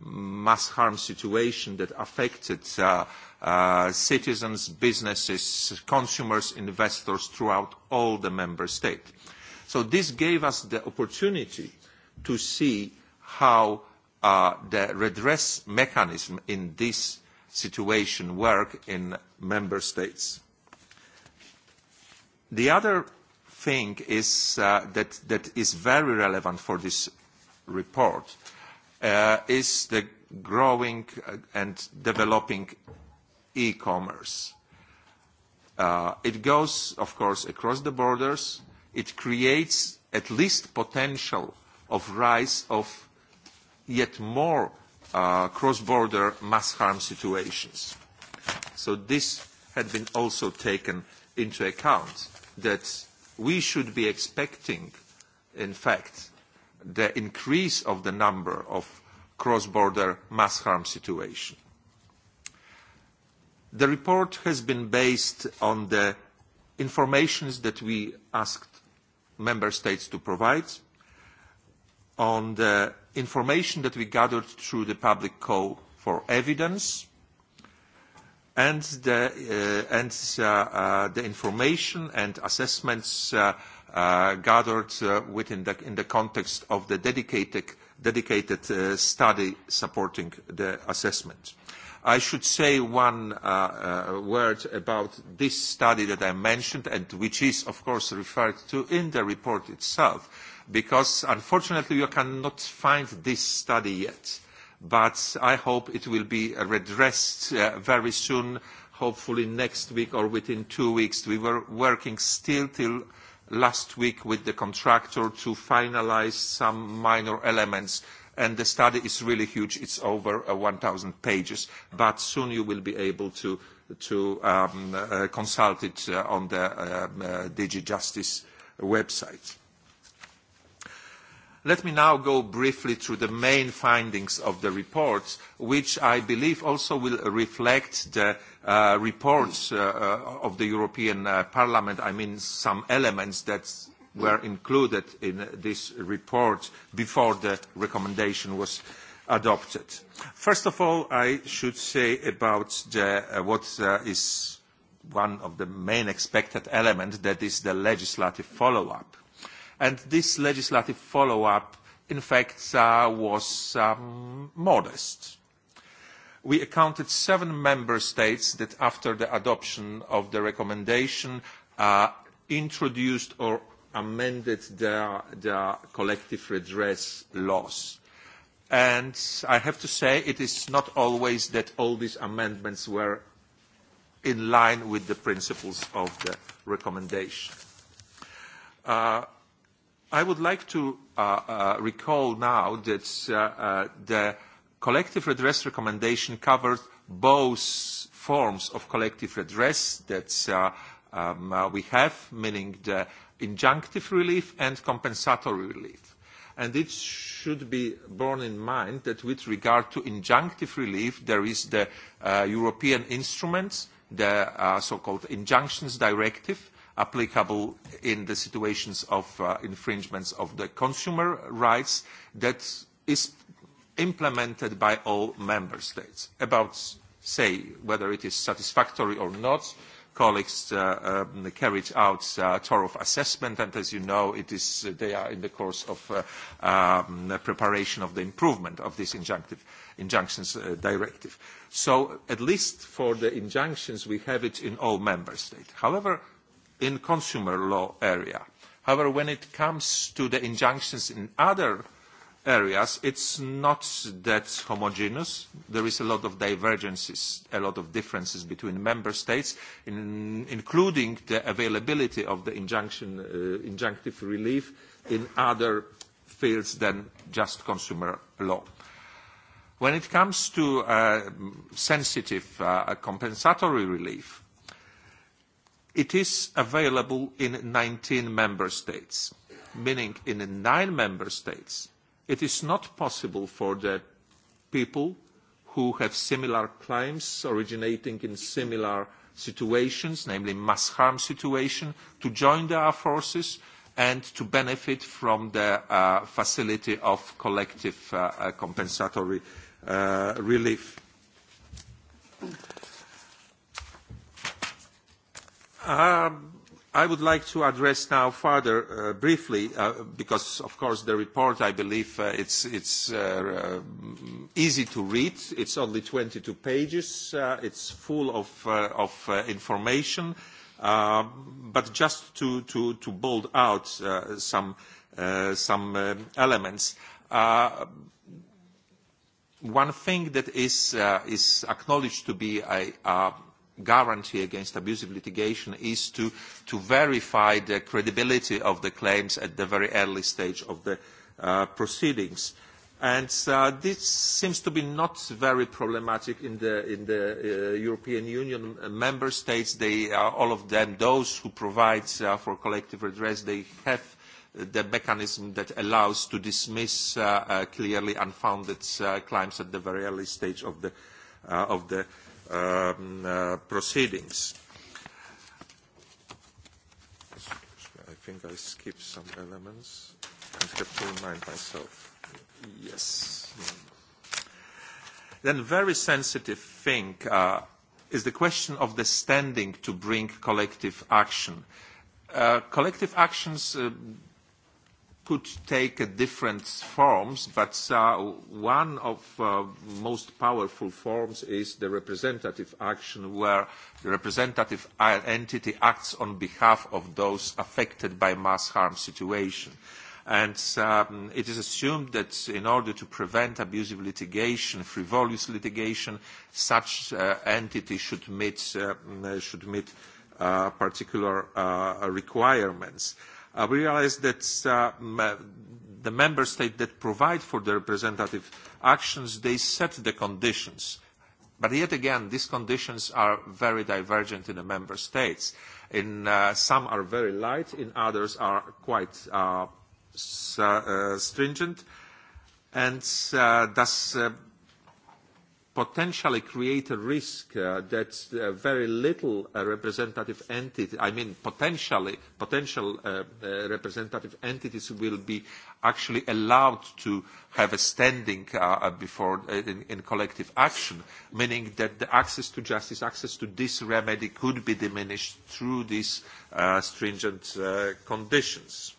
mass harm situation that affected uh, uh, citizens, businesses, consumers, investors throughout all the member states. So this gave us the opportunity to see how uh, uh, the redress mechanism in this situation work in member states. The other thing is, uh, that, that is very relevant for this report uh, is the growing uh, and developing e-commerce. Uh, it goes, of course, across the borders. It creates at least potential of rise of yet more uh, cross-border mass harm situations. So this had been also taken into account, that we should be expecting, in fact, the increase of the number of cross-border mass harm situations. The report has been based on the information that we asked member states to provide, on the information that we gathered through the public call for evidence and the, uh, and, uh, uh, the information and assessments uh, uh, gathered uh, within the, in the context of the dedicated, dedicated uh, study supporting the assessment. I should say one uh, uh, word about this study that I mentioned and which is, of course, referred to in the report itself because unfortunately you cannot find this study yet. But I hope it will be redressed uh, very soon, hopefully next week or within two weeks. We were working still till last week with the contractor to finalize some minor elements, and the study is really huge. It's over uh, 1,000 pages, but soon you will be able to, to um, uh, consult it uh, on the um, uh, DG Justice website. Let me now go briefly through the main findings of the reports, which I believe also will reflect the uh, reports uh, uh, of the European uh, Parliament. I mean, some elements that were included in this report before the recommendation was adopted. First of all, I should say about the, uh, what uh, is one of the main expected elements, that is the legislative follow-up. And this legislative follow-up, in fact, uh, was um, modest. We accounted seven member states that, after the adoption of the recommendation, uh, introduced or amended their, their collective redress laws. And I have to say, it is not always that all these amendments were in line with the principles of the recommendation. Uh, I would like to uh, uh, recall now that uh, uh, the collective redress recommendation covered both forms of collective redress that uh, um, uh, we have, meaning the injunctive relief and compensatory relief. And it should be borne in mind that with regard to injunctive relief, there is the uh, European instruments, the uh, so-called injunctions directive, applicable in the situations of uh, infringements of the consumer rights that is implemented by all member states. About, say, whether it is satisfactory or not, colleagues uh, um, carried out a uh, thorough assessment, and as you know, it is, uh, they are in the course of uh, um, preparation of the improvement of this injunctive, injunctions uh, directive. So at least for the injunctions, we have it in all member states. However, in consumer law area. However, when it comes to the injunctions in other areas, it's not that homogeneous. There is a lot of divergences, a lot of differences between member states, in, including the availability of the injunction, uh, injunctive relief in other fields than just consumer law. When it comes to uh, sensitive uh, compensatory relief, It is available in 19 member states, meaning in nine member states, it is not possible for the people who have similar claims originating in similar situations, namely mass harm situation, to join their forces and to benefit from the uh, facility of collective uh, uh compensatory uh, relief. Um, I would like to address now further uh, briefly, uh, because of course the report, I believe, uh, it's, it's uh, uh, easy to read. It's only 22 pages. Uh, it's full of, uh, of uh, information. Uh, but just to, to, to bold out uh, some, uh, some uh, elements. Uh, one thing that is, uh, is acknowledged to be a, a guarantee against abusive litigation is to, to verify the credibility of the claims at the very early stage of the uh, proceedings. And uh, this seems to be not very problematic in the, in the uh, European Union member states. They, uh, all of them, those who provide uh, for collective redress, they have the mechanism that allows to dismiss uh, uh, clearly unfounded uh, claims at the very early stage of the, uh, of the uh, um, uh, proceedings. I think I skipped some elements. I have to remind myself. Yes. Hmm. Then very sensitive thing uh, is the question of the standing to bring collective action. Uh, collective actions uh, could take uh, different forms, but uh, one of uh, most powerful forms is the representative action, where the representative entity acts on behalf of those affected by mass harm situation. And um, it is assumed that in order to prevent abusive litigation, frivolous litigation, such uh, entity should meet, uh, should meet uh, particular uh, requirements. Uh, uh, we realized that uh, the member state that provide for the representative actions, they set the conditions. But yet again, these conditions are very divergent in the member states. In uh, some are very light, in others are quite uh, s- uh, stringent. And uh, thus, uh, potentially create a risk uh, that uh, very little uh, representative entity, I mean potentially, potential uh, uh, representative entities will be actually allowed to have a standing uh, uh, before uh, in, in collective action, meaning that the access to justice, access to this remedy could be diminished through these uh, stringent uh, conditions.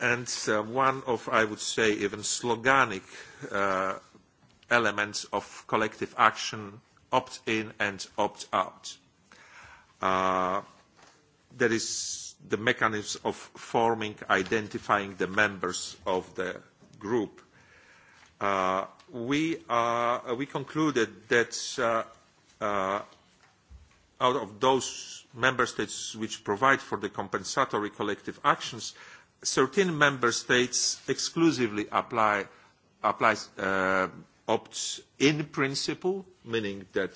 And uh, one of, I would say, even sloganic uh, elements of collective action, opt-in and opt-out. Uh, that is the mechanism of forming, identifying the members of the group. Uh, we, uh, we concluded that uh, uh, out of those member states which provide for the compensatory collective actions, 13 member states exclusively apply applies, uh, opts in principle, meaning that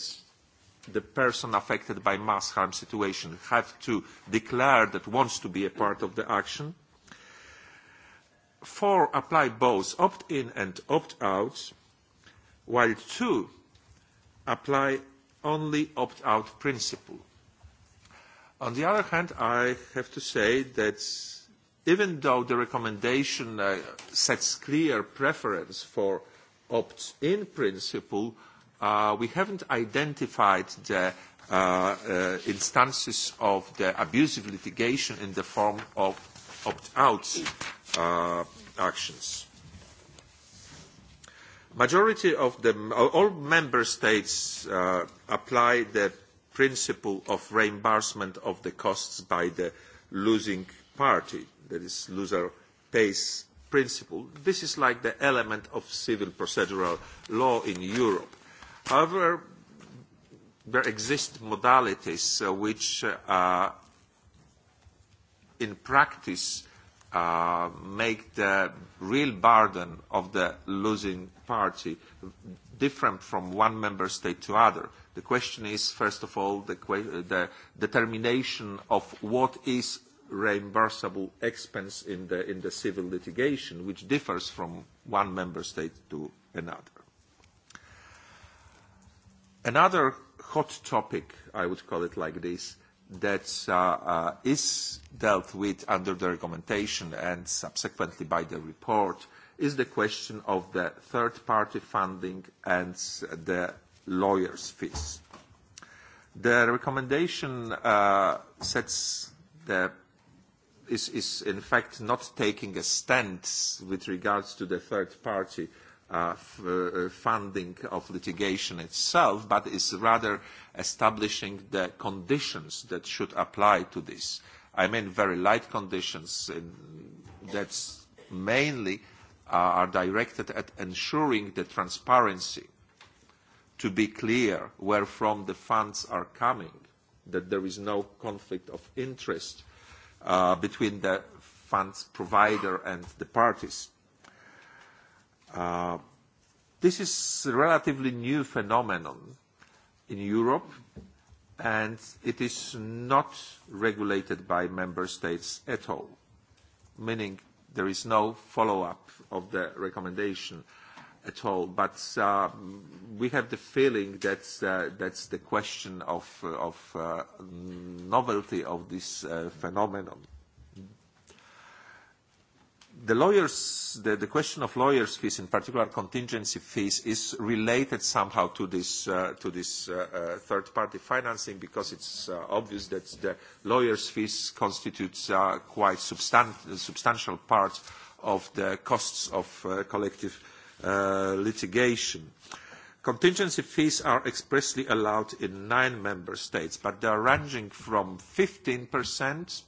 the person affected by mass harm situation have to declare that wants to be a part of the action. Four apply both opt-in and opt-out, while two apply only opt-out principle. On the other hand, I have to say that even though the recommendation uh, sets clear preference for uh, opt-in principle, uh, we haven't identified the uh, uh, instances of the abusive litigation in the form of opt-out uh, actions. Majority of the, all member states uh, apply the principle of reimbursement of the costs by the losing party, that is, loser pays principle. This is like the element of civil procedural law in Europe. However, there exist modalities uh, which uh, in practice uh, make the real burden of the losing party different from one member state to other. The question is, first of all, the, the determination of what is reimbursable expense in the, in the civil litigation, which differs from one member state to another. Another hot topic, I would call it like this, that uh, uh, is dealt with under the recommendation and subsequently by the report is the question of the third-party funding and the lawyers' fees. The recommendation uh, sets the is, is in fact not taking a stance with regards to the third party uh, f uh, funding of litigation itself, but is rather establishing the conditions that should apply to this. I mean very light conditions that mainly uh, are directed at ensuring the transparency to be clear where from the funds are coming, that there is no conflict of interest uh, uh, between the funds provider and the parties. Uh, this is a relatively new phenomenon in Europe, and it is not regulated by member states at all, meaning there is no follow-up of the recommendation uh, at all, but uh, we have the feeling that uh, that's the question of, of uh, novelty of this uh, phenomenon. The lawyers, the, the question of lawyers' fees, in particular contingency fees, is related somehow to this, uh, to this uh, uh, third-party financing because it's uh, obvious that the lawyers' fees constitutes uh, quite substan- substantial part of the costs of uh, collective uh, uh, litigation. Contingency fees are expressly allowed in nine member states, but they are ranging from 15%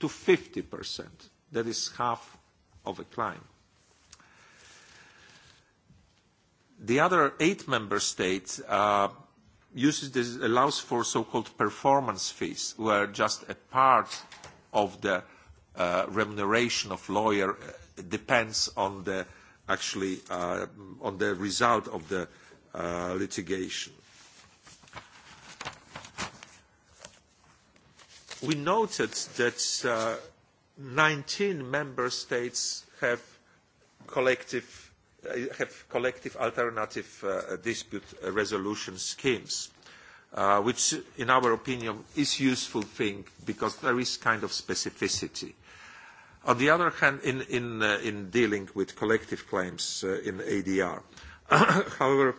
to 50%. That is half of a claim. The other eight member states uh, uses this, allows for so-called performance fees, where just a part of the uh, remuneration of lawyer uh, depends on the actually uh, on the result of the uh, litigation. We noted that uh, 19 member states have collective, uh, have collective alternative uh, dispute uh, resolution schemes. Uh, which, in our opinion, is useful thing because there is kind of specificity. Uh, On the other hand, in, in, uh, in dealing with collective claims uh, in ADR. However,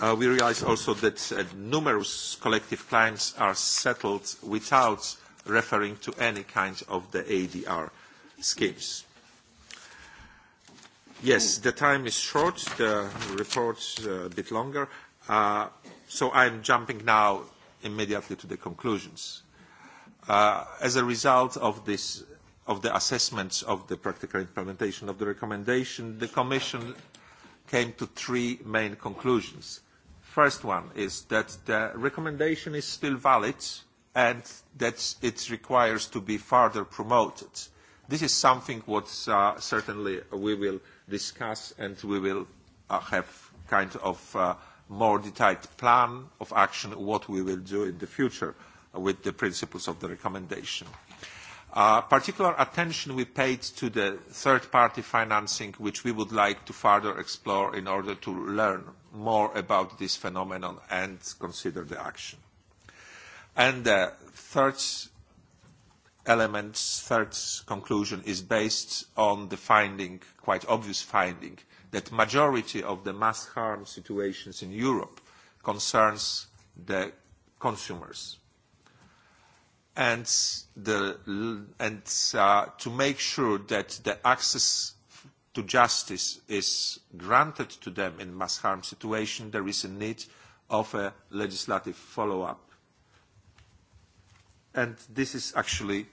uh, we realize also that uh, numerous collective claims are settled without referring to any kind of the ADR schemes. Yes, the time is short, the report uh, a bit longer, uh, so I'm jumping now immediately to the conclusions. Uh, as a result of this of the assessments of the practical implementation of the recommendation, the Commission came to three main conclusions. First one is that the recommendation is still valid and that it requires to be further promoted. This is something what uh, certainly we will discuss and we will uh, have kind of uh, more detailed plan of action what we will do in the future with the principles of the recommendation. Uh, Uh, particular attention we paid to the third-party financing, which we would like to further explore in order to learn more about this phenomenon and consider the action. And the third element, third conclusion, is based on the finding, quite obvious finding, that majority of the mass harm situations in Europe concerns the consumers and, the, and uh, to make sure that the access to justice is granted to them in mass harm situation, there is a need of a legislative follow-up. And this is actually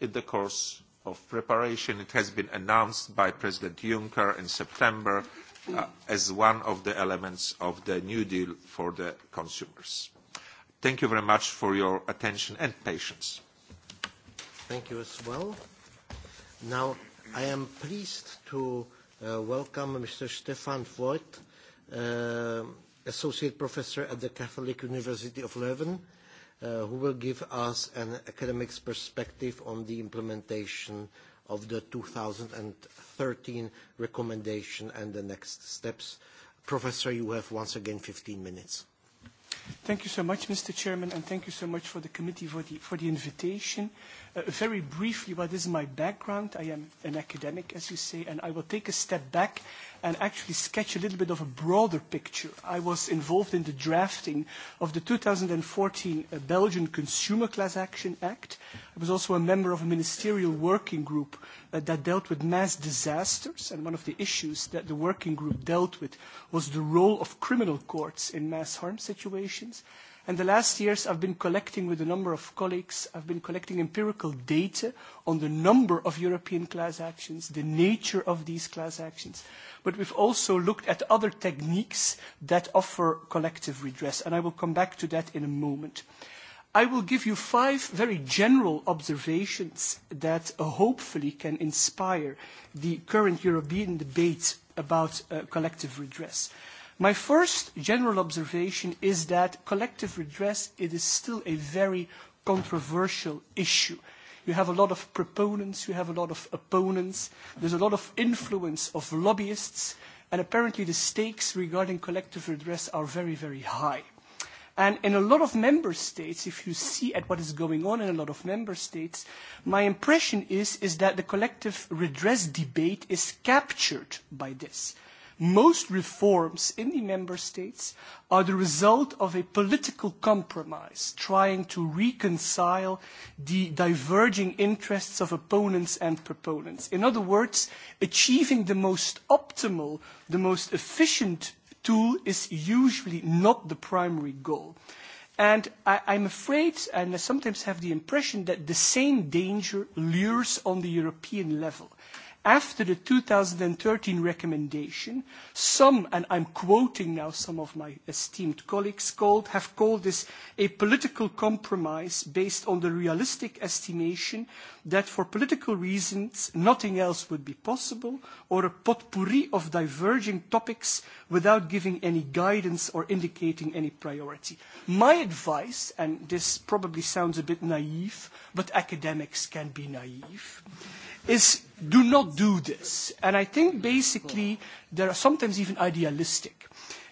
in the course of preparation. It has been announced by President Juncker in September uh, as one of the elements of the New Deal for the consumers. Thank you very much for your attention and patience. Thank you as well. Now, I am pleased to uh, welcome Mr. Stefan Voigt, uh, Associate Professor at the Catholic University of Leuven, uh, who will give us an academic's perspective on the implementation of the 2013 recommendation and the next steps. Professor, you have once again 15 minutes. Thank you so much, Mr. Chairman, and thank you so much for the committee for the, for the invitation. Uh, very briefly, what is my background? I am an academic, as you say, and I will take a step back and actually sketch a little bit of a broader picture. I was involved in the drafting of the 2014 uh, Belgian Consumer Class Action Act. I was also a member of a ministerial working group uh, that dealt with mass disasters, and one of the issues that the working group dealt with was the role of criminal courts in mass harm situations. Uh, And the last years, I've been collecting with a number of colleagues, I've been collecting empirical data on the number of European class actions, the nature of these class actions. But we've also looked at other techniques that offer collective redress, and I will come back to that in a moment. I will give you five very general observations that uh, hopefully can inspire the current European debate about uh, collective redress. Uh, My first general observation is that collective redress it is still a very controversial issue. You have a lot of proponents, you have a lot of opponents, there's a lot of influence of lobbyists, and apparently the stakes regarding collective redress are very, very high. And in a lot of member states, if you see at what is going on in a lot of member states, my impression is, is that the collective redress debate is captured by this. Most reforms in the member states are the result of a political compromise trying to reconcile the diverging interests of opponents and proponents. In other words, achieving the most optimal, the most efficient tool is usually not the primary goal. And I, I'm afraid, and I sometimes have the impression, that the same danger lures on the European level after the 2013 recommendation, some, and I'm quoting now some of my esteemed colleagues, called, have called this a political compromise based on the realistic estimation that for political reasons nothing else would be possible, or a potpourri of diverging topics without giving any guidance or indicating any priority. My advice, and this probably sounds a bit naive, but academics can be naive, is do not do this. And I think basically there are sometimes even idealistic.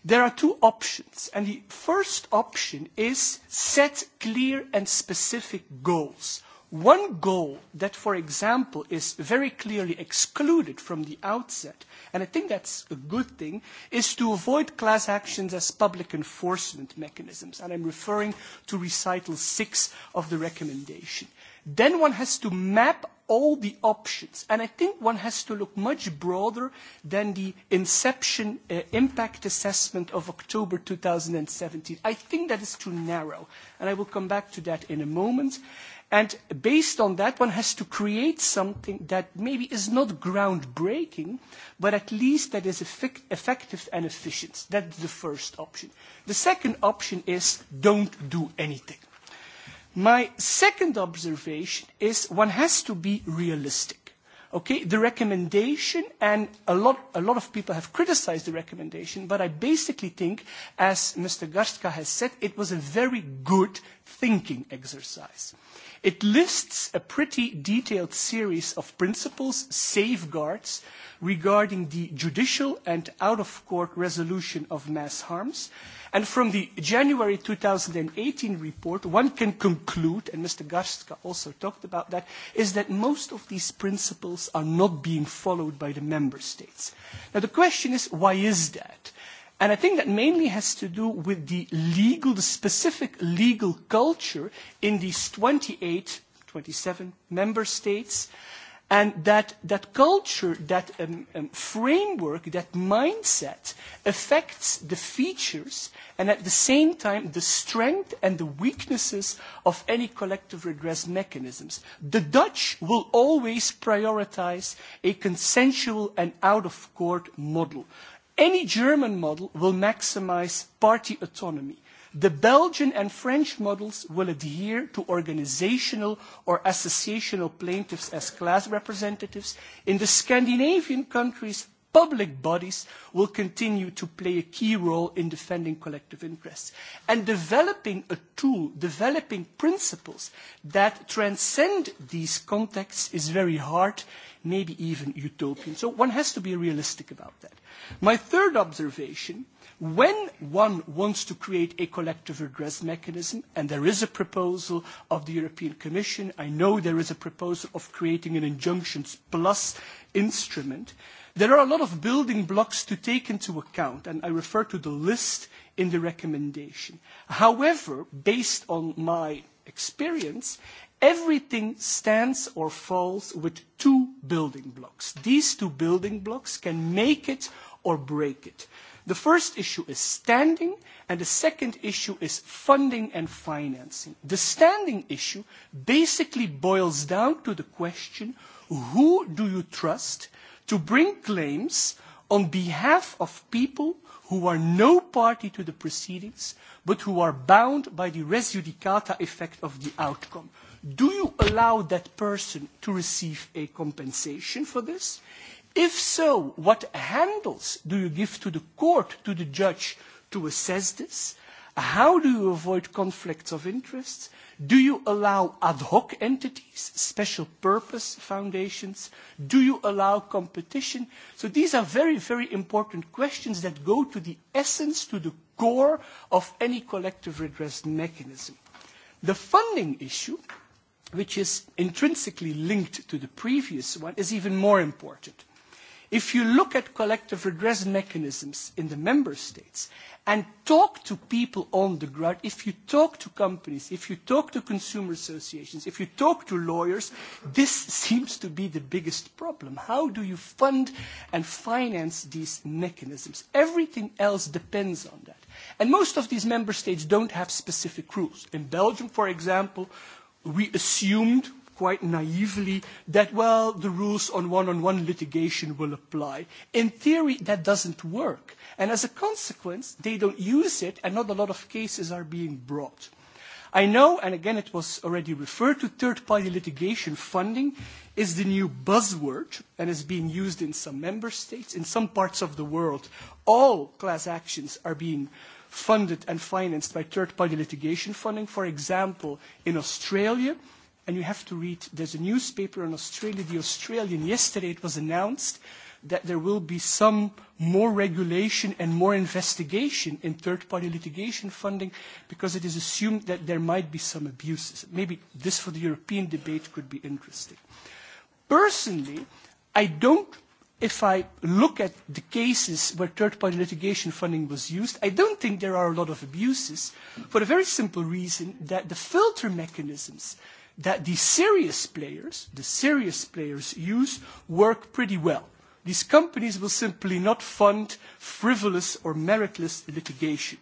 There are two options. And the first option is set clear and specific goals. One goal that, for example, is very clearly excluded from the outset, and I think that's a good thing, is to avoid class actions as public enforcement mechanisms. And I'm referring to recital six of the recommendation. Then one has to map all the options. And I think one has to look much broader than the inception uh, impact assessment of October 2017. I think that is too narrow, and I will come back to that in a moment. And based on that, one has to create something that maybe is not groundbreaking, but at least that is effect- effective and efficient. That's the first option. The second option is don't do anything. My second observation is one has to be realistic. Okay, the recommendation, and a lot, a lot of people have criticized the recommendation, but I basically think, as Mr. Garska has said, it was a very good thinking exercise. It lists a pretty detailed series of principles, safeguards regarding the judicial and out of court resolution of mass harms. And from the January 2018 report, one can conclude, and Mr. Garska also talked about that, is that most of these principles are not being followed by the member states. Now the question is, why is that? And I think that mainly has to do with the legal, the specific legal culture in these 28, 27 member states. And that, that culture, that um, um, framework, that mindset affects the features and at the same time the strength and the weaknesses of any collective redress mechanisms. The Dutch will always prioritize a consensual and out of court model Any German model will maximize party autonomy. The Belgian and French models will adhere to organizational or associational plaintiffs as class representatives. In the Scandinavian countries, public bodies will continue to play a key role in defending collective interests and developing a tool, developing principles that transcend these contexts is very hard, maybe even utopian. So one has to be realistic about that. My third observation, when one wants to create a collective redress mechanism, and there is a proposal of the European Commission, I know there is a proposal of creating an injunctions plus instrument, uh, There are a lot of building blocks to take into account, and I refer to the list in the recommendation. However, based on my experience, everything stands or falls with two building blocks. These two building blocks can make it or break it. The first issue is standing, and the second issue is funding and financing. The standing issue basically boils down to the question, who do you trust to bring claims on behalf of people who are no party to the proceedings, but who are bound by the res judicata effect of the outcome. Do you allow that person to receive a compensation for this? If so, what handles do you give to the court, to the judge, to assess this? How do you avoid conflicts of interest? Do you allow ad hoc entities, special purpose foundations? Do you allow competition? So these are very, very important questions that go to the essence, to the core of any collective redress mechanism. The funding issue, which is intrinsically linked to the previous one, is even more important If you look at collective redress mechanisms in the member states and talk to people on the ground, if you talk to companies, if you talk to consumer associations, if you talk to lawyers, this seems to be the biggest problem. How do you fund and finance these mechanisms? Everything else depends on that. And most of these member states don't have specific rules. In Belgium, for example, we assumed quite naively that, well, the rules on one-on-one -on -one litigation will apply. In theory, that doesn't work. And as a consequence, they don't use it, and not a lot of cases are being brought. I know, and again it was already referred to, third-party litigation funding is the new buzzword and is being used in some member states. In some parts of the world, all class actions are being funded and financed by third-party litigation funding. For example, in Australia, and you have to read, there's a newspaper in Australia, The Australian, yesterday it was announced that there will be some more regulation and more investigation in third-party litigation funding because it is assumed that there might be some abuses. Maybe this for the European debate could be interesting. Personally, I don't, if I look at the cases where third-party litigation funding was used, I don't think there are a lot of abuses for the very simple reason that the filter mechanisms uh, that the serious players, the serious players use work pretty well. These companies will simply not fund frivolous or meritless litigation.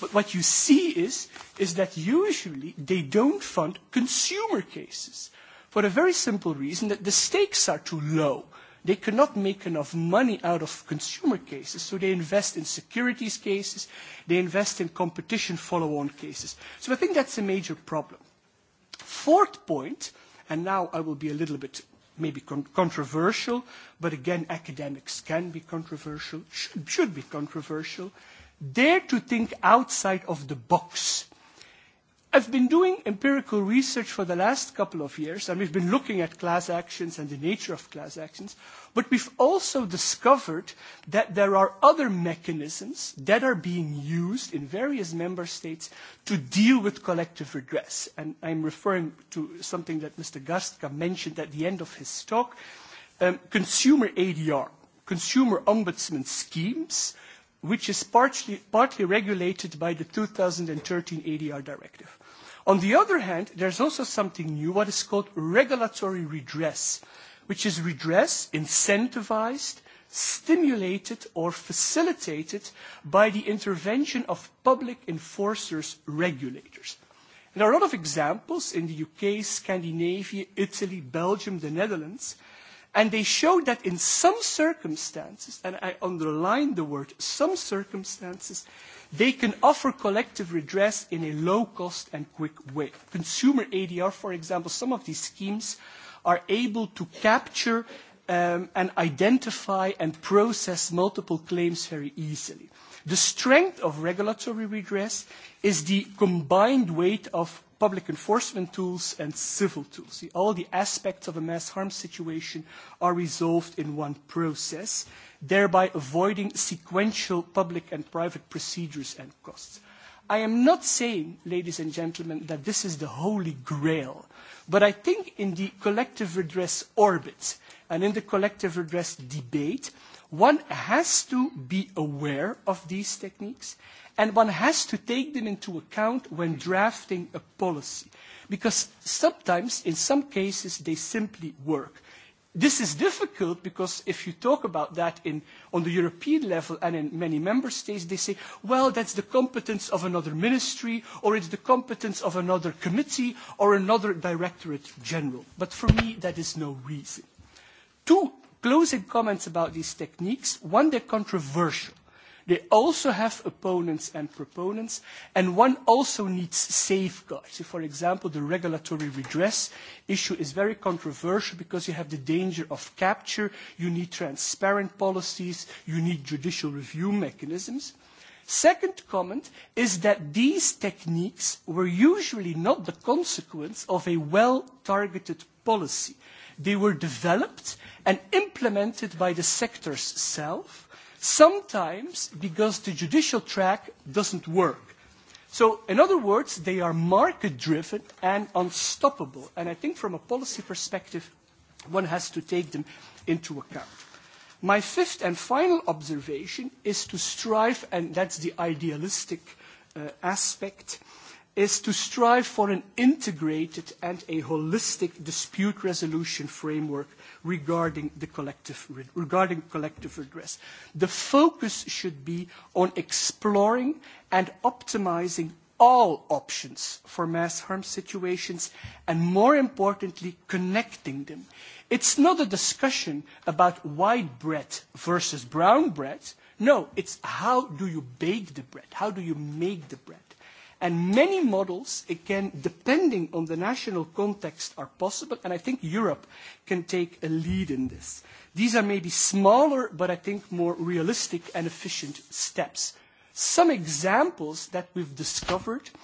But what you see is, is that usually they don't fund consumer cases for the very simple reason that the stakes are too low. They cannot make enough money out of consumer cases, so they invest in securities cases, they invest in competition follow-on cases. So I think that's a major problem. Fourth point, and now I will be a little bit maybe con- controversial, but again, academics can be controversial, sh- should be controversial. Dare to think outside of the box. Uh, I've been doing empirical research for the last couple of years, and we've been looking at class actions and the nature of class actions, but we've also discovered that there are other mechanisms that are being used in various member states to deal with collective redress. And I'm referring to something that Mr. Gastka mentioned at the end of his talk, um, consumer ADR, consumer ombudsman schemes, which is partly, partly regulated by the 2013 ADR directive. On the other hand, there's also something new, what is called regulatory redress, which is redress incentivized, stimulated, or facilitated by the intervention of public enforcers regulators. And there are a lot of examples in the UK, Scandinavia, Italy, Belgium, the Netherlands, and they show that in some circumstances, and I underline the word some circumstances, They can offer collective redress in a low-cost and quick way. Consumer ADR, for example, some of these schemes are able to capture um, and identify and process multiple claims very easily. The strength of regulatory redress is the combined weight of public enforcement tools and civil tools. See, all the aspects of a mass harm situation are resolved in one process, thereby avoiding sequential public and private procedures and costs. I am not saying, ladies and gentlemen, that this is the holy grail, but I think in the collective redress orbit and in the collective redress debate, one has to be aware of these techniques and one has to take them into account when drafting a policy, because sometimes, in some cases, they simply work. This is difficult because if you talk about that in, on the European level and in many member states, they say, well, that's the competence of another ministry or it's the competence of another committee or another directorate general. But for me, that is no reason. Two closing comments about these techniques. One, they're controversial. They also have opponents and proponents, and one also needs safeguards. So for example, the regulatory redress issue is very controversial because you have the danger of capture, you need transparent policies, you need judicial review mechanisms. Second comment is that these techniques were usually not the consequence of a well-targeted policy. They were developed and implemented by the sectors self, sometimes because the judicial track doesn't work. So, in other words, they are market driven and unstoppable. And I think from a policy perspective, one has to take them into account. My fifth and final observation is to strive, and that's the idealistic uh, aspect, uh, is to strive for an integrated and a holistic dispute resolution framework regarding, the collective, regarding collective redress. The focus should be on exploring and optimizing all options for mass harm situations and, more importantly, connecting them. It's not a discussion about white bread versus brown bread. No, it's how do you bake the bread? How do you make the bread? And many models, again, depending on the national context, are possible, and I think Europe can take a lead in this. These are maybe smaller, but I think more realistic and efficient steps. Some examples that we've discovered –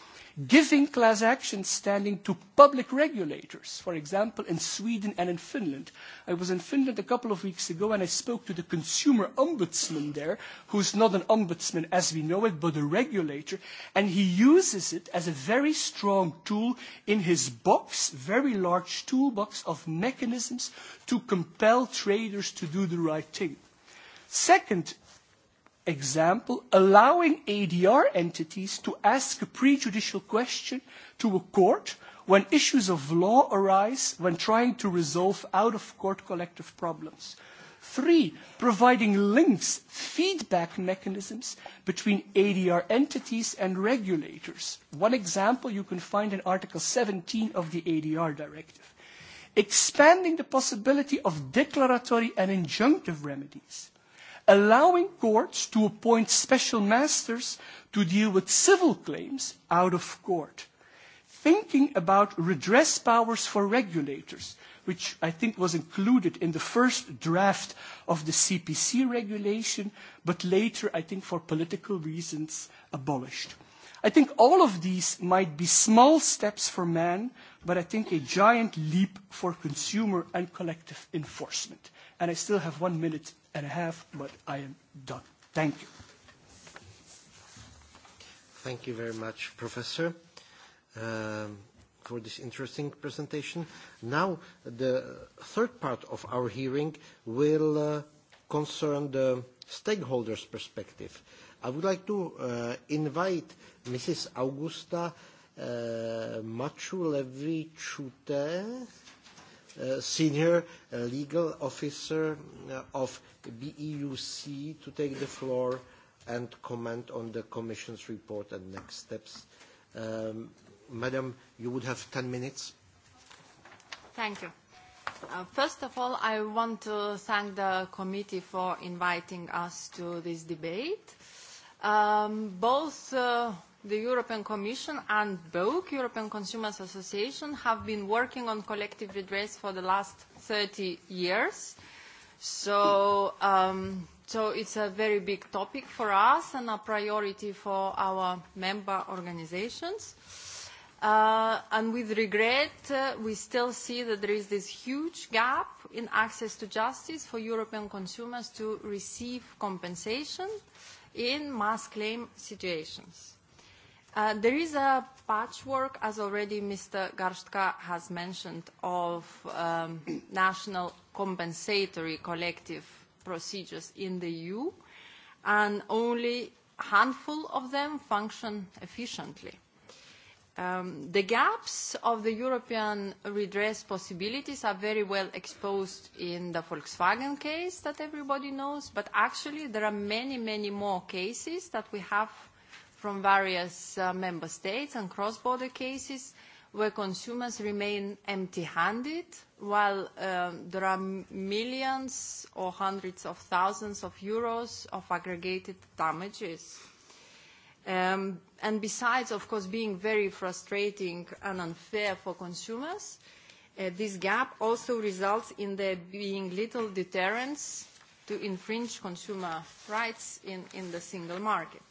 giving class action standing to public regulators, for example, in Sweden and in Finland. I was in Finland a couple of weeks ago and I spoke to the consumer ombudsman there, who's not an ombudsman as we know it, but a regulator, and he uses it as a very strong tool in his box, very large toolbox of mechanisms to compel traders to do the right thing. Second, example, allowing ADR entities to ask a prejudicial question to a court when issues of law arise when trying to resolve out-of-court collective problems. Three, providing links, feedback mechanisms between ADR entities and regulators. One example you can find in Article 17 of the ADR Directive. Expanding the possibility of declaratory and injunctive remedies allowing courts to appoint special masters to deal with civil claims out of court. Thinking about redress powers for regulators, which I think was included in the first draft of the CPC regulation, but later, I think for political reasons, abolished. I think all of these might be small steps for man, but I think a giant leap for consumer and collective enforcement. And I still have one minute and a half, but I am done. Thank you. Thank you very much, Professor, um, for this interesting presentation. Now, the third part of our hearing will uh, concern the stakeholders' perspective. I would like to uh, invite Mrs. Augusta uh, Machu Levi-Chute, uh, senior uh, legal officer uh, of BEUC to take the floor and comment on the Commission's report and next steps. Um, Madam, you would have 10 minutes. Thank you. Uh, first of all, I want to thank the committee for inviting us to this debate. Um, both uh, the European Commission and BOC, European Consumers Association, have been working on collective redress for the last 30 years. So, um, so it's a very big topic for us and a priority for our member organizations. Uh, and with regret, uh, we still see that there is this huge gap in access to justice for European consumers to receive compensation in mass claim situations. Uh, there is a patchwork, as already Mr. Garstka has mentioned, of um, national compensatory collective procedures in the EU, and only a handful of them function efficiently. Um, the gaps of the European redress possibilities are very well exposed in the Volkswagen case that everybody knows, but actually there are many, many more cases that we have uh, from various uh, member states and cross-border cases where consumers remain empty-handed while um, there are millions or hundreds of thousands of euros of aggregated damages. Um, and besides, of course, being very frustrating and unfair for consumers, uh, this gap also results in there being little deterrence to infringe consumer rights in, in the single market.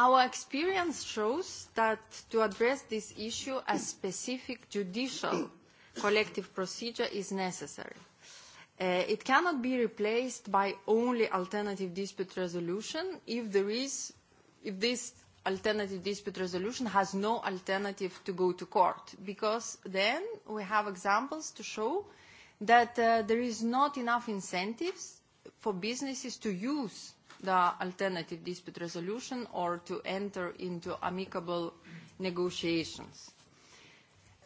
Our experience shows that to address this issue, a specific judicial collective procedure is necessary. Uh, it cannot be replaced by only alternative dispute resolution if there is, if this alternative dispute resolution has no alternative to go to court, because then we have examples to show that uh, there is not enough incentives for businesses to use the alternative dispute resolution or to enter into amicable negotiations.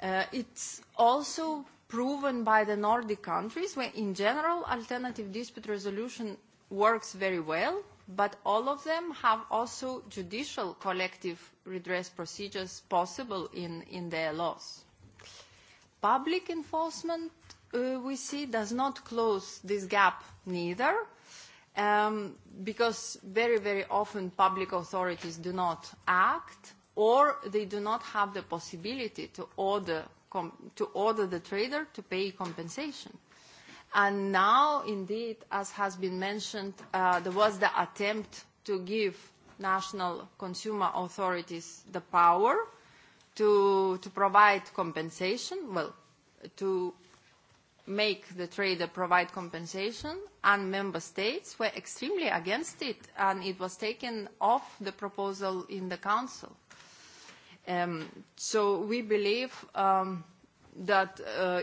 Uh, it's also proven by the Nordic countries where in general alternative dispute resolution works very well, but all of them have also judicial collective redress procedures possible in, in their laws. Public enforcement, uh, we see, does not close this gap neither, uh, um, because very, very often public authorities do not act or they do not have the possibility to order, com to order the trader to pay compensation. And now, indeed, as has been mentioned, uh, there was the attempt to give national consumer authorities the power to, to provide compensation, well, to make the trader provide compensation, and member states were extremely against it, and it was taken off the proposal in the council. Um, so we believe um, that uh,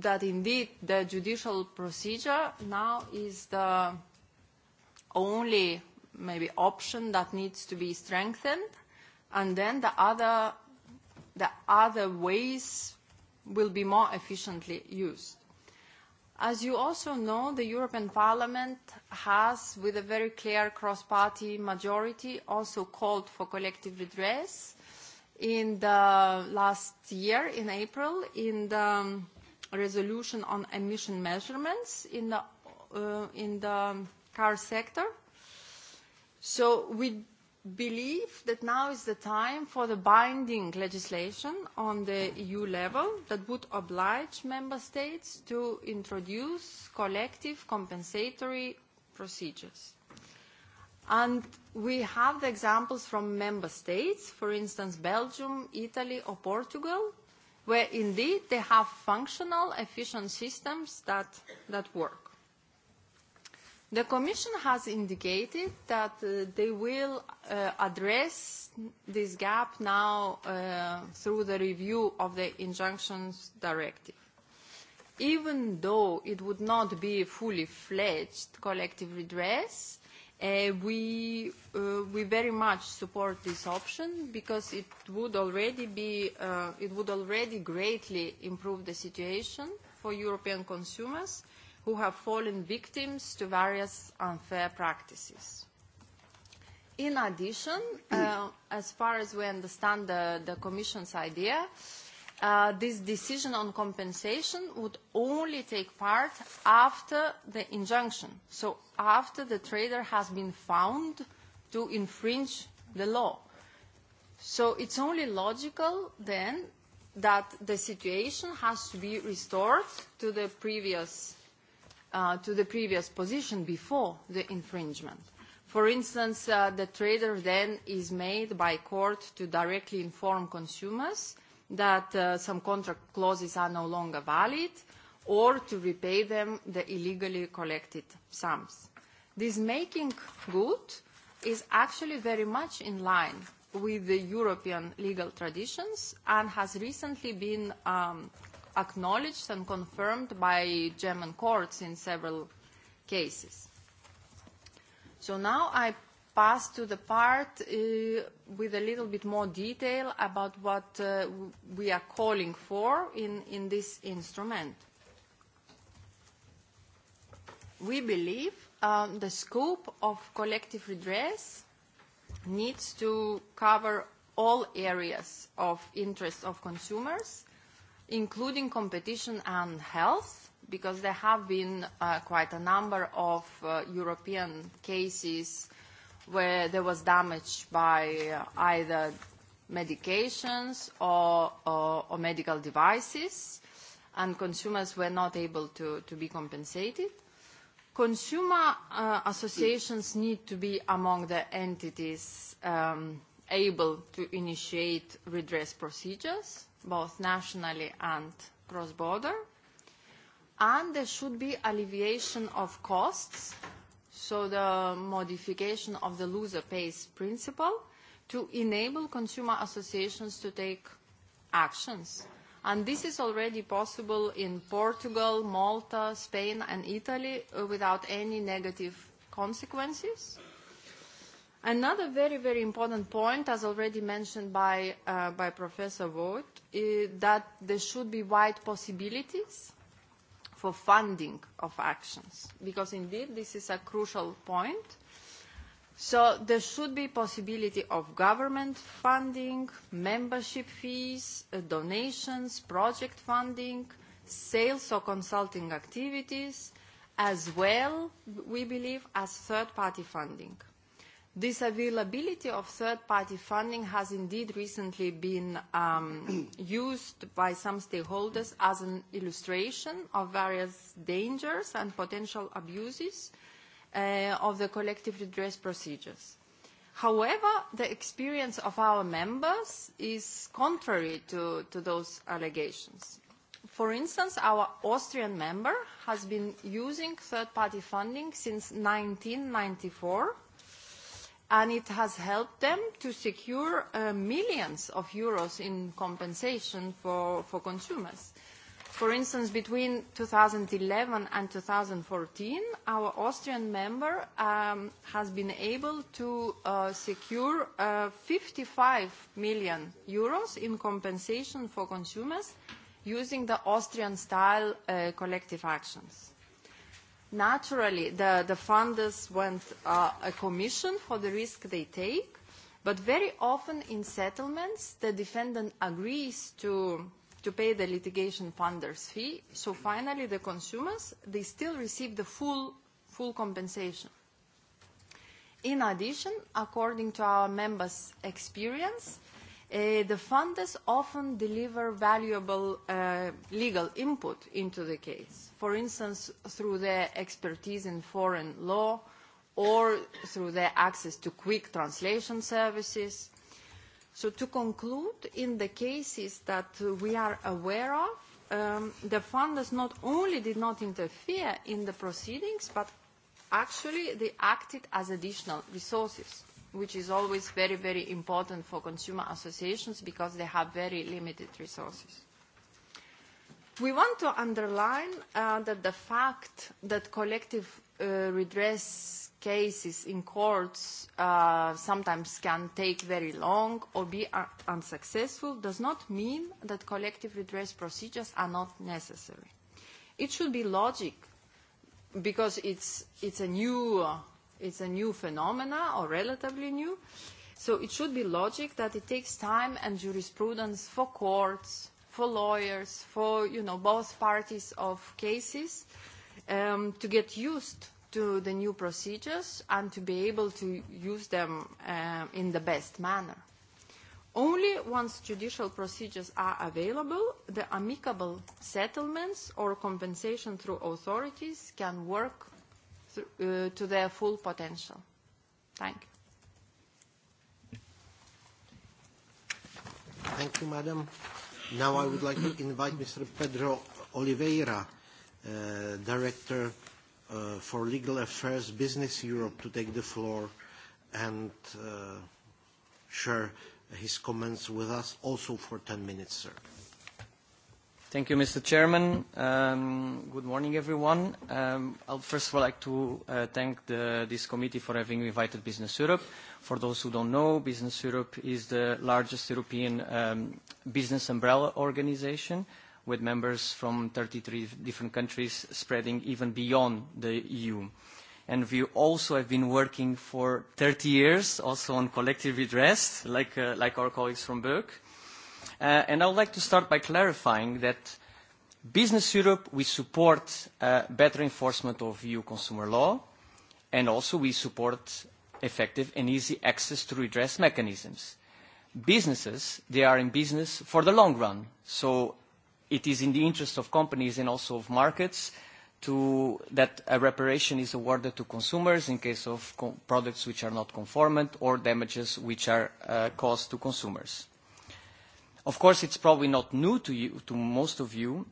that indeed the judicial procedure now is the only maybe option that needs to be strengthened, and then the other the other ways will be more efficiently used. As you also know, the European Parliament has, with a very clear cross-party majority, also called for collective redress in the last year, in April, in the um, resolution on emission measurements in the, uh, in the car sector. So we believe that now is the time for the binding legislation on the EU level that would oblige member states to introduce collective compensatory procedures. And we have the examples from member states, for instance, Belgium, Italy or Portugal, where indeed they have functional, efficient systems that, that work. The Commission has indicated that uh, they will uh, address this gap now uh, through the review of the Injunctions Directive. Even though it would not be fully fledged collective redress, uh, we, uh, we very much support this option because it would already be, uh, it would already greatly improve the situation for European consumers who have fallen victims to various unfair practices. In addition, uh, as far as we understand the, the Commission's idea, uh, this decision on compensation would only take part after the injunction, so after the trader has been found to infringe the law. So it's only logical then that the situation has to be restored to the previous uh, to the previous position before the infringement. For instance, uh, the trader then is made by court to directly inform consumers that uh, some contract clauses are no longer valid or to repay them the illegally collected sums. This making good is actually very much in line with the European legal traditions and has recently been um, acknowledged and confirmed by German courts in several cases. So now I pass to the part uh, with a little bit more detail about what uh, we are calling for in, in this instrument. We believe um, the scope of collective redress needs to cover all areas of interest of consumers including competition and health, because there have been uh, quite a number of uh, European cases where there was damage by uh, either medications or, or, or medical devices, and consumers were not able to, to be compensated. Consumer uh, associations need to be among the entities um, able to initiate redress procedures both nationally and cross-border. And there should be alleviation of costs, so the modification of the loser pays principle to enable consumer associations to take actions. And this is already possible in Portugal, Malta, Spain, and Italy uh, without any negative consequences. Uh, Another very, very important point, as already mentioned by, uh, by Professor Voigt, is that there should be wide possibilities for funding of actions, because indeed this is a crucial point. So there should be possibility of government funding, membership fees, uh, donations, project funding, sales or consulting activities, as well, we believe, as third-party funding. Uh, This availability of third-party funding has indeed recently been um, used by some stakeholders as an illustration of various dangers and potential abuses uh, of the collective redress procedures. However, the experience of our members is contrary to, to those allegations. For instance, our Austrian member has been using third-party funding since 1994 and it has helped them to secure uh, millions of euros in compensation for, for consumers. For instance, between 2011 and 2014, our Austrian member um, has been able to uh, secure uh, 55 million euros in compensation for consumers using the Austrian-style uh, collective actions naturally the, the funders want uh, a commission for the risk they take, but very often in settlements, the defendant agrees to, to pay the litigation funder's fee, so finally the consumers, they still receive the full, full compensation. In addition, according to our members' experience, Uh, the funders often deliver valuable uh, legal input into the case for instance, through their expertise in foreign law or through their access to quick translation services. So to conclude, in the cases that we are aware of, um, the funders not only did not interfere in the proceedings, but actually they acted as additional resources, which is always very, very important for consumer associations because they have very limited resources. We want to underline uh, that the fact that collective uh, redress cases in courts uh, sometimes can take very long or be un unsuccessful does not mean that collective redress procedures are not necessary. It should be logic because it's, it's, a, new, uh, it's a new phenomena or relatively new. So it should be logic that it takes time and jurisprudence for courts, for lawyers, for you know, both parties of cases um, to get used to the new procedures and to be able to use them uh, in the best manner. Only once judicial procedures are available, the amicable settlements or compensation through authorities can work th uh, to their full potential. Thank you. Thank you, Madam. Now I would like to invite Mr. Pedro Oliveira, uh, Director uh, for Legal Affairs Business Europe, to take the floor and uh, share his comments with us also for 10 minutes, sir. Thank you, Mr. Chairman. Um, good morning, everyone. Um, I'll first of all like to uh, thank the, this committee for having invited Business Europe. Uh, For those who don't know, Business Europe is the largest European um, business umbrella organization with members from 33 different countries spreading even beyond the EU. And we also have been working for 30 years also on collective redress, like, uh, like our colleagues from Berg. Uh, and I would like to start by clarifying that Business Europe, we support uh, better enforcement of EU consumer law, and also we support effective and easy access to redress mechanisms. Businesses, they are in business for the long run, so it is in the interest of companies and also of markets to, that a reparation is awarded to consumers in case of co products which are not conformant or damages which are uh, caused to consumers. Of course, it's probably not new to, you, to most of you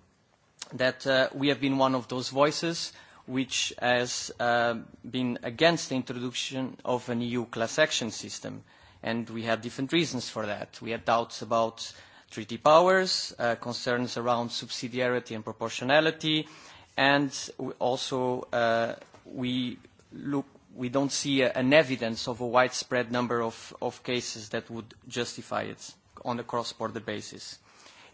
that uh, we have been one of those voices which has um, been against the introduction of an EU class action system. And we had different reasons for that. We had doubts about treaty powers, uh, concerns around subsidiarity and proportionality, and also uh, we, look, we don't see a, an evidence of a widespread number of, of cases that would justify it on a cross-border basis.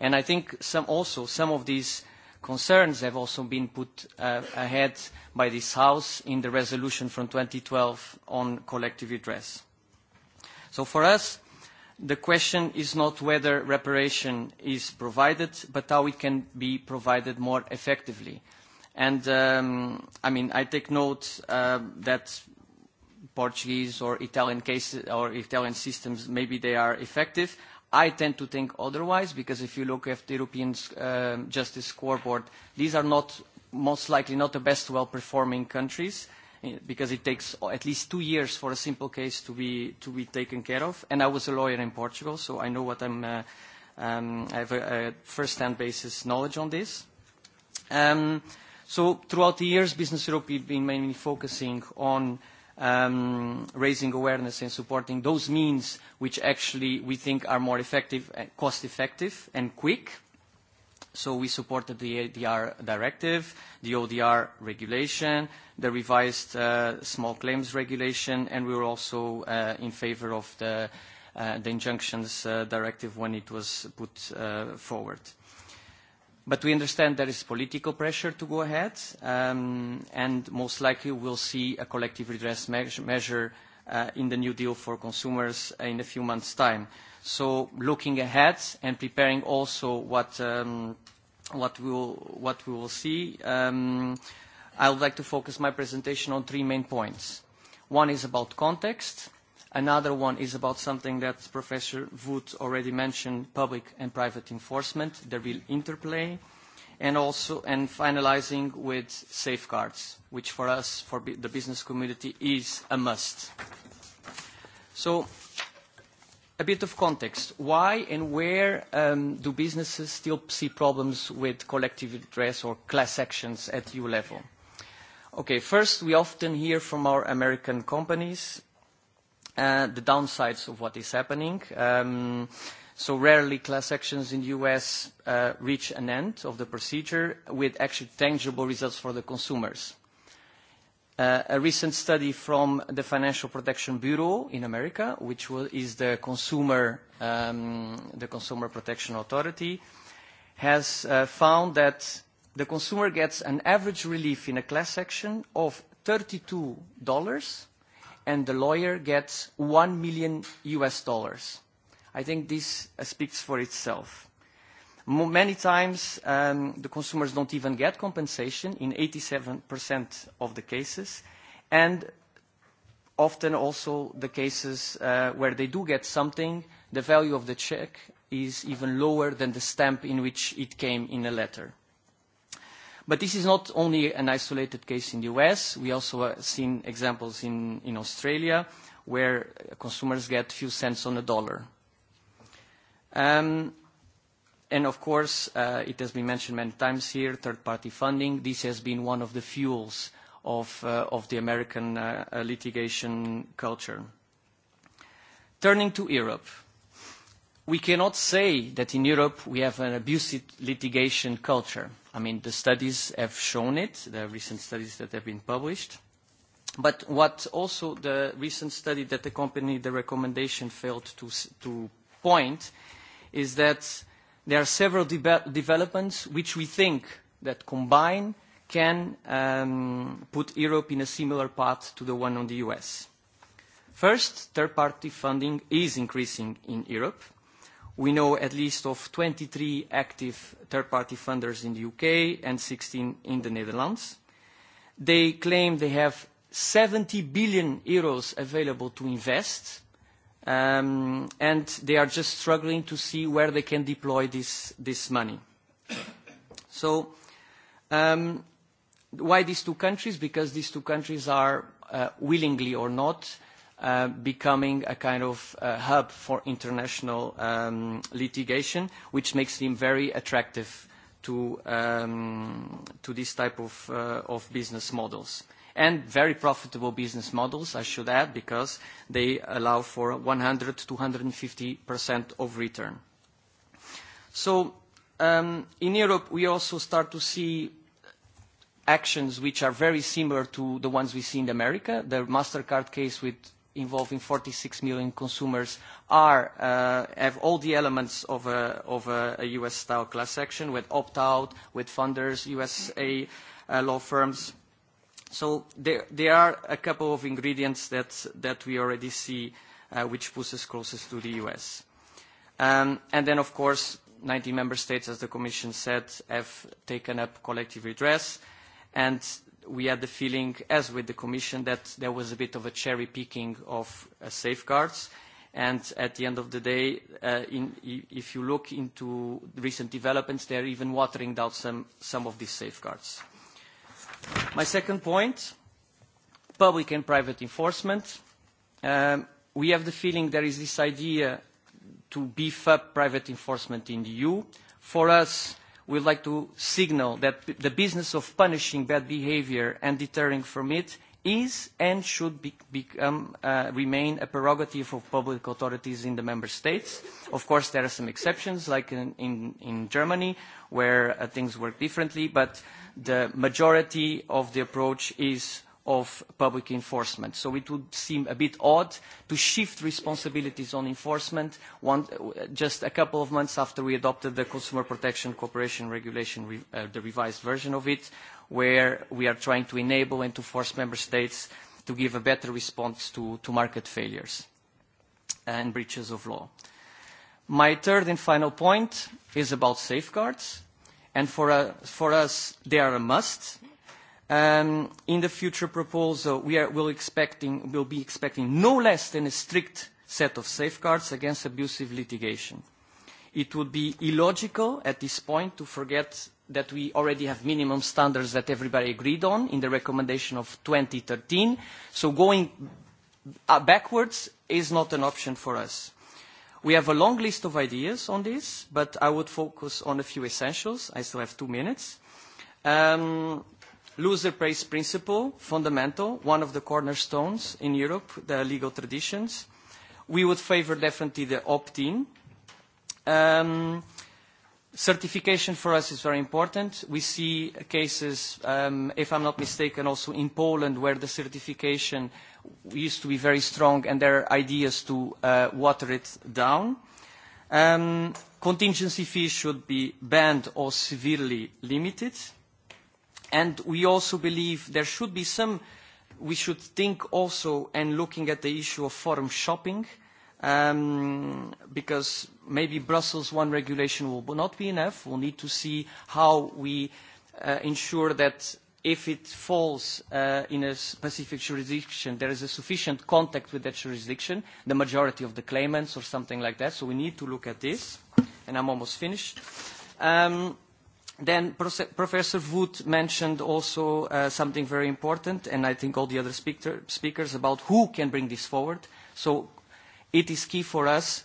And I think some, also some of these uh, concerns have also been put uh, ahead by this House in the resolution from 2012 on collective redress. So for us, the question is not whether reparation is provided, but how it can be provided more effectively. And um, I mean, I take note uh, that Portuguese or Italian cases or Italian systems, maybe they are effective. I tend to think otherwise, because if you look at the European uh, Justice Scoreboard, these are not, most likely not the best well-performing countries, eh, because it takes at least two years for a simple case to be, to be taken care of. And I was a lawyer in Portugal, so I know what I'm, uh, um, I have a, a first-hand basis knowledge on this. Um, so throughout the years, Business Europe has been mainly focusing on uh, um, raising awareness and supporting those means which actually we think are more effective, uh, cost effective and quick. So we supported the ADR directive, the ODR regulation, the revised uh, small claims regulation, and we were also uh, in favor of the, uh, the injunctions uh, directive when it was put uh, forward. Uh, But we understand there is political pressure to go ahead, um, and most likely we'll see a collective redress me measure uh, in the new deal for consumers in a few months' time. So looking ahead and preparing also what, um, what, we'll, what we will see, um, I would like to focus my presentation on three main points. One is about context. Another one is about something that Professor Wood already mentioned, public and private enforcement, the real interplay, and also and finalizing with safeguards, which for us, for the business community, is a must. So a bit of context. Why and where um, do businesses still see problems with collective redress or class actions at EU level? Okay, first, we often hear from our American companies uh, the downsides of what is happening. Um, so rarely class actions in the US uh, reach an end of the procedure with actually tangible results for the consumers. Uh, a recent study from the Financial Protection Bureau in America, which was, is the consumer, um, the Consumer Protection Authority, has uh, found that the consumer gets an average relief in a class action of $32 and the lawyer gets 1 million US dollars. I think this uh, speaks for itself. M many times um, the consumers don't even get compensation in 87% of the cases, and often also the cases uh, where they do get something, the value of the check is even lower than the stamp in which it came in a letter. But this is not only an isolated case in the US. We also have uh, seen examples in, in Australia where consumers get few cents on a dollar. Um, and of course, uh, it has been mentioned many times here, third-party funding. This has been one of the fuels of, uh, of the American uh, uh litigation culture. Turning to Europe. We cannot say that in Europe we have an abusive litigation culture. I mean, the studies have shown it, the recent studies that have been published. But what also the recent study that accompanied the recommendation failed to, to point is that there are several de developments which we think that combine can um, put Europe in a similar path to the one on the US. First, third-party funding is increasing in Europe. We know at least of 23 active third-party funders in the U.K. and 16 in the Netherlands. They claim they have 70 billion euros available to invest, um, and they are just struggling to see where they can deploy this, this money. So, um, why these two countries? Because these two countries are, uh, willingly or not, uh, becoming a kind of uh, hub for international um, litigation, which makes him very attractive to, um, to this type of, uh, of business models. And very profitable business models, I should add, because they allow for 100%-250% of return. So um, in Europe, we also start to see actions which are very similar to the ones we see in America. The Mastercard case with involving 46 million consumers are, uh, have all the elements of a, of a, a US-style class action with opt-out, with funders, USA uh, law firms. So there, there are a couple of ingredients that, that we already see uh, which puts us closest to the US. Um, and then, of course, 19 member states, as the Commission said, have taken up collective redress. And we had the feeling, as with the Commission, that there was a bit of a cherry picking of uh, safeguards. And at the end of the day, uh, in, if you look into recent developments, they're even watering down some, some of these safeguards. My second point, public and private enforcement. Um, we have the feeling there is this idea to beef up private enforcement in the EU. For us, we like to signal that the business of punishing bad behavior and deterring from it is and should be, become, uh, remain a prerogative of public authorities in the member states. Of course, there are some exceptions, like in, in, in Germany, where uh, things work differently, but the majority of the approach is of public enforcement. So it would seem a bit odd to shift responsibilities on enforcement one, just a couple of months after we adopted the Consumer Protection Cooperation Regulation, uh, the revised version of it, where we are trying to enable and to force member states to give a better response to, to market failures and breaches of law. My third and final point is about safeguards. And for, uh, for us, they are a must Um, in the future proposal, we are, will, expecting, will be expecting no less than a strict set of safeguards against abusive litigation. It would be illogical at this point to forget that we already have minimum standards that everybody agreed on in the recommendation of 2013, so going uh, backwards is not an option for us. We have a long list of ideas on this, but I would focus on a few essentials. I still have two minutes. Um, Loser pays principle, fundamental, one of the cornerstones in Europe, the legal traditions. We would favor definitely the opt-in. Um, certification for us is very important. We see cases, um, if I'm not mistaken, also in Poland, where the certification used to be very strong, and there are ideas to uh, water it down. Um, contingency fees should be banned or severely limited. And we also believe there should be some, we should think also and looking at the issue of forum shopping, um, because maybe Brussels one regulation will not be enough. We'll need to see how we uh, ensure that if it falls uh, in a specific jurisdiction, there is a sufficient contact with that jurisdiction, the majority of the claimants or something like that. So we need to look at this. And I'm almost finished. Um, Then Professor Wood mentioned also uh, something very important, and I think all the other speaker, speakers, about who can bring this forward. So it is key for us,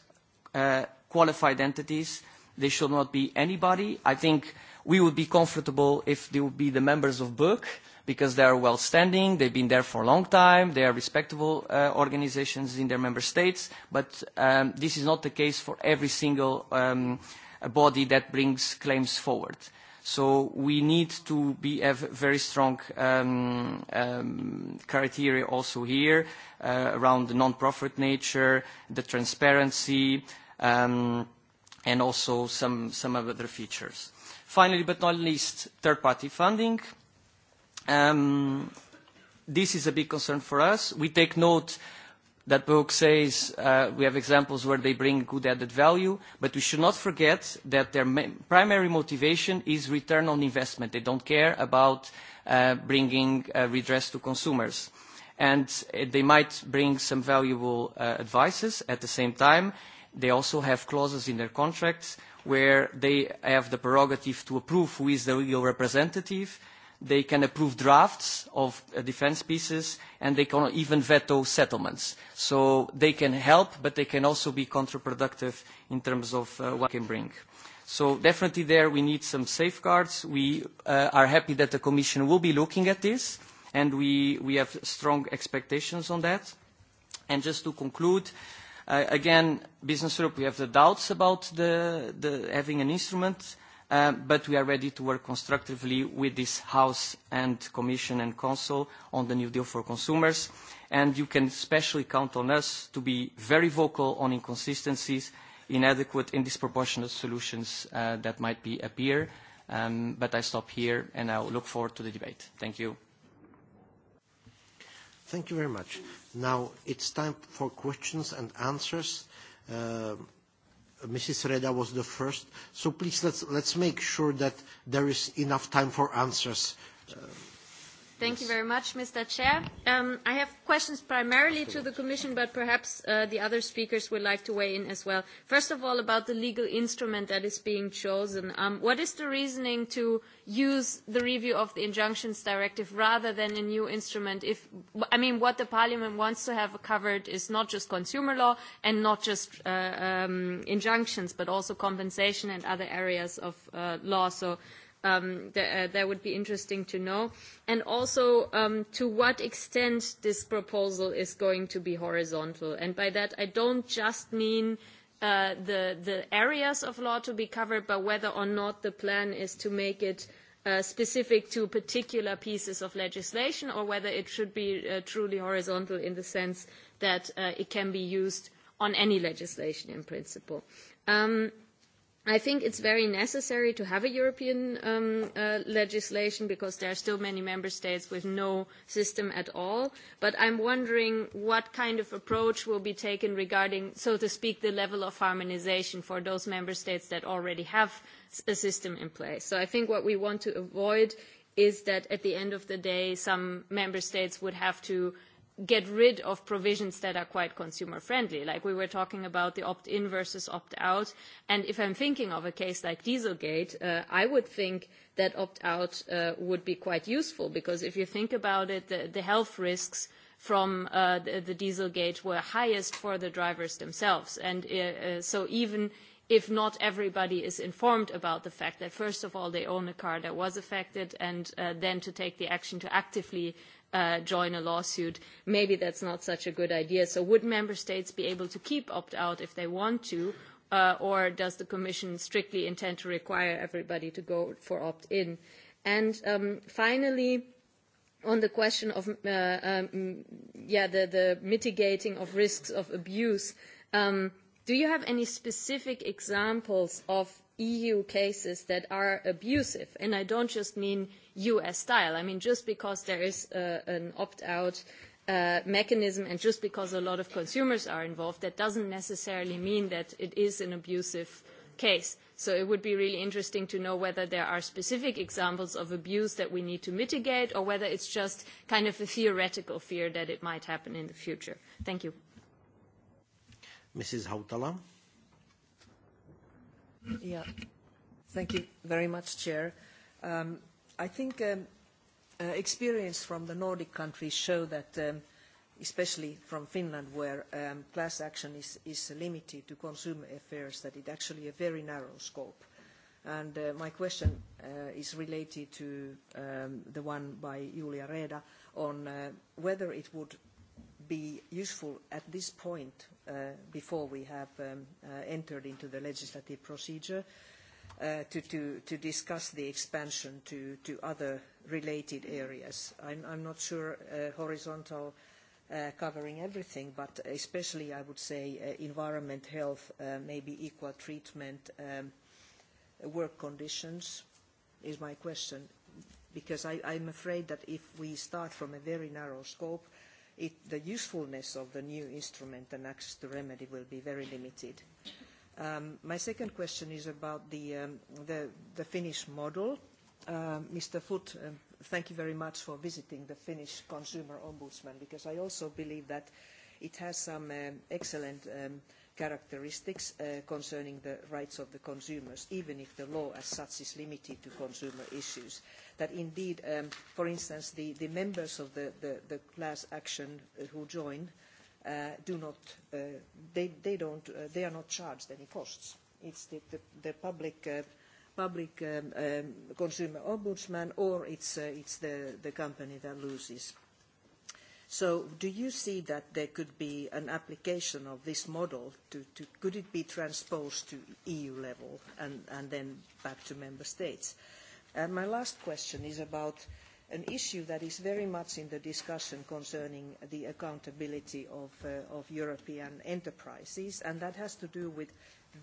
uh, qualified entities. They should not be anybody. I think we would be comfortable if they would be the members of BERC, because they are well-standing, they've been there for a long time, they are respectable uh, organizations in their member states, but um, this is not the case for every single um, uh, a body that brings claims forward. So we need to be, have very strong um, um, criteria also here uh, around the non-profit nature, the transparency, um, and also some, some other features. Finally, but not least, third-party funding. Um, this is a big concern for us. We take note uh, that book says uh, we have examples where they bring good added value, but we should not forget that their primary motivation is return on investment. They don't care about uh, bringing uh, redress to consumers. And uh, they might bring some valuable uh, advices. At the same time, they also have clauses in their contracts where they have the prerogative to approve who is the legal representative, uh, they can approve drafts of uh, defense pieces, and they can even veto settlements. So they can help, but they can also be counterproductive in terms of uh, what can bring. So definitely there we need some safeguards. We uh, are happy that the Commission will be looking at this, and we, we have strong expectations on that. And just to conclude, uh, again, Business Europe, we have the doubts about the, the, having an instrument Uh, but we are ready to work constructively with this House and Commission and Council on the New Deal for Consumers. And you can especially count on us to be very vocal on inconsistencies, inadequate and disproportionate solutions uh, that might be appear. Um, but I stop here and I look forward to the debate. Thank you. Thank you very much. Now it's time for questions and answers. Uh, Mrs. Reda was the first. So please, let's, let's make sure that there is enough time for answers. Uh, Thank you very much, Mr. Chair. Um, I have questions primarily to the Commission, but perhaps uh, the other speakers would like to weigh in as well. First of all, about the legal instrument that is being chosen. Um, what is the reasoning to use the review of the Injunctions Directive rather than a new instrument? If I mean, what the Parliament wants to have covered is not just consumer law and not just uh, um, injunctions, but also compensation and other areas of uh, law. So um, th- uh, that would be interesting to know. And also, um, to what extent this proposal is going to be horizontal. And by that, I don't just mean uh, the, the areas of law to be covered, but whether or not the plan is to make it uh, specific to particular pieces of legislation or whether it should be uh, truly horizontal in the sense that uh, it can be used on any legislation in principle. Um, I think it's very necessary to have a European um, uh, legislation because there are still many member states with no system at all. But I'm wondering what kind of approach will be taken regarding, so to speak, the level of harmonization for those member states that already have a system in place. So I think what we want to avoid is that at the end of the day, some member states would have to uh, get rid of provisions that are quite consumer friendly. Like we were talking about the opt-in versus opt-out. And if I'm thinking of a case like Dieselgate, uh, I would think that opt-out uh, would be quite useful because if you think about it, the, the health risks from uh, the, the Dieselgate were highest for the drivers themselves. And uh, uh, so even if not everybody is informed about the fact that, first of all, they own a car that was affected, and uh, then to take the action to actively uh, uh, join a lawsuit, maybe that's not such a good idea. So would member states be able to keep opt-out if they want to, uh, or does the Commission strictly intend to require everybody to go for opt-in? And um, finally, on the question of uh, um, yeah, the, the mitigating of risks of abuse, um, do you have any specific examples of EU cases that are abusive, and I don't just mean US style. I mean, just because there is uh, an opt-out uh, mechanism and just because a lot of consumers are involved, that doesn't necessarily mean that it is an abusive case. So it would be really interesting to know whether there are specific examples of abuse that we need to mitigate or whether it's just kind of a theoretical fear that it might happen in the future. Thank you. Mrs. Hautala. Yeah. Thank you very much, Chair. Um, I think um, uh, experience from the Nordic countries show that, um, especially from Finland, where um, class action is, is limited to consumer affairs, that it actually a very narrow scope. And uh, my question uh, is related to um, the one by Julia Reda on uh, whether it would be useful at this point uh, before we have um, uh, entered into the legislative procedure uh, to, to, to discuss the expansion to, to other related areas. I'm, I'm not sure uh, horizontal uh, covering everything, but especially I would say uh, environment, health, uh, maybe equal treatment, um, work conditions is my question, because I, I'm afraid that if we start from a very narrow scope, uh, it, the usefulness of the new instrument and access to remedy will be very limited. Um, my second question is about the, um, the, the Finnish model. Uh, Mr. Foot, um, thank you very much for visiting the Finnish Consumer Ombudsman, because I also believe that it has some um, excellent um, characteristics uh, concerning the rights of the consumers, even if the law as such is limited to consumer issues. Uh, that indeed, um, for instance, the, the members of the, the, the class action uh, who join uh, do not, uh, they, they, don't, uh, they are not charged any costs. It's the, the, the public, uh, public um, um, consumer ombudsman or it's, uh, it's the, the company that loses. So do you see that there could be an application of this model? To, to, could it be transposed to EU level and, and then back to member states? Uh, And my last question is about an issue that is very much in the discussion concerning the accountability of, uh, of European enterprises, and that has to do with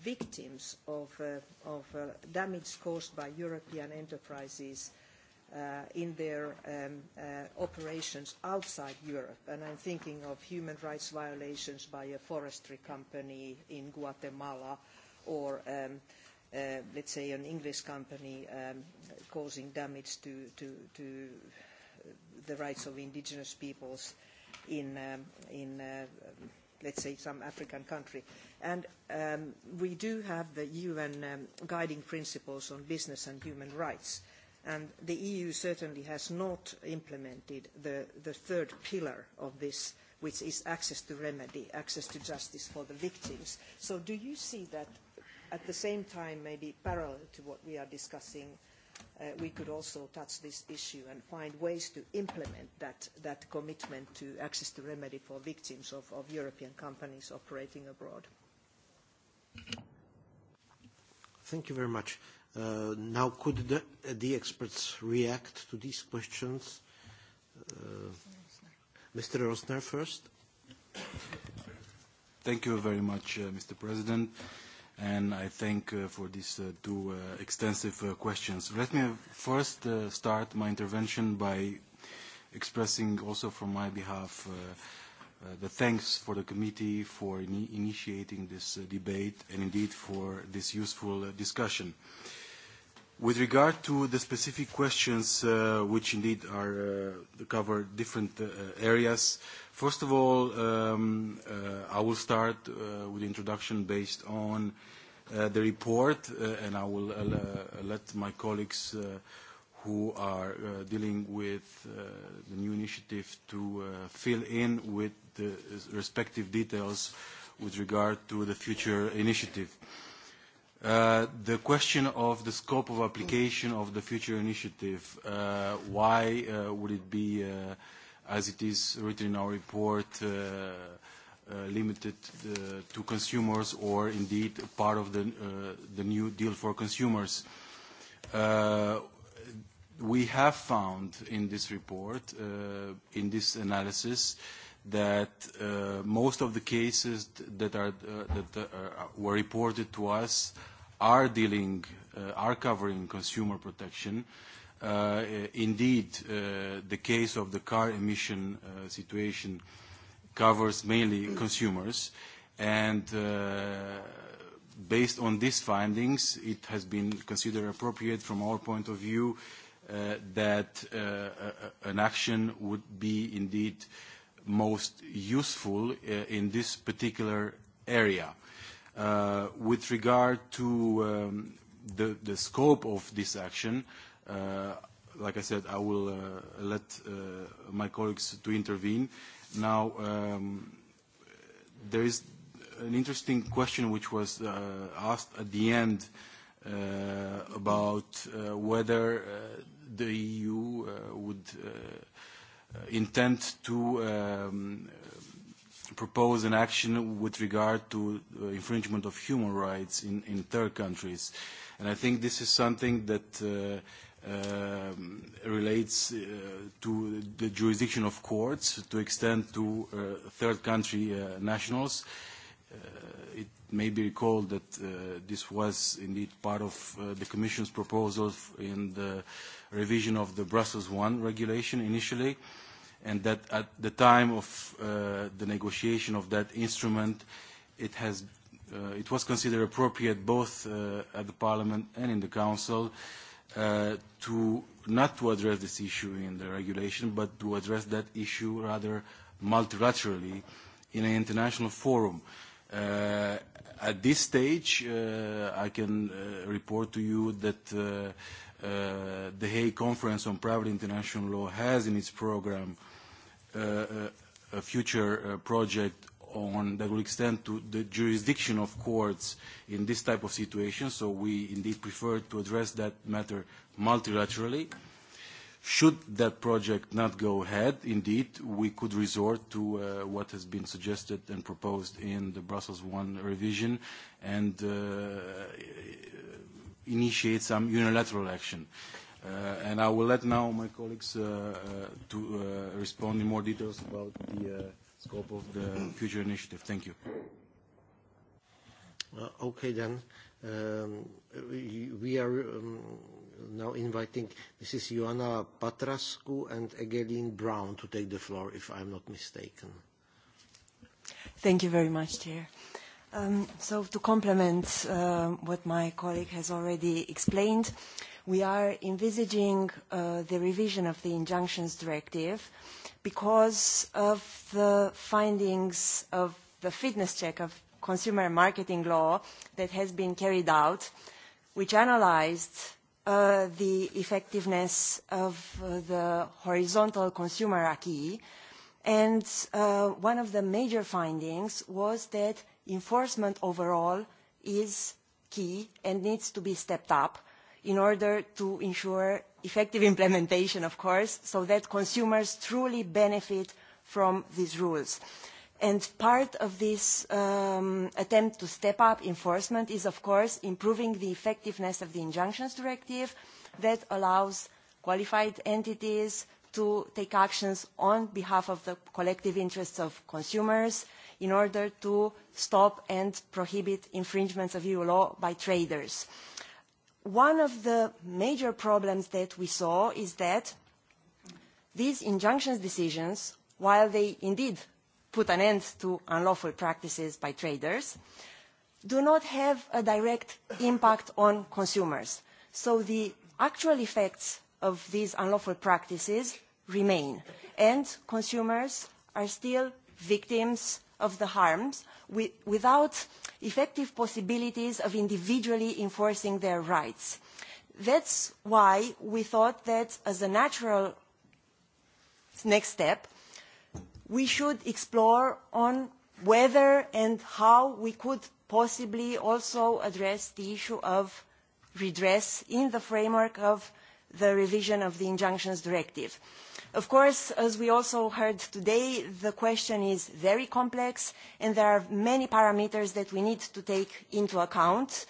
victims of, uh, of uh, damage caused by European enterprises uh, in their um, uh, operations outside Europe. And I'm thinking of human rights violations by a forestry company in Guatemala or um, uh, uh, let's say, an English company um, causing damage to, to, to the rights of indigenous peoples in, um, in uh, let's say, some African country. And um, we do have the UN um, guiding principles on business and human rights. And the EU certainly has not implemented the, the third pillar of this, which is access to remedy, access to justice for the victims. So do you see that at the same time, maybe parallel to what we are discussing, uh, we could also touch this issue and find ways to implement that, that commitment to access to remedy for victims of, of European companies operating abroad. Thank you very much. Uh, now, could the, the experts react to these questions? Uh, Mr. Rosner first. Thank you very much, uh, Mr. President. Uh, and I thank uh, for these uh, two uh, extensive uh, questions. Let me uh, first uh, start my intervention by expressing also from my behalf uh, uh, the thanks for the committee for in initiating this uh, debate and indeed for this useful uh, discussion. Uh, With regard to the specific questions, uh, which indeed are, uh, cover different uh, areas, first of all, um, uh, I will start uh, with introduction based on uh, the report, and I will let my colleagues who are dealing with the new initiative to fill in with the respective details with regard to the future initiative. Uh, Uh, the question of the scope of application of the future initiative, uh, why uh, would it be, uh, as it is written in our report, uh, uh, limited uh, to consumers or indeed part of the, uh, the new deal for consumers? Uh, we have found in this report, uh, in this analysis, uh, that uh, most of the cases that are uh, that uh, uh, were reported to us are dealing uh, are covering consumer protection. Uh, uh, indeed, uh, the case of the car emission uh, situation covers mainly consumers, and uh, based on these findings, it has been considered appropriate from our point of view uh, that uh, uh, uh an action would be indeed uh, most useful uh, in this particular area. Uh, with regard to um, the, the scope of this action, uh, like I said, I will uh, let uh, my colleagues to intervene. Now, um, there is an interesting question which was uh, asked at the end about whether the EU would Uh, intend to um, propose an action with regard to uh, infringement of human rights in, in third countries. And I think this is something that uh, uh, relates uh, to the jurisdiction of courts to extend to uh, third country uh, nationals. Uh, it may be recalled that uh, this was indeed part of uh, the Commission's proposal in the revision of the Brussels I regulation initially. Uh, and that at the time of uh, the negotiation of that instrument, it, has, uh, it was considered appropriate both uh, at the Parliament and in the Council uh, to not to address this issue in the regulation, but to address that issue rather multilaterally in an international forum. Uh, at this stage, uh, I can uh, report to you that uh, uh, the Hague Conference on Private International Law has in its program uh, uh, a future uh, project on that will extend to the jurisdiction of courts in this type of situation, so we indeed prefer to address that matter multilaterally. Should that project not go ahead, indeed, we could resort to uh, what has been suggested and proposed in the Brussels I revision and uh, initiate some unilateral action. Uh, Uh, and I will let now my colleagues uh, uh, to uh, respond in more details about the uh, scope of the mm. future initiative. Thank you. Uh, okay, then. Um, we are um, now inviting Mrs. Ioana Patrascu and Egeline Brown to take the floor, if I'm not mistaken. Thank you very much, Chair. Um, so to complement uh, what my colleague has already explained, uh, we are envisaging uh, the revision of the Injunctions Directive because of the findings of the fitness check of consumer marketing law that has been carried out, which analyzed uh, the effectiveness of uh, the horizontal consumer acquis. And uh, one of the major findings was that enforcement overall is key and needs to be stepped up in order to ensure effective implementation, of course, so that consumers truly benefit from these rules. And part of this um, attempt to step up enforcement is, of course, improving the effectiveness of the Injunctions Directive that allows qualified entities to take actions on behalf of the collective interests of consumers in order to stop and prohibit infringements of EU law by traders. Uh, one of the major problems that we saw is that these injunctions decisions, while they indeed put an end to unlawful practices by traders, do not have a direct impact on consumers. So the actual effects of these unlawful practices remain, and consumers are still victims of the harms without effective possibilities of individually enforcing their rights. That's why we thought that as a natural next step, we should explore on whether and how we could possibly also address the issue of redress in the framework of the revision of the injunctions directive. Uh, Of course, as we also heard today, the question is very complex, and there are many parameters that we need to take into account,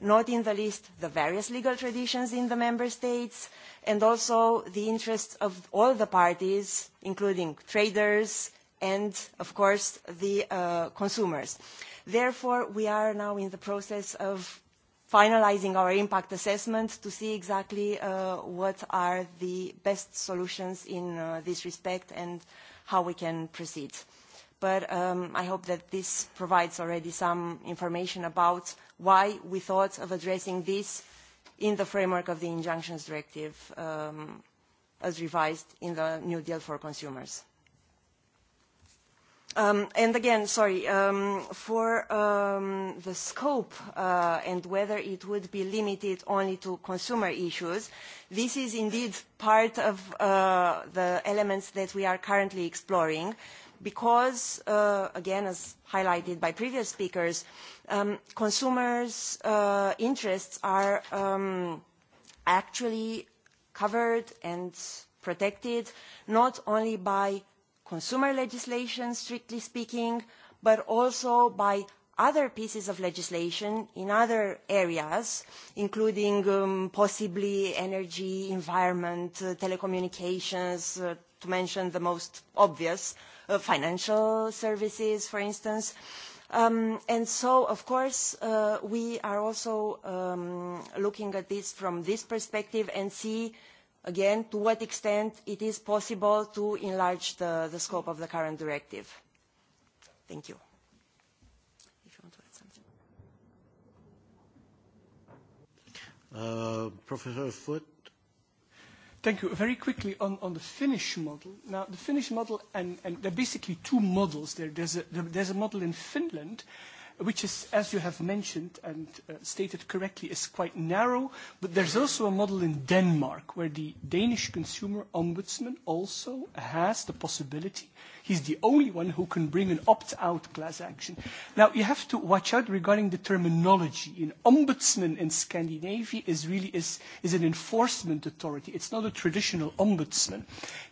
not in the least the various legal traditions in the member states, and also the interests of all the parties, including traders and, of course, the uh, consumers. Therefore, we are now in the process of finalizing our impact assessment to see exactly uh, what are the best solutions in uh, this respect and how we can proceed. But um, I hope that this provides already some information about why we thought of addressing this in the framework of the Injunctions Directive um, as revised in the New Deal for Consumers. Um, and again, sorry, um, for um, the scope uh, and whether it would be limited only to consumer issues, this is indeed part of uh, the elements that we are currently exploring because, uh, again, as highlighted by previous speakers, um, consumers' uh, interests are um, actually covered and protected not only by consumer legislation, strictly speaking, but also by other pieces of legislation in other areas, including um, possibly energy, environment, uh, telecommunications, uh, to mention the most obvious, uh, financial services, for instance. Um, and so, of course, uh, we are also um, looking at this from this perspective and see uh, again, to what extent it is possible to enlarge the, the scope of the current directive. Thank you. If you want to add something. Uh, Professor Foote? Thank you. Very quickly on, on the Finnish model. Now, the Finnish model, and, and there are basically two models there. There's a, there's a model in Finland, uh, which is, as you have mentioned and uh, stated correctly, is quite narrow. But there's also a model in Denmark where the Danish consumer ombudsman also has the possibility He's the only one who can bring an opt-out class action. Now, you have to watch out regarding the terminology. An ombudsman in Scandinavia is really is, is an enforcement authority. It's not a traditional ombudsman.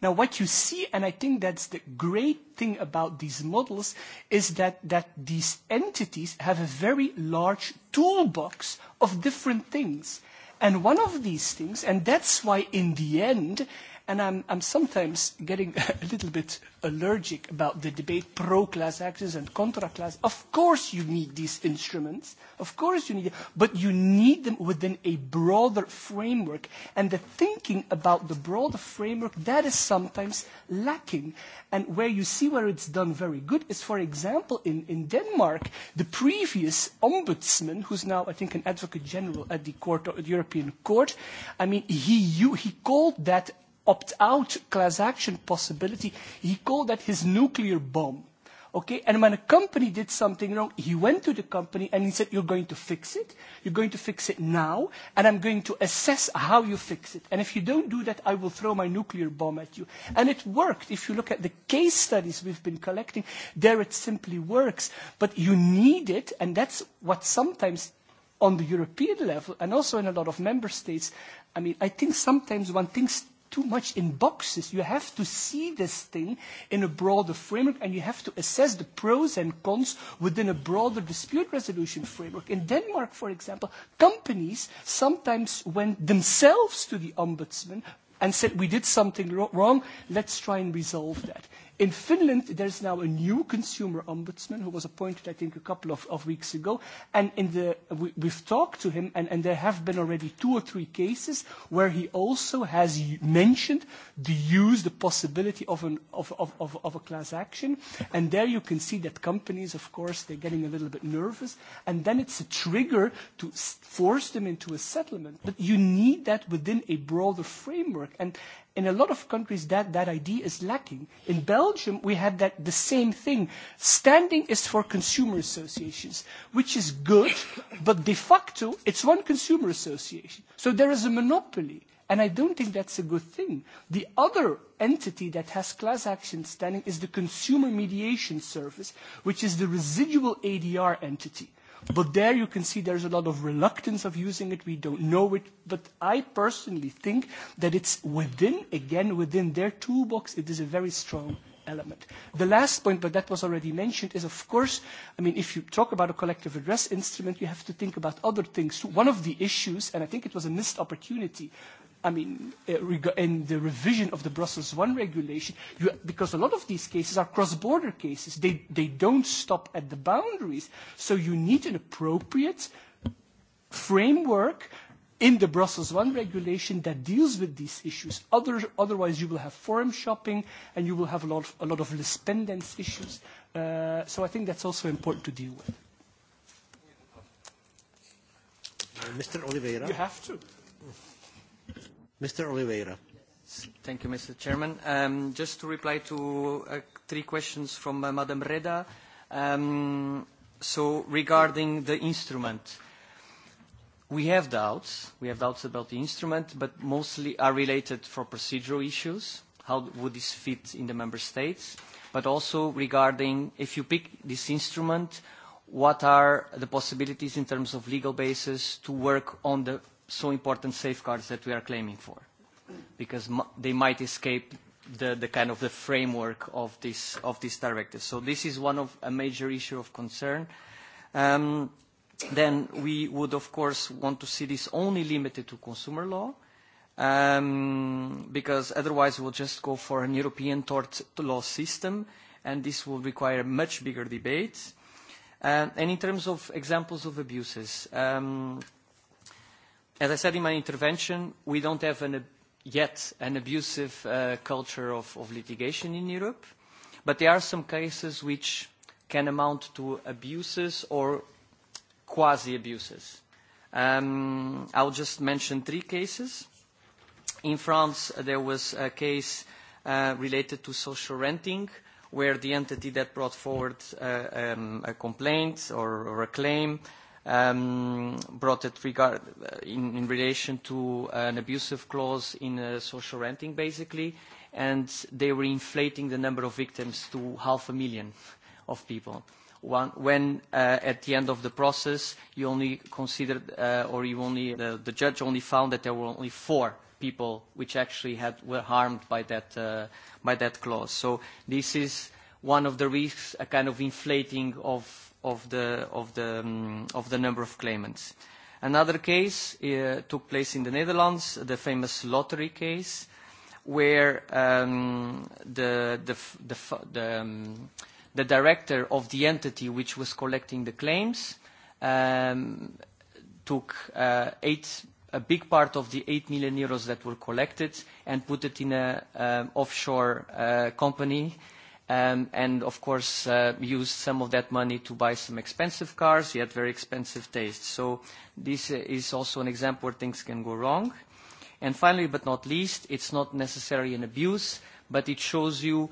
Now, what you see, and I think that's the great thing about these models, is that, that these entities have a very large toolbox of different things. And one of these things, and that's why in the end, and I'm, I'm sometimes getting a little bit allergic about the debate pro-class actions and contra-class. Of course you need these instruments. Of course you need them. But you need them within a broader framework. And the thinking about the broader framework, that is sometimes lacking. And where you see where it's done very good is, for example, in, in Denmark, the previous ombudsman, who's now, I think, an advocate general at the, court, at the European Court, I mean, he, you, he called that opt-out class action possibility. He called that his nuclear bomb. Okay, and when a company did something wrong, he went to the company and he said, you're going to fix it. You're going to fix it now, and I'm going to assess how you fix it. And if you don't do that, I will throw my nuclear bomb at you. And it worked. If you look at the case studies we've been collecting, there it simply works. But you need it, and that's what sometimes on the European level and also in a lot of member states, I mean, I think sometimes one thinks too much in boxes. You have to see this thing in a broader framework and you have to assess the pros and cons within a broader dispute resolution framework. In Denmark, for example, companies sometimes went themselves to the ombudsman and said, we did something wrong, let's try and resolve that. In Finland, there's now a new consumer ombudsman who was appointed, I think, a couple of, of weeks ago. And in the, we, we've talked to him, and, and there have been already two or three cases where he also has mentioned the use, the possibility of, an, of, of, of, of a class action. And there you can see that companies, of course, they're getting a little bit nervous. And then it's a trigger to force them into a settlement. But you need that within a broader framework. And In a lot of countries, that, that idea is lacking. In Belgium, we had that, the same thing. Standing is for consumer associations, which is good, but de facto, it's one consumer association. So there is a monopoly. And I don't think that's a good thing. The other entity that has class action standing is the Consumer Mediation Service, which is the residual ADR entity. But there you can see there's a lot of reluctance of using it. We don't know it. But I personally think that it's within, again, within their toolbox, it is a very strong element. The last point, but that was already mentioned, is of course, I mean, if you talk about a collective redress instrument, you have to think about other things. One of the issues, and I think it was a missed opportunity, I mean, uh, in the revision of the Brussels 1 regulation, you, because a lot of these cases are cross-border cases. They, they don't stop at the boundaries. So you need an appropriate framework in the Brussels 1 regulation that deals with these issues. Other, otherwise, you will have forum shopping and you will have a lot of, a lot of lispendence issues. Uh, so I think that's also important to deal with. Mr. Oliveira? You have to. Mm. Mr. Oliveira. Thank you, Mr. Chairman. Um, just to reply to uh, three questions from uh, Madam Reda. Um, so regarding the instrument, we have doubts. We have doubts about the instrument, but mostly are related for procedural issues. How would this fit in the member states? But also regarding if you pick this instrument, what are the possibilities in terms of legal basis to work on the so important safeguards that we are claiming for, because m they might escape the, the kind of the framework of this, of this directive. So this is one of a major issue of concern. Um, then we would, of course, want to see this only limited to consumer law, um, because otherwise we'll just go for an European tort law system, and this will require much bigger debate. Uh, and in terms of examples of abuses, um, as I said in my intervention, we don't have an, yet an abusive uh, culture of, of litigation in Europe, but there are some cases which can amount to abuses or quasi-abuses. Um, I'll just mention three cases. In France, uh, there was a case uh, related to social renting, where the entity that brought forward uh, um, a complaint or, or a claim uh, um, brought it regard, uh, in, in relation to an abusive clause in uh, social renting, basically, and they were inflating the number of victims to half a million of people. One, when uh, at the end of the process, you only considered, uh, or you only, the, the judge only found that there were only four people which actually had, were harmed by that, uh, by that clause. So this is one of the risks, a kind of inflating of of the, of the, um, of the number of claimants. Another case uh, took place in the Netherlands, the famous lottery case, where um, the, the, the, the, um, the director of the entity which was collecting the claims um, took uh, eight, a big part of the 8 million euros that were collected and put it in an um, offshore uh, company uh, um, and of course uh, used some of that money to buy some expensive cars. He had very expensive tastes. So this is also an example where things can go wrong. And finally, but not least, it's not necessarily an abuse, but it shows you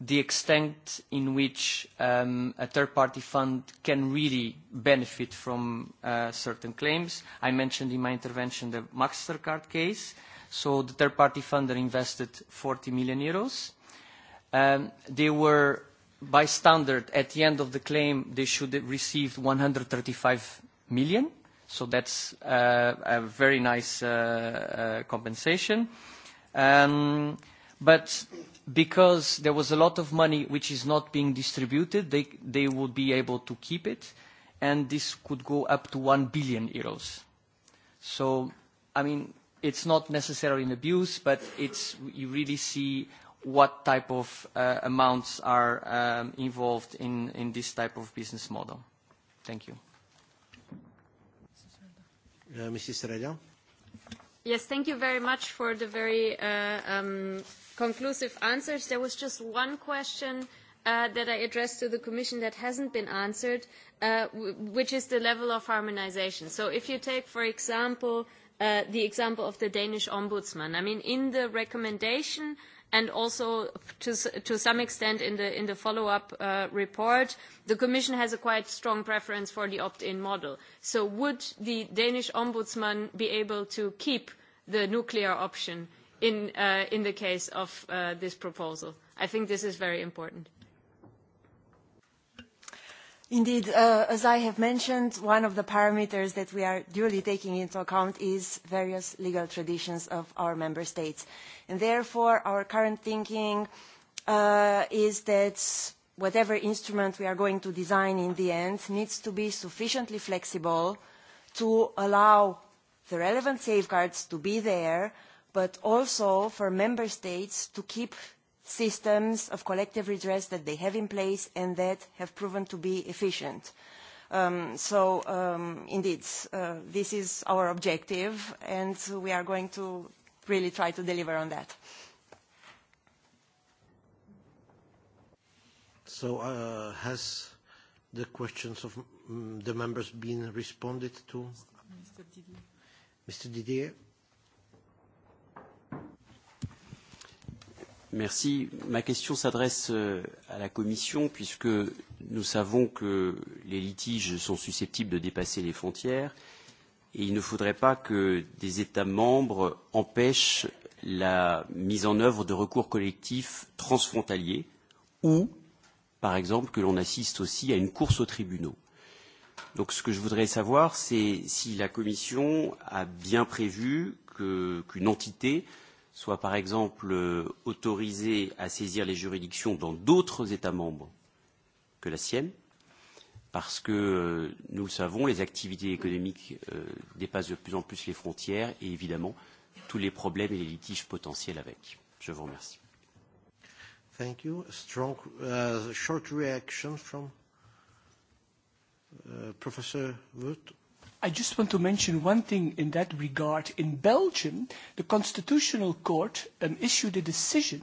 the extent in which um, a third-party fund can really benefit from uh, certain claims. I mentioned in my intervention the Mastercard case. So the third-party funder invested 40 million euros um, they were, by standard, at the end of the claim, they should have received 135 million. So that's uh, a very nice uh, uh, compensation. Um, but because there was a lot of money which is not being distributed, they, they would be able to keep it, and this could go up to 1 billion euros. So, I mean, it's not necessarily an abuse, but it's, you really see what type of uh, amounts are um, involved in, in this type of business model. Thank you. Uh, Mrs. Reda? Yes, thank you very much for the very uh, um, conclusive answers. There was just one question uh, that I addressed to the Commission that hasn't been answered, uh, w which is the level of harmonization. So if you take, for example, uh, the example of the Danish Ombudsman, I mean, in the recommendation, uh, and also to, to some extent in the, in the follow-up uh, report, the Commission has a quite strong preference for the opt-in model. So would the Danish Ombudsman be able to keep the nuclear option in, uh, in the case of uh, this proposal? I think this is very important. Indeed, uh, as I have mentioned, one of the parameters that we are duly taking into account is various legal traditions of our member states. And therefore, our current thinking uh, is that whatever instrument we are going to design in the end needs to be sufficiently flexible to allow the relevant safeguards to be there, but also for member states to keep systems of collective redress that they have in place and that have proven to be efficient. Um, so, um, indeed, uh, this is our objective, and we are going to really try to deliver on that. So, uh, has the questions of um, the members been responded to? Mr. Didier. Mr. Didier? Merci. Ma question s'adresse euh, à la Commission puisque nous savons que les litiges sont susceptibles de dépasser les frontières et il ne faudrait pas que des États membres empêchent la mise en œuvre de recours collectifs transfrontaliers ou, par exemple, que l'on assiste aussi à une course aux tribunaux. Donc ce que je voudrais savoir, c'est si la Commission a bien prévu qu'une qu entité euh, soit par exemple euh, autorisé à saisir les juridictions dans d'autres États membres que la sienne, parce que, euh, nous le savons, les activités économiques euh, dépassent de plus en plus les frontières et évidemment tous les problèmes et les litiges potentiels avec. Je vous remercie. Thank you. Strong, uh, short reaction from uh, Professor Wood. I just want to mention one thing in that regard. In Belgium, the Constitutional Court um, issued a decision.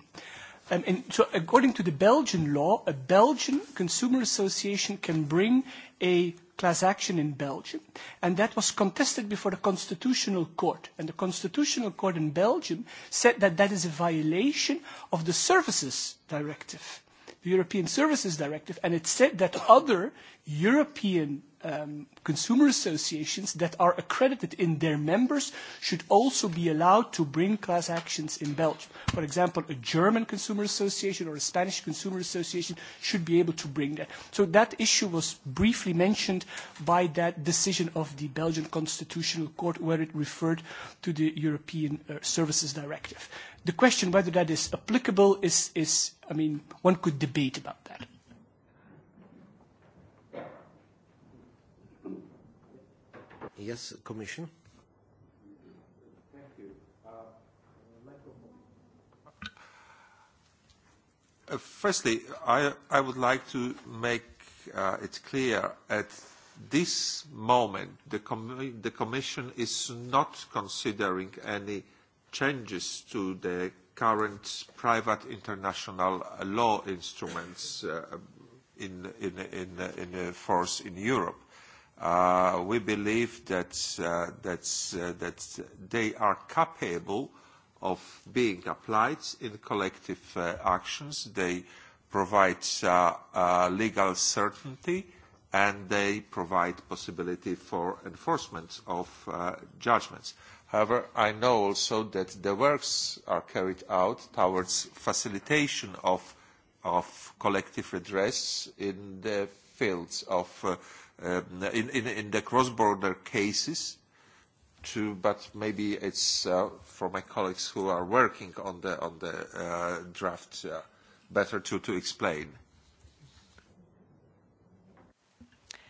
Um, and so according to the Belgian law, a Belgian consumer association can bring a class action in Belgium, and that was contested before the Constitutional Court. And the Constitutional Court in Belgium said that that is a violation of the Services Directive, the European Services Directive, and it said that other European um, consumer associations that are accredited in their members should also be allowed to bring class actions in Belgium. For example, a German consumer association or a Spanish consumer association should be able to bring that. So that issue was briefly mentioned by that decision of the Belgian Constitutional Court where it referred to the European uh, Services Directive. The question whether that is applicable is, is, I mean, one could debate about that. Yes, Commission. Thank you. Uh, uh, firstly, I, I would like to make uh, it clear at this moment the, com the Commission is not considering any changes to the current private international law instruments uh, in, in, in, in uh, force in Europe Uh, we believe that, uh, that, uh, that they are capable of being applied in collective uh, actions. They provide uh, uh, legal certainty, and they provide possibility for enforcement of judgments. However, I know also that the works are carried out towards facilitation of, of collective redress in the fields of um, in, in, in the cross-border cases, to, but maybe it's uh, for my colleagues who are working on the, on the uh, draft uh, better to, to explain.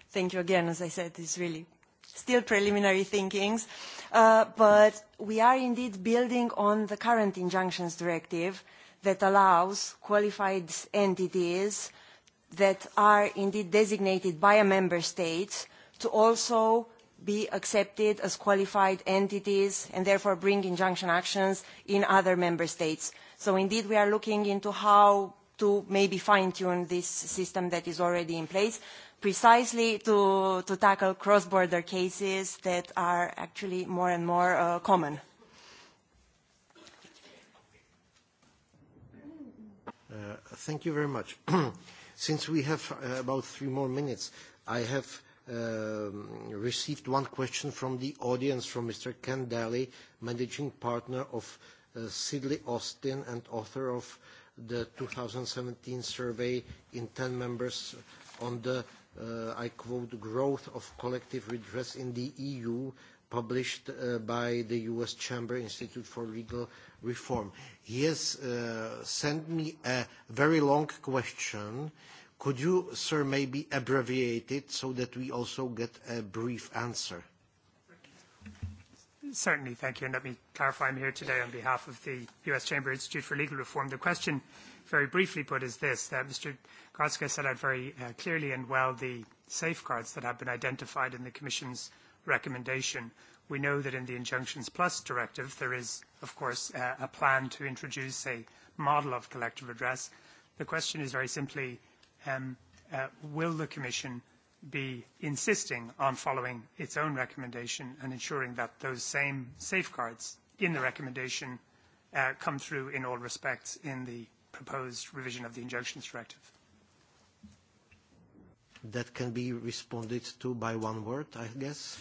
Thank you again. As I said, it's really still preliminary thinkings. Uh, but we are indeed building on the current injunctions directive that allows qualified entities uh, that are indeed designated by a member state to also be accepted as qualified entities and therefore bring injunction actions in other member states. So indeed we are looking into how to maybe fine-tune this system that is already in place precisely to, to tackle cross-border cases that are actually more and more uh, common. Uh, thank you very much. Since we have uh, about three more minutes, I have um, received one question from the audience from Mr. Ken Daly, managing partner of uh, Sidley Austin and author of the 2017 survey in 10 members on the, uh, I quote, growth of collective redress in the EU, published uh, by the U.S. Chamber Institute for Legal uh, reform. He has uh, sent me a very long question. Could you, sir, maybe abbreviate it so that we also get a brief answer? Certainly. Thank you. And let me clarify, I'm here today on behalf of the U.S. Chamber Institute for Legal Reform. The question, very briefly put, is this, that Mr. Grodzka set out very uh, clearly and well the safeguards that have been identified in the Commission's recommendation We know that in the Injunctions Plus directive, there is, of course, uh, a plan to introduce a model of collective redress. The question is very simply, um, uh, will the Commission be insisting on following its own recommendation and ensuring that those same safeguards in the recommendation uh, come through in all respects in the proposed revision of the Injunctions Directive? that can be responded to by one word, I guess?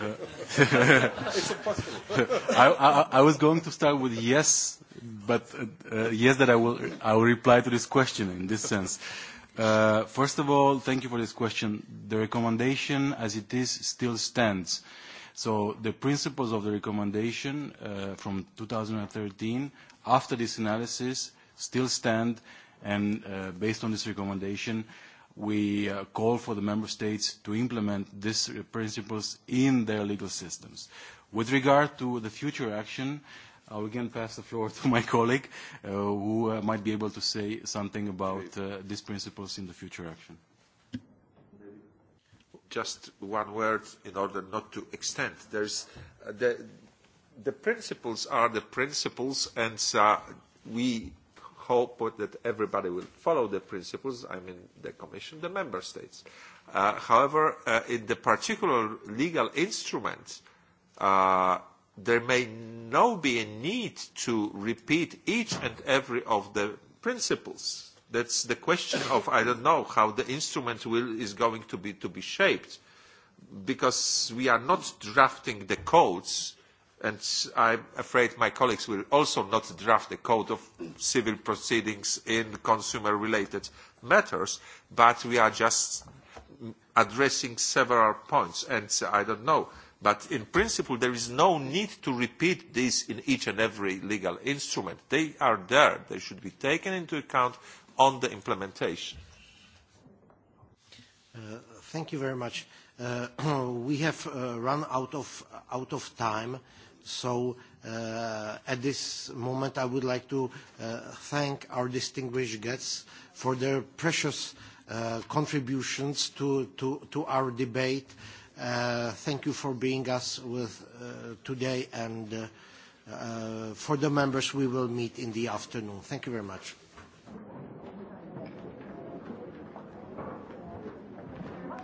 no. it's impossible. I, I, I was going to start with yes, but uh, uh, yes, that I will, I will reply to this question in this sense. Uh, first of all, thank you for this question. The recommendation as it is still stands. So the principles of the recommendation uh, from 2013, after this analysis, still stand And uh, based on this recommendation, we uh, call for the member states to implement these uh, principles in their legal systems. With regard to the future action, I'll again pass the floor to my colleague, uh, who uh, might be able to say something about uh, these principles in the future action. Just one word in order not to extend. There's uh, the, the principles are the principles, and uh, we hope that everybody will follow the principles, I mean the Commission, the Member States. Uh, however, uh, in the particular legal instruments, uh, there may no be a need to repeat each and every of the principles. That's the question of, I don't know, how the instrument will, is going to be, to be shaped, because we are not drafting the codes and I'm afraid my colleagues will also not draft a code of civil proceedings in consumer-related matters, but we are just addressing several points, and I don't know. But in principle, there is no need to repeat this in each and every legal instrument. They are there. They should be taken into account on the implementation. Uh, thank you very much. Uh, we have uh, run out of, out of time. So uh, at this moment, I would like to uh, thank our distinguished guests for their precious uh, contributions to, to, to our debate. Uh, thank you for being us with uh, today and uh, uh, for the members we will meet in the afternoon. Thank you very much.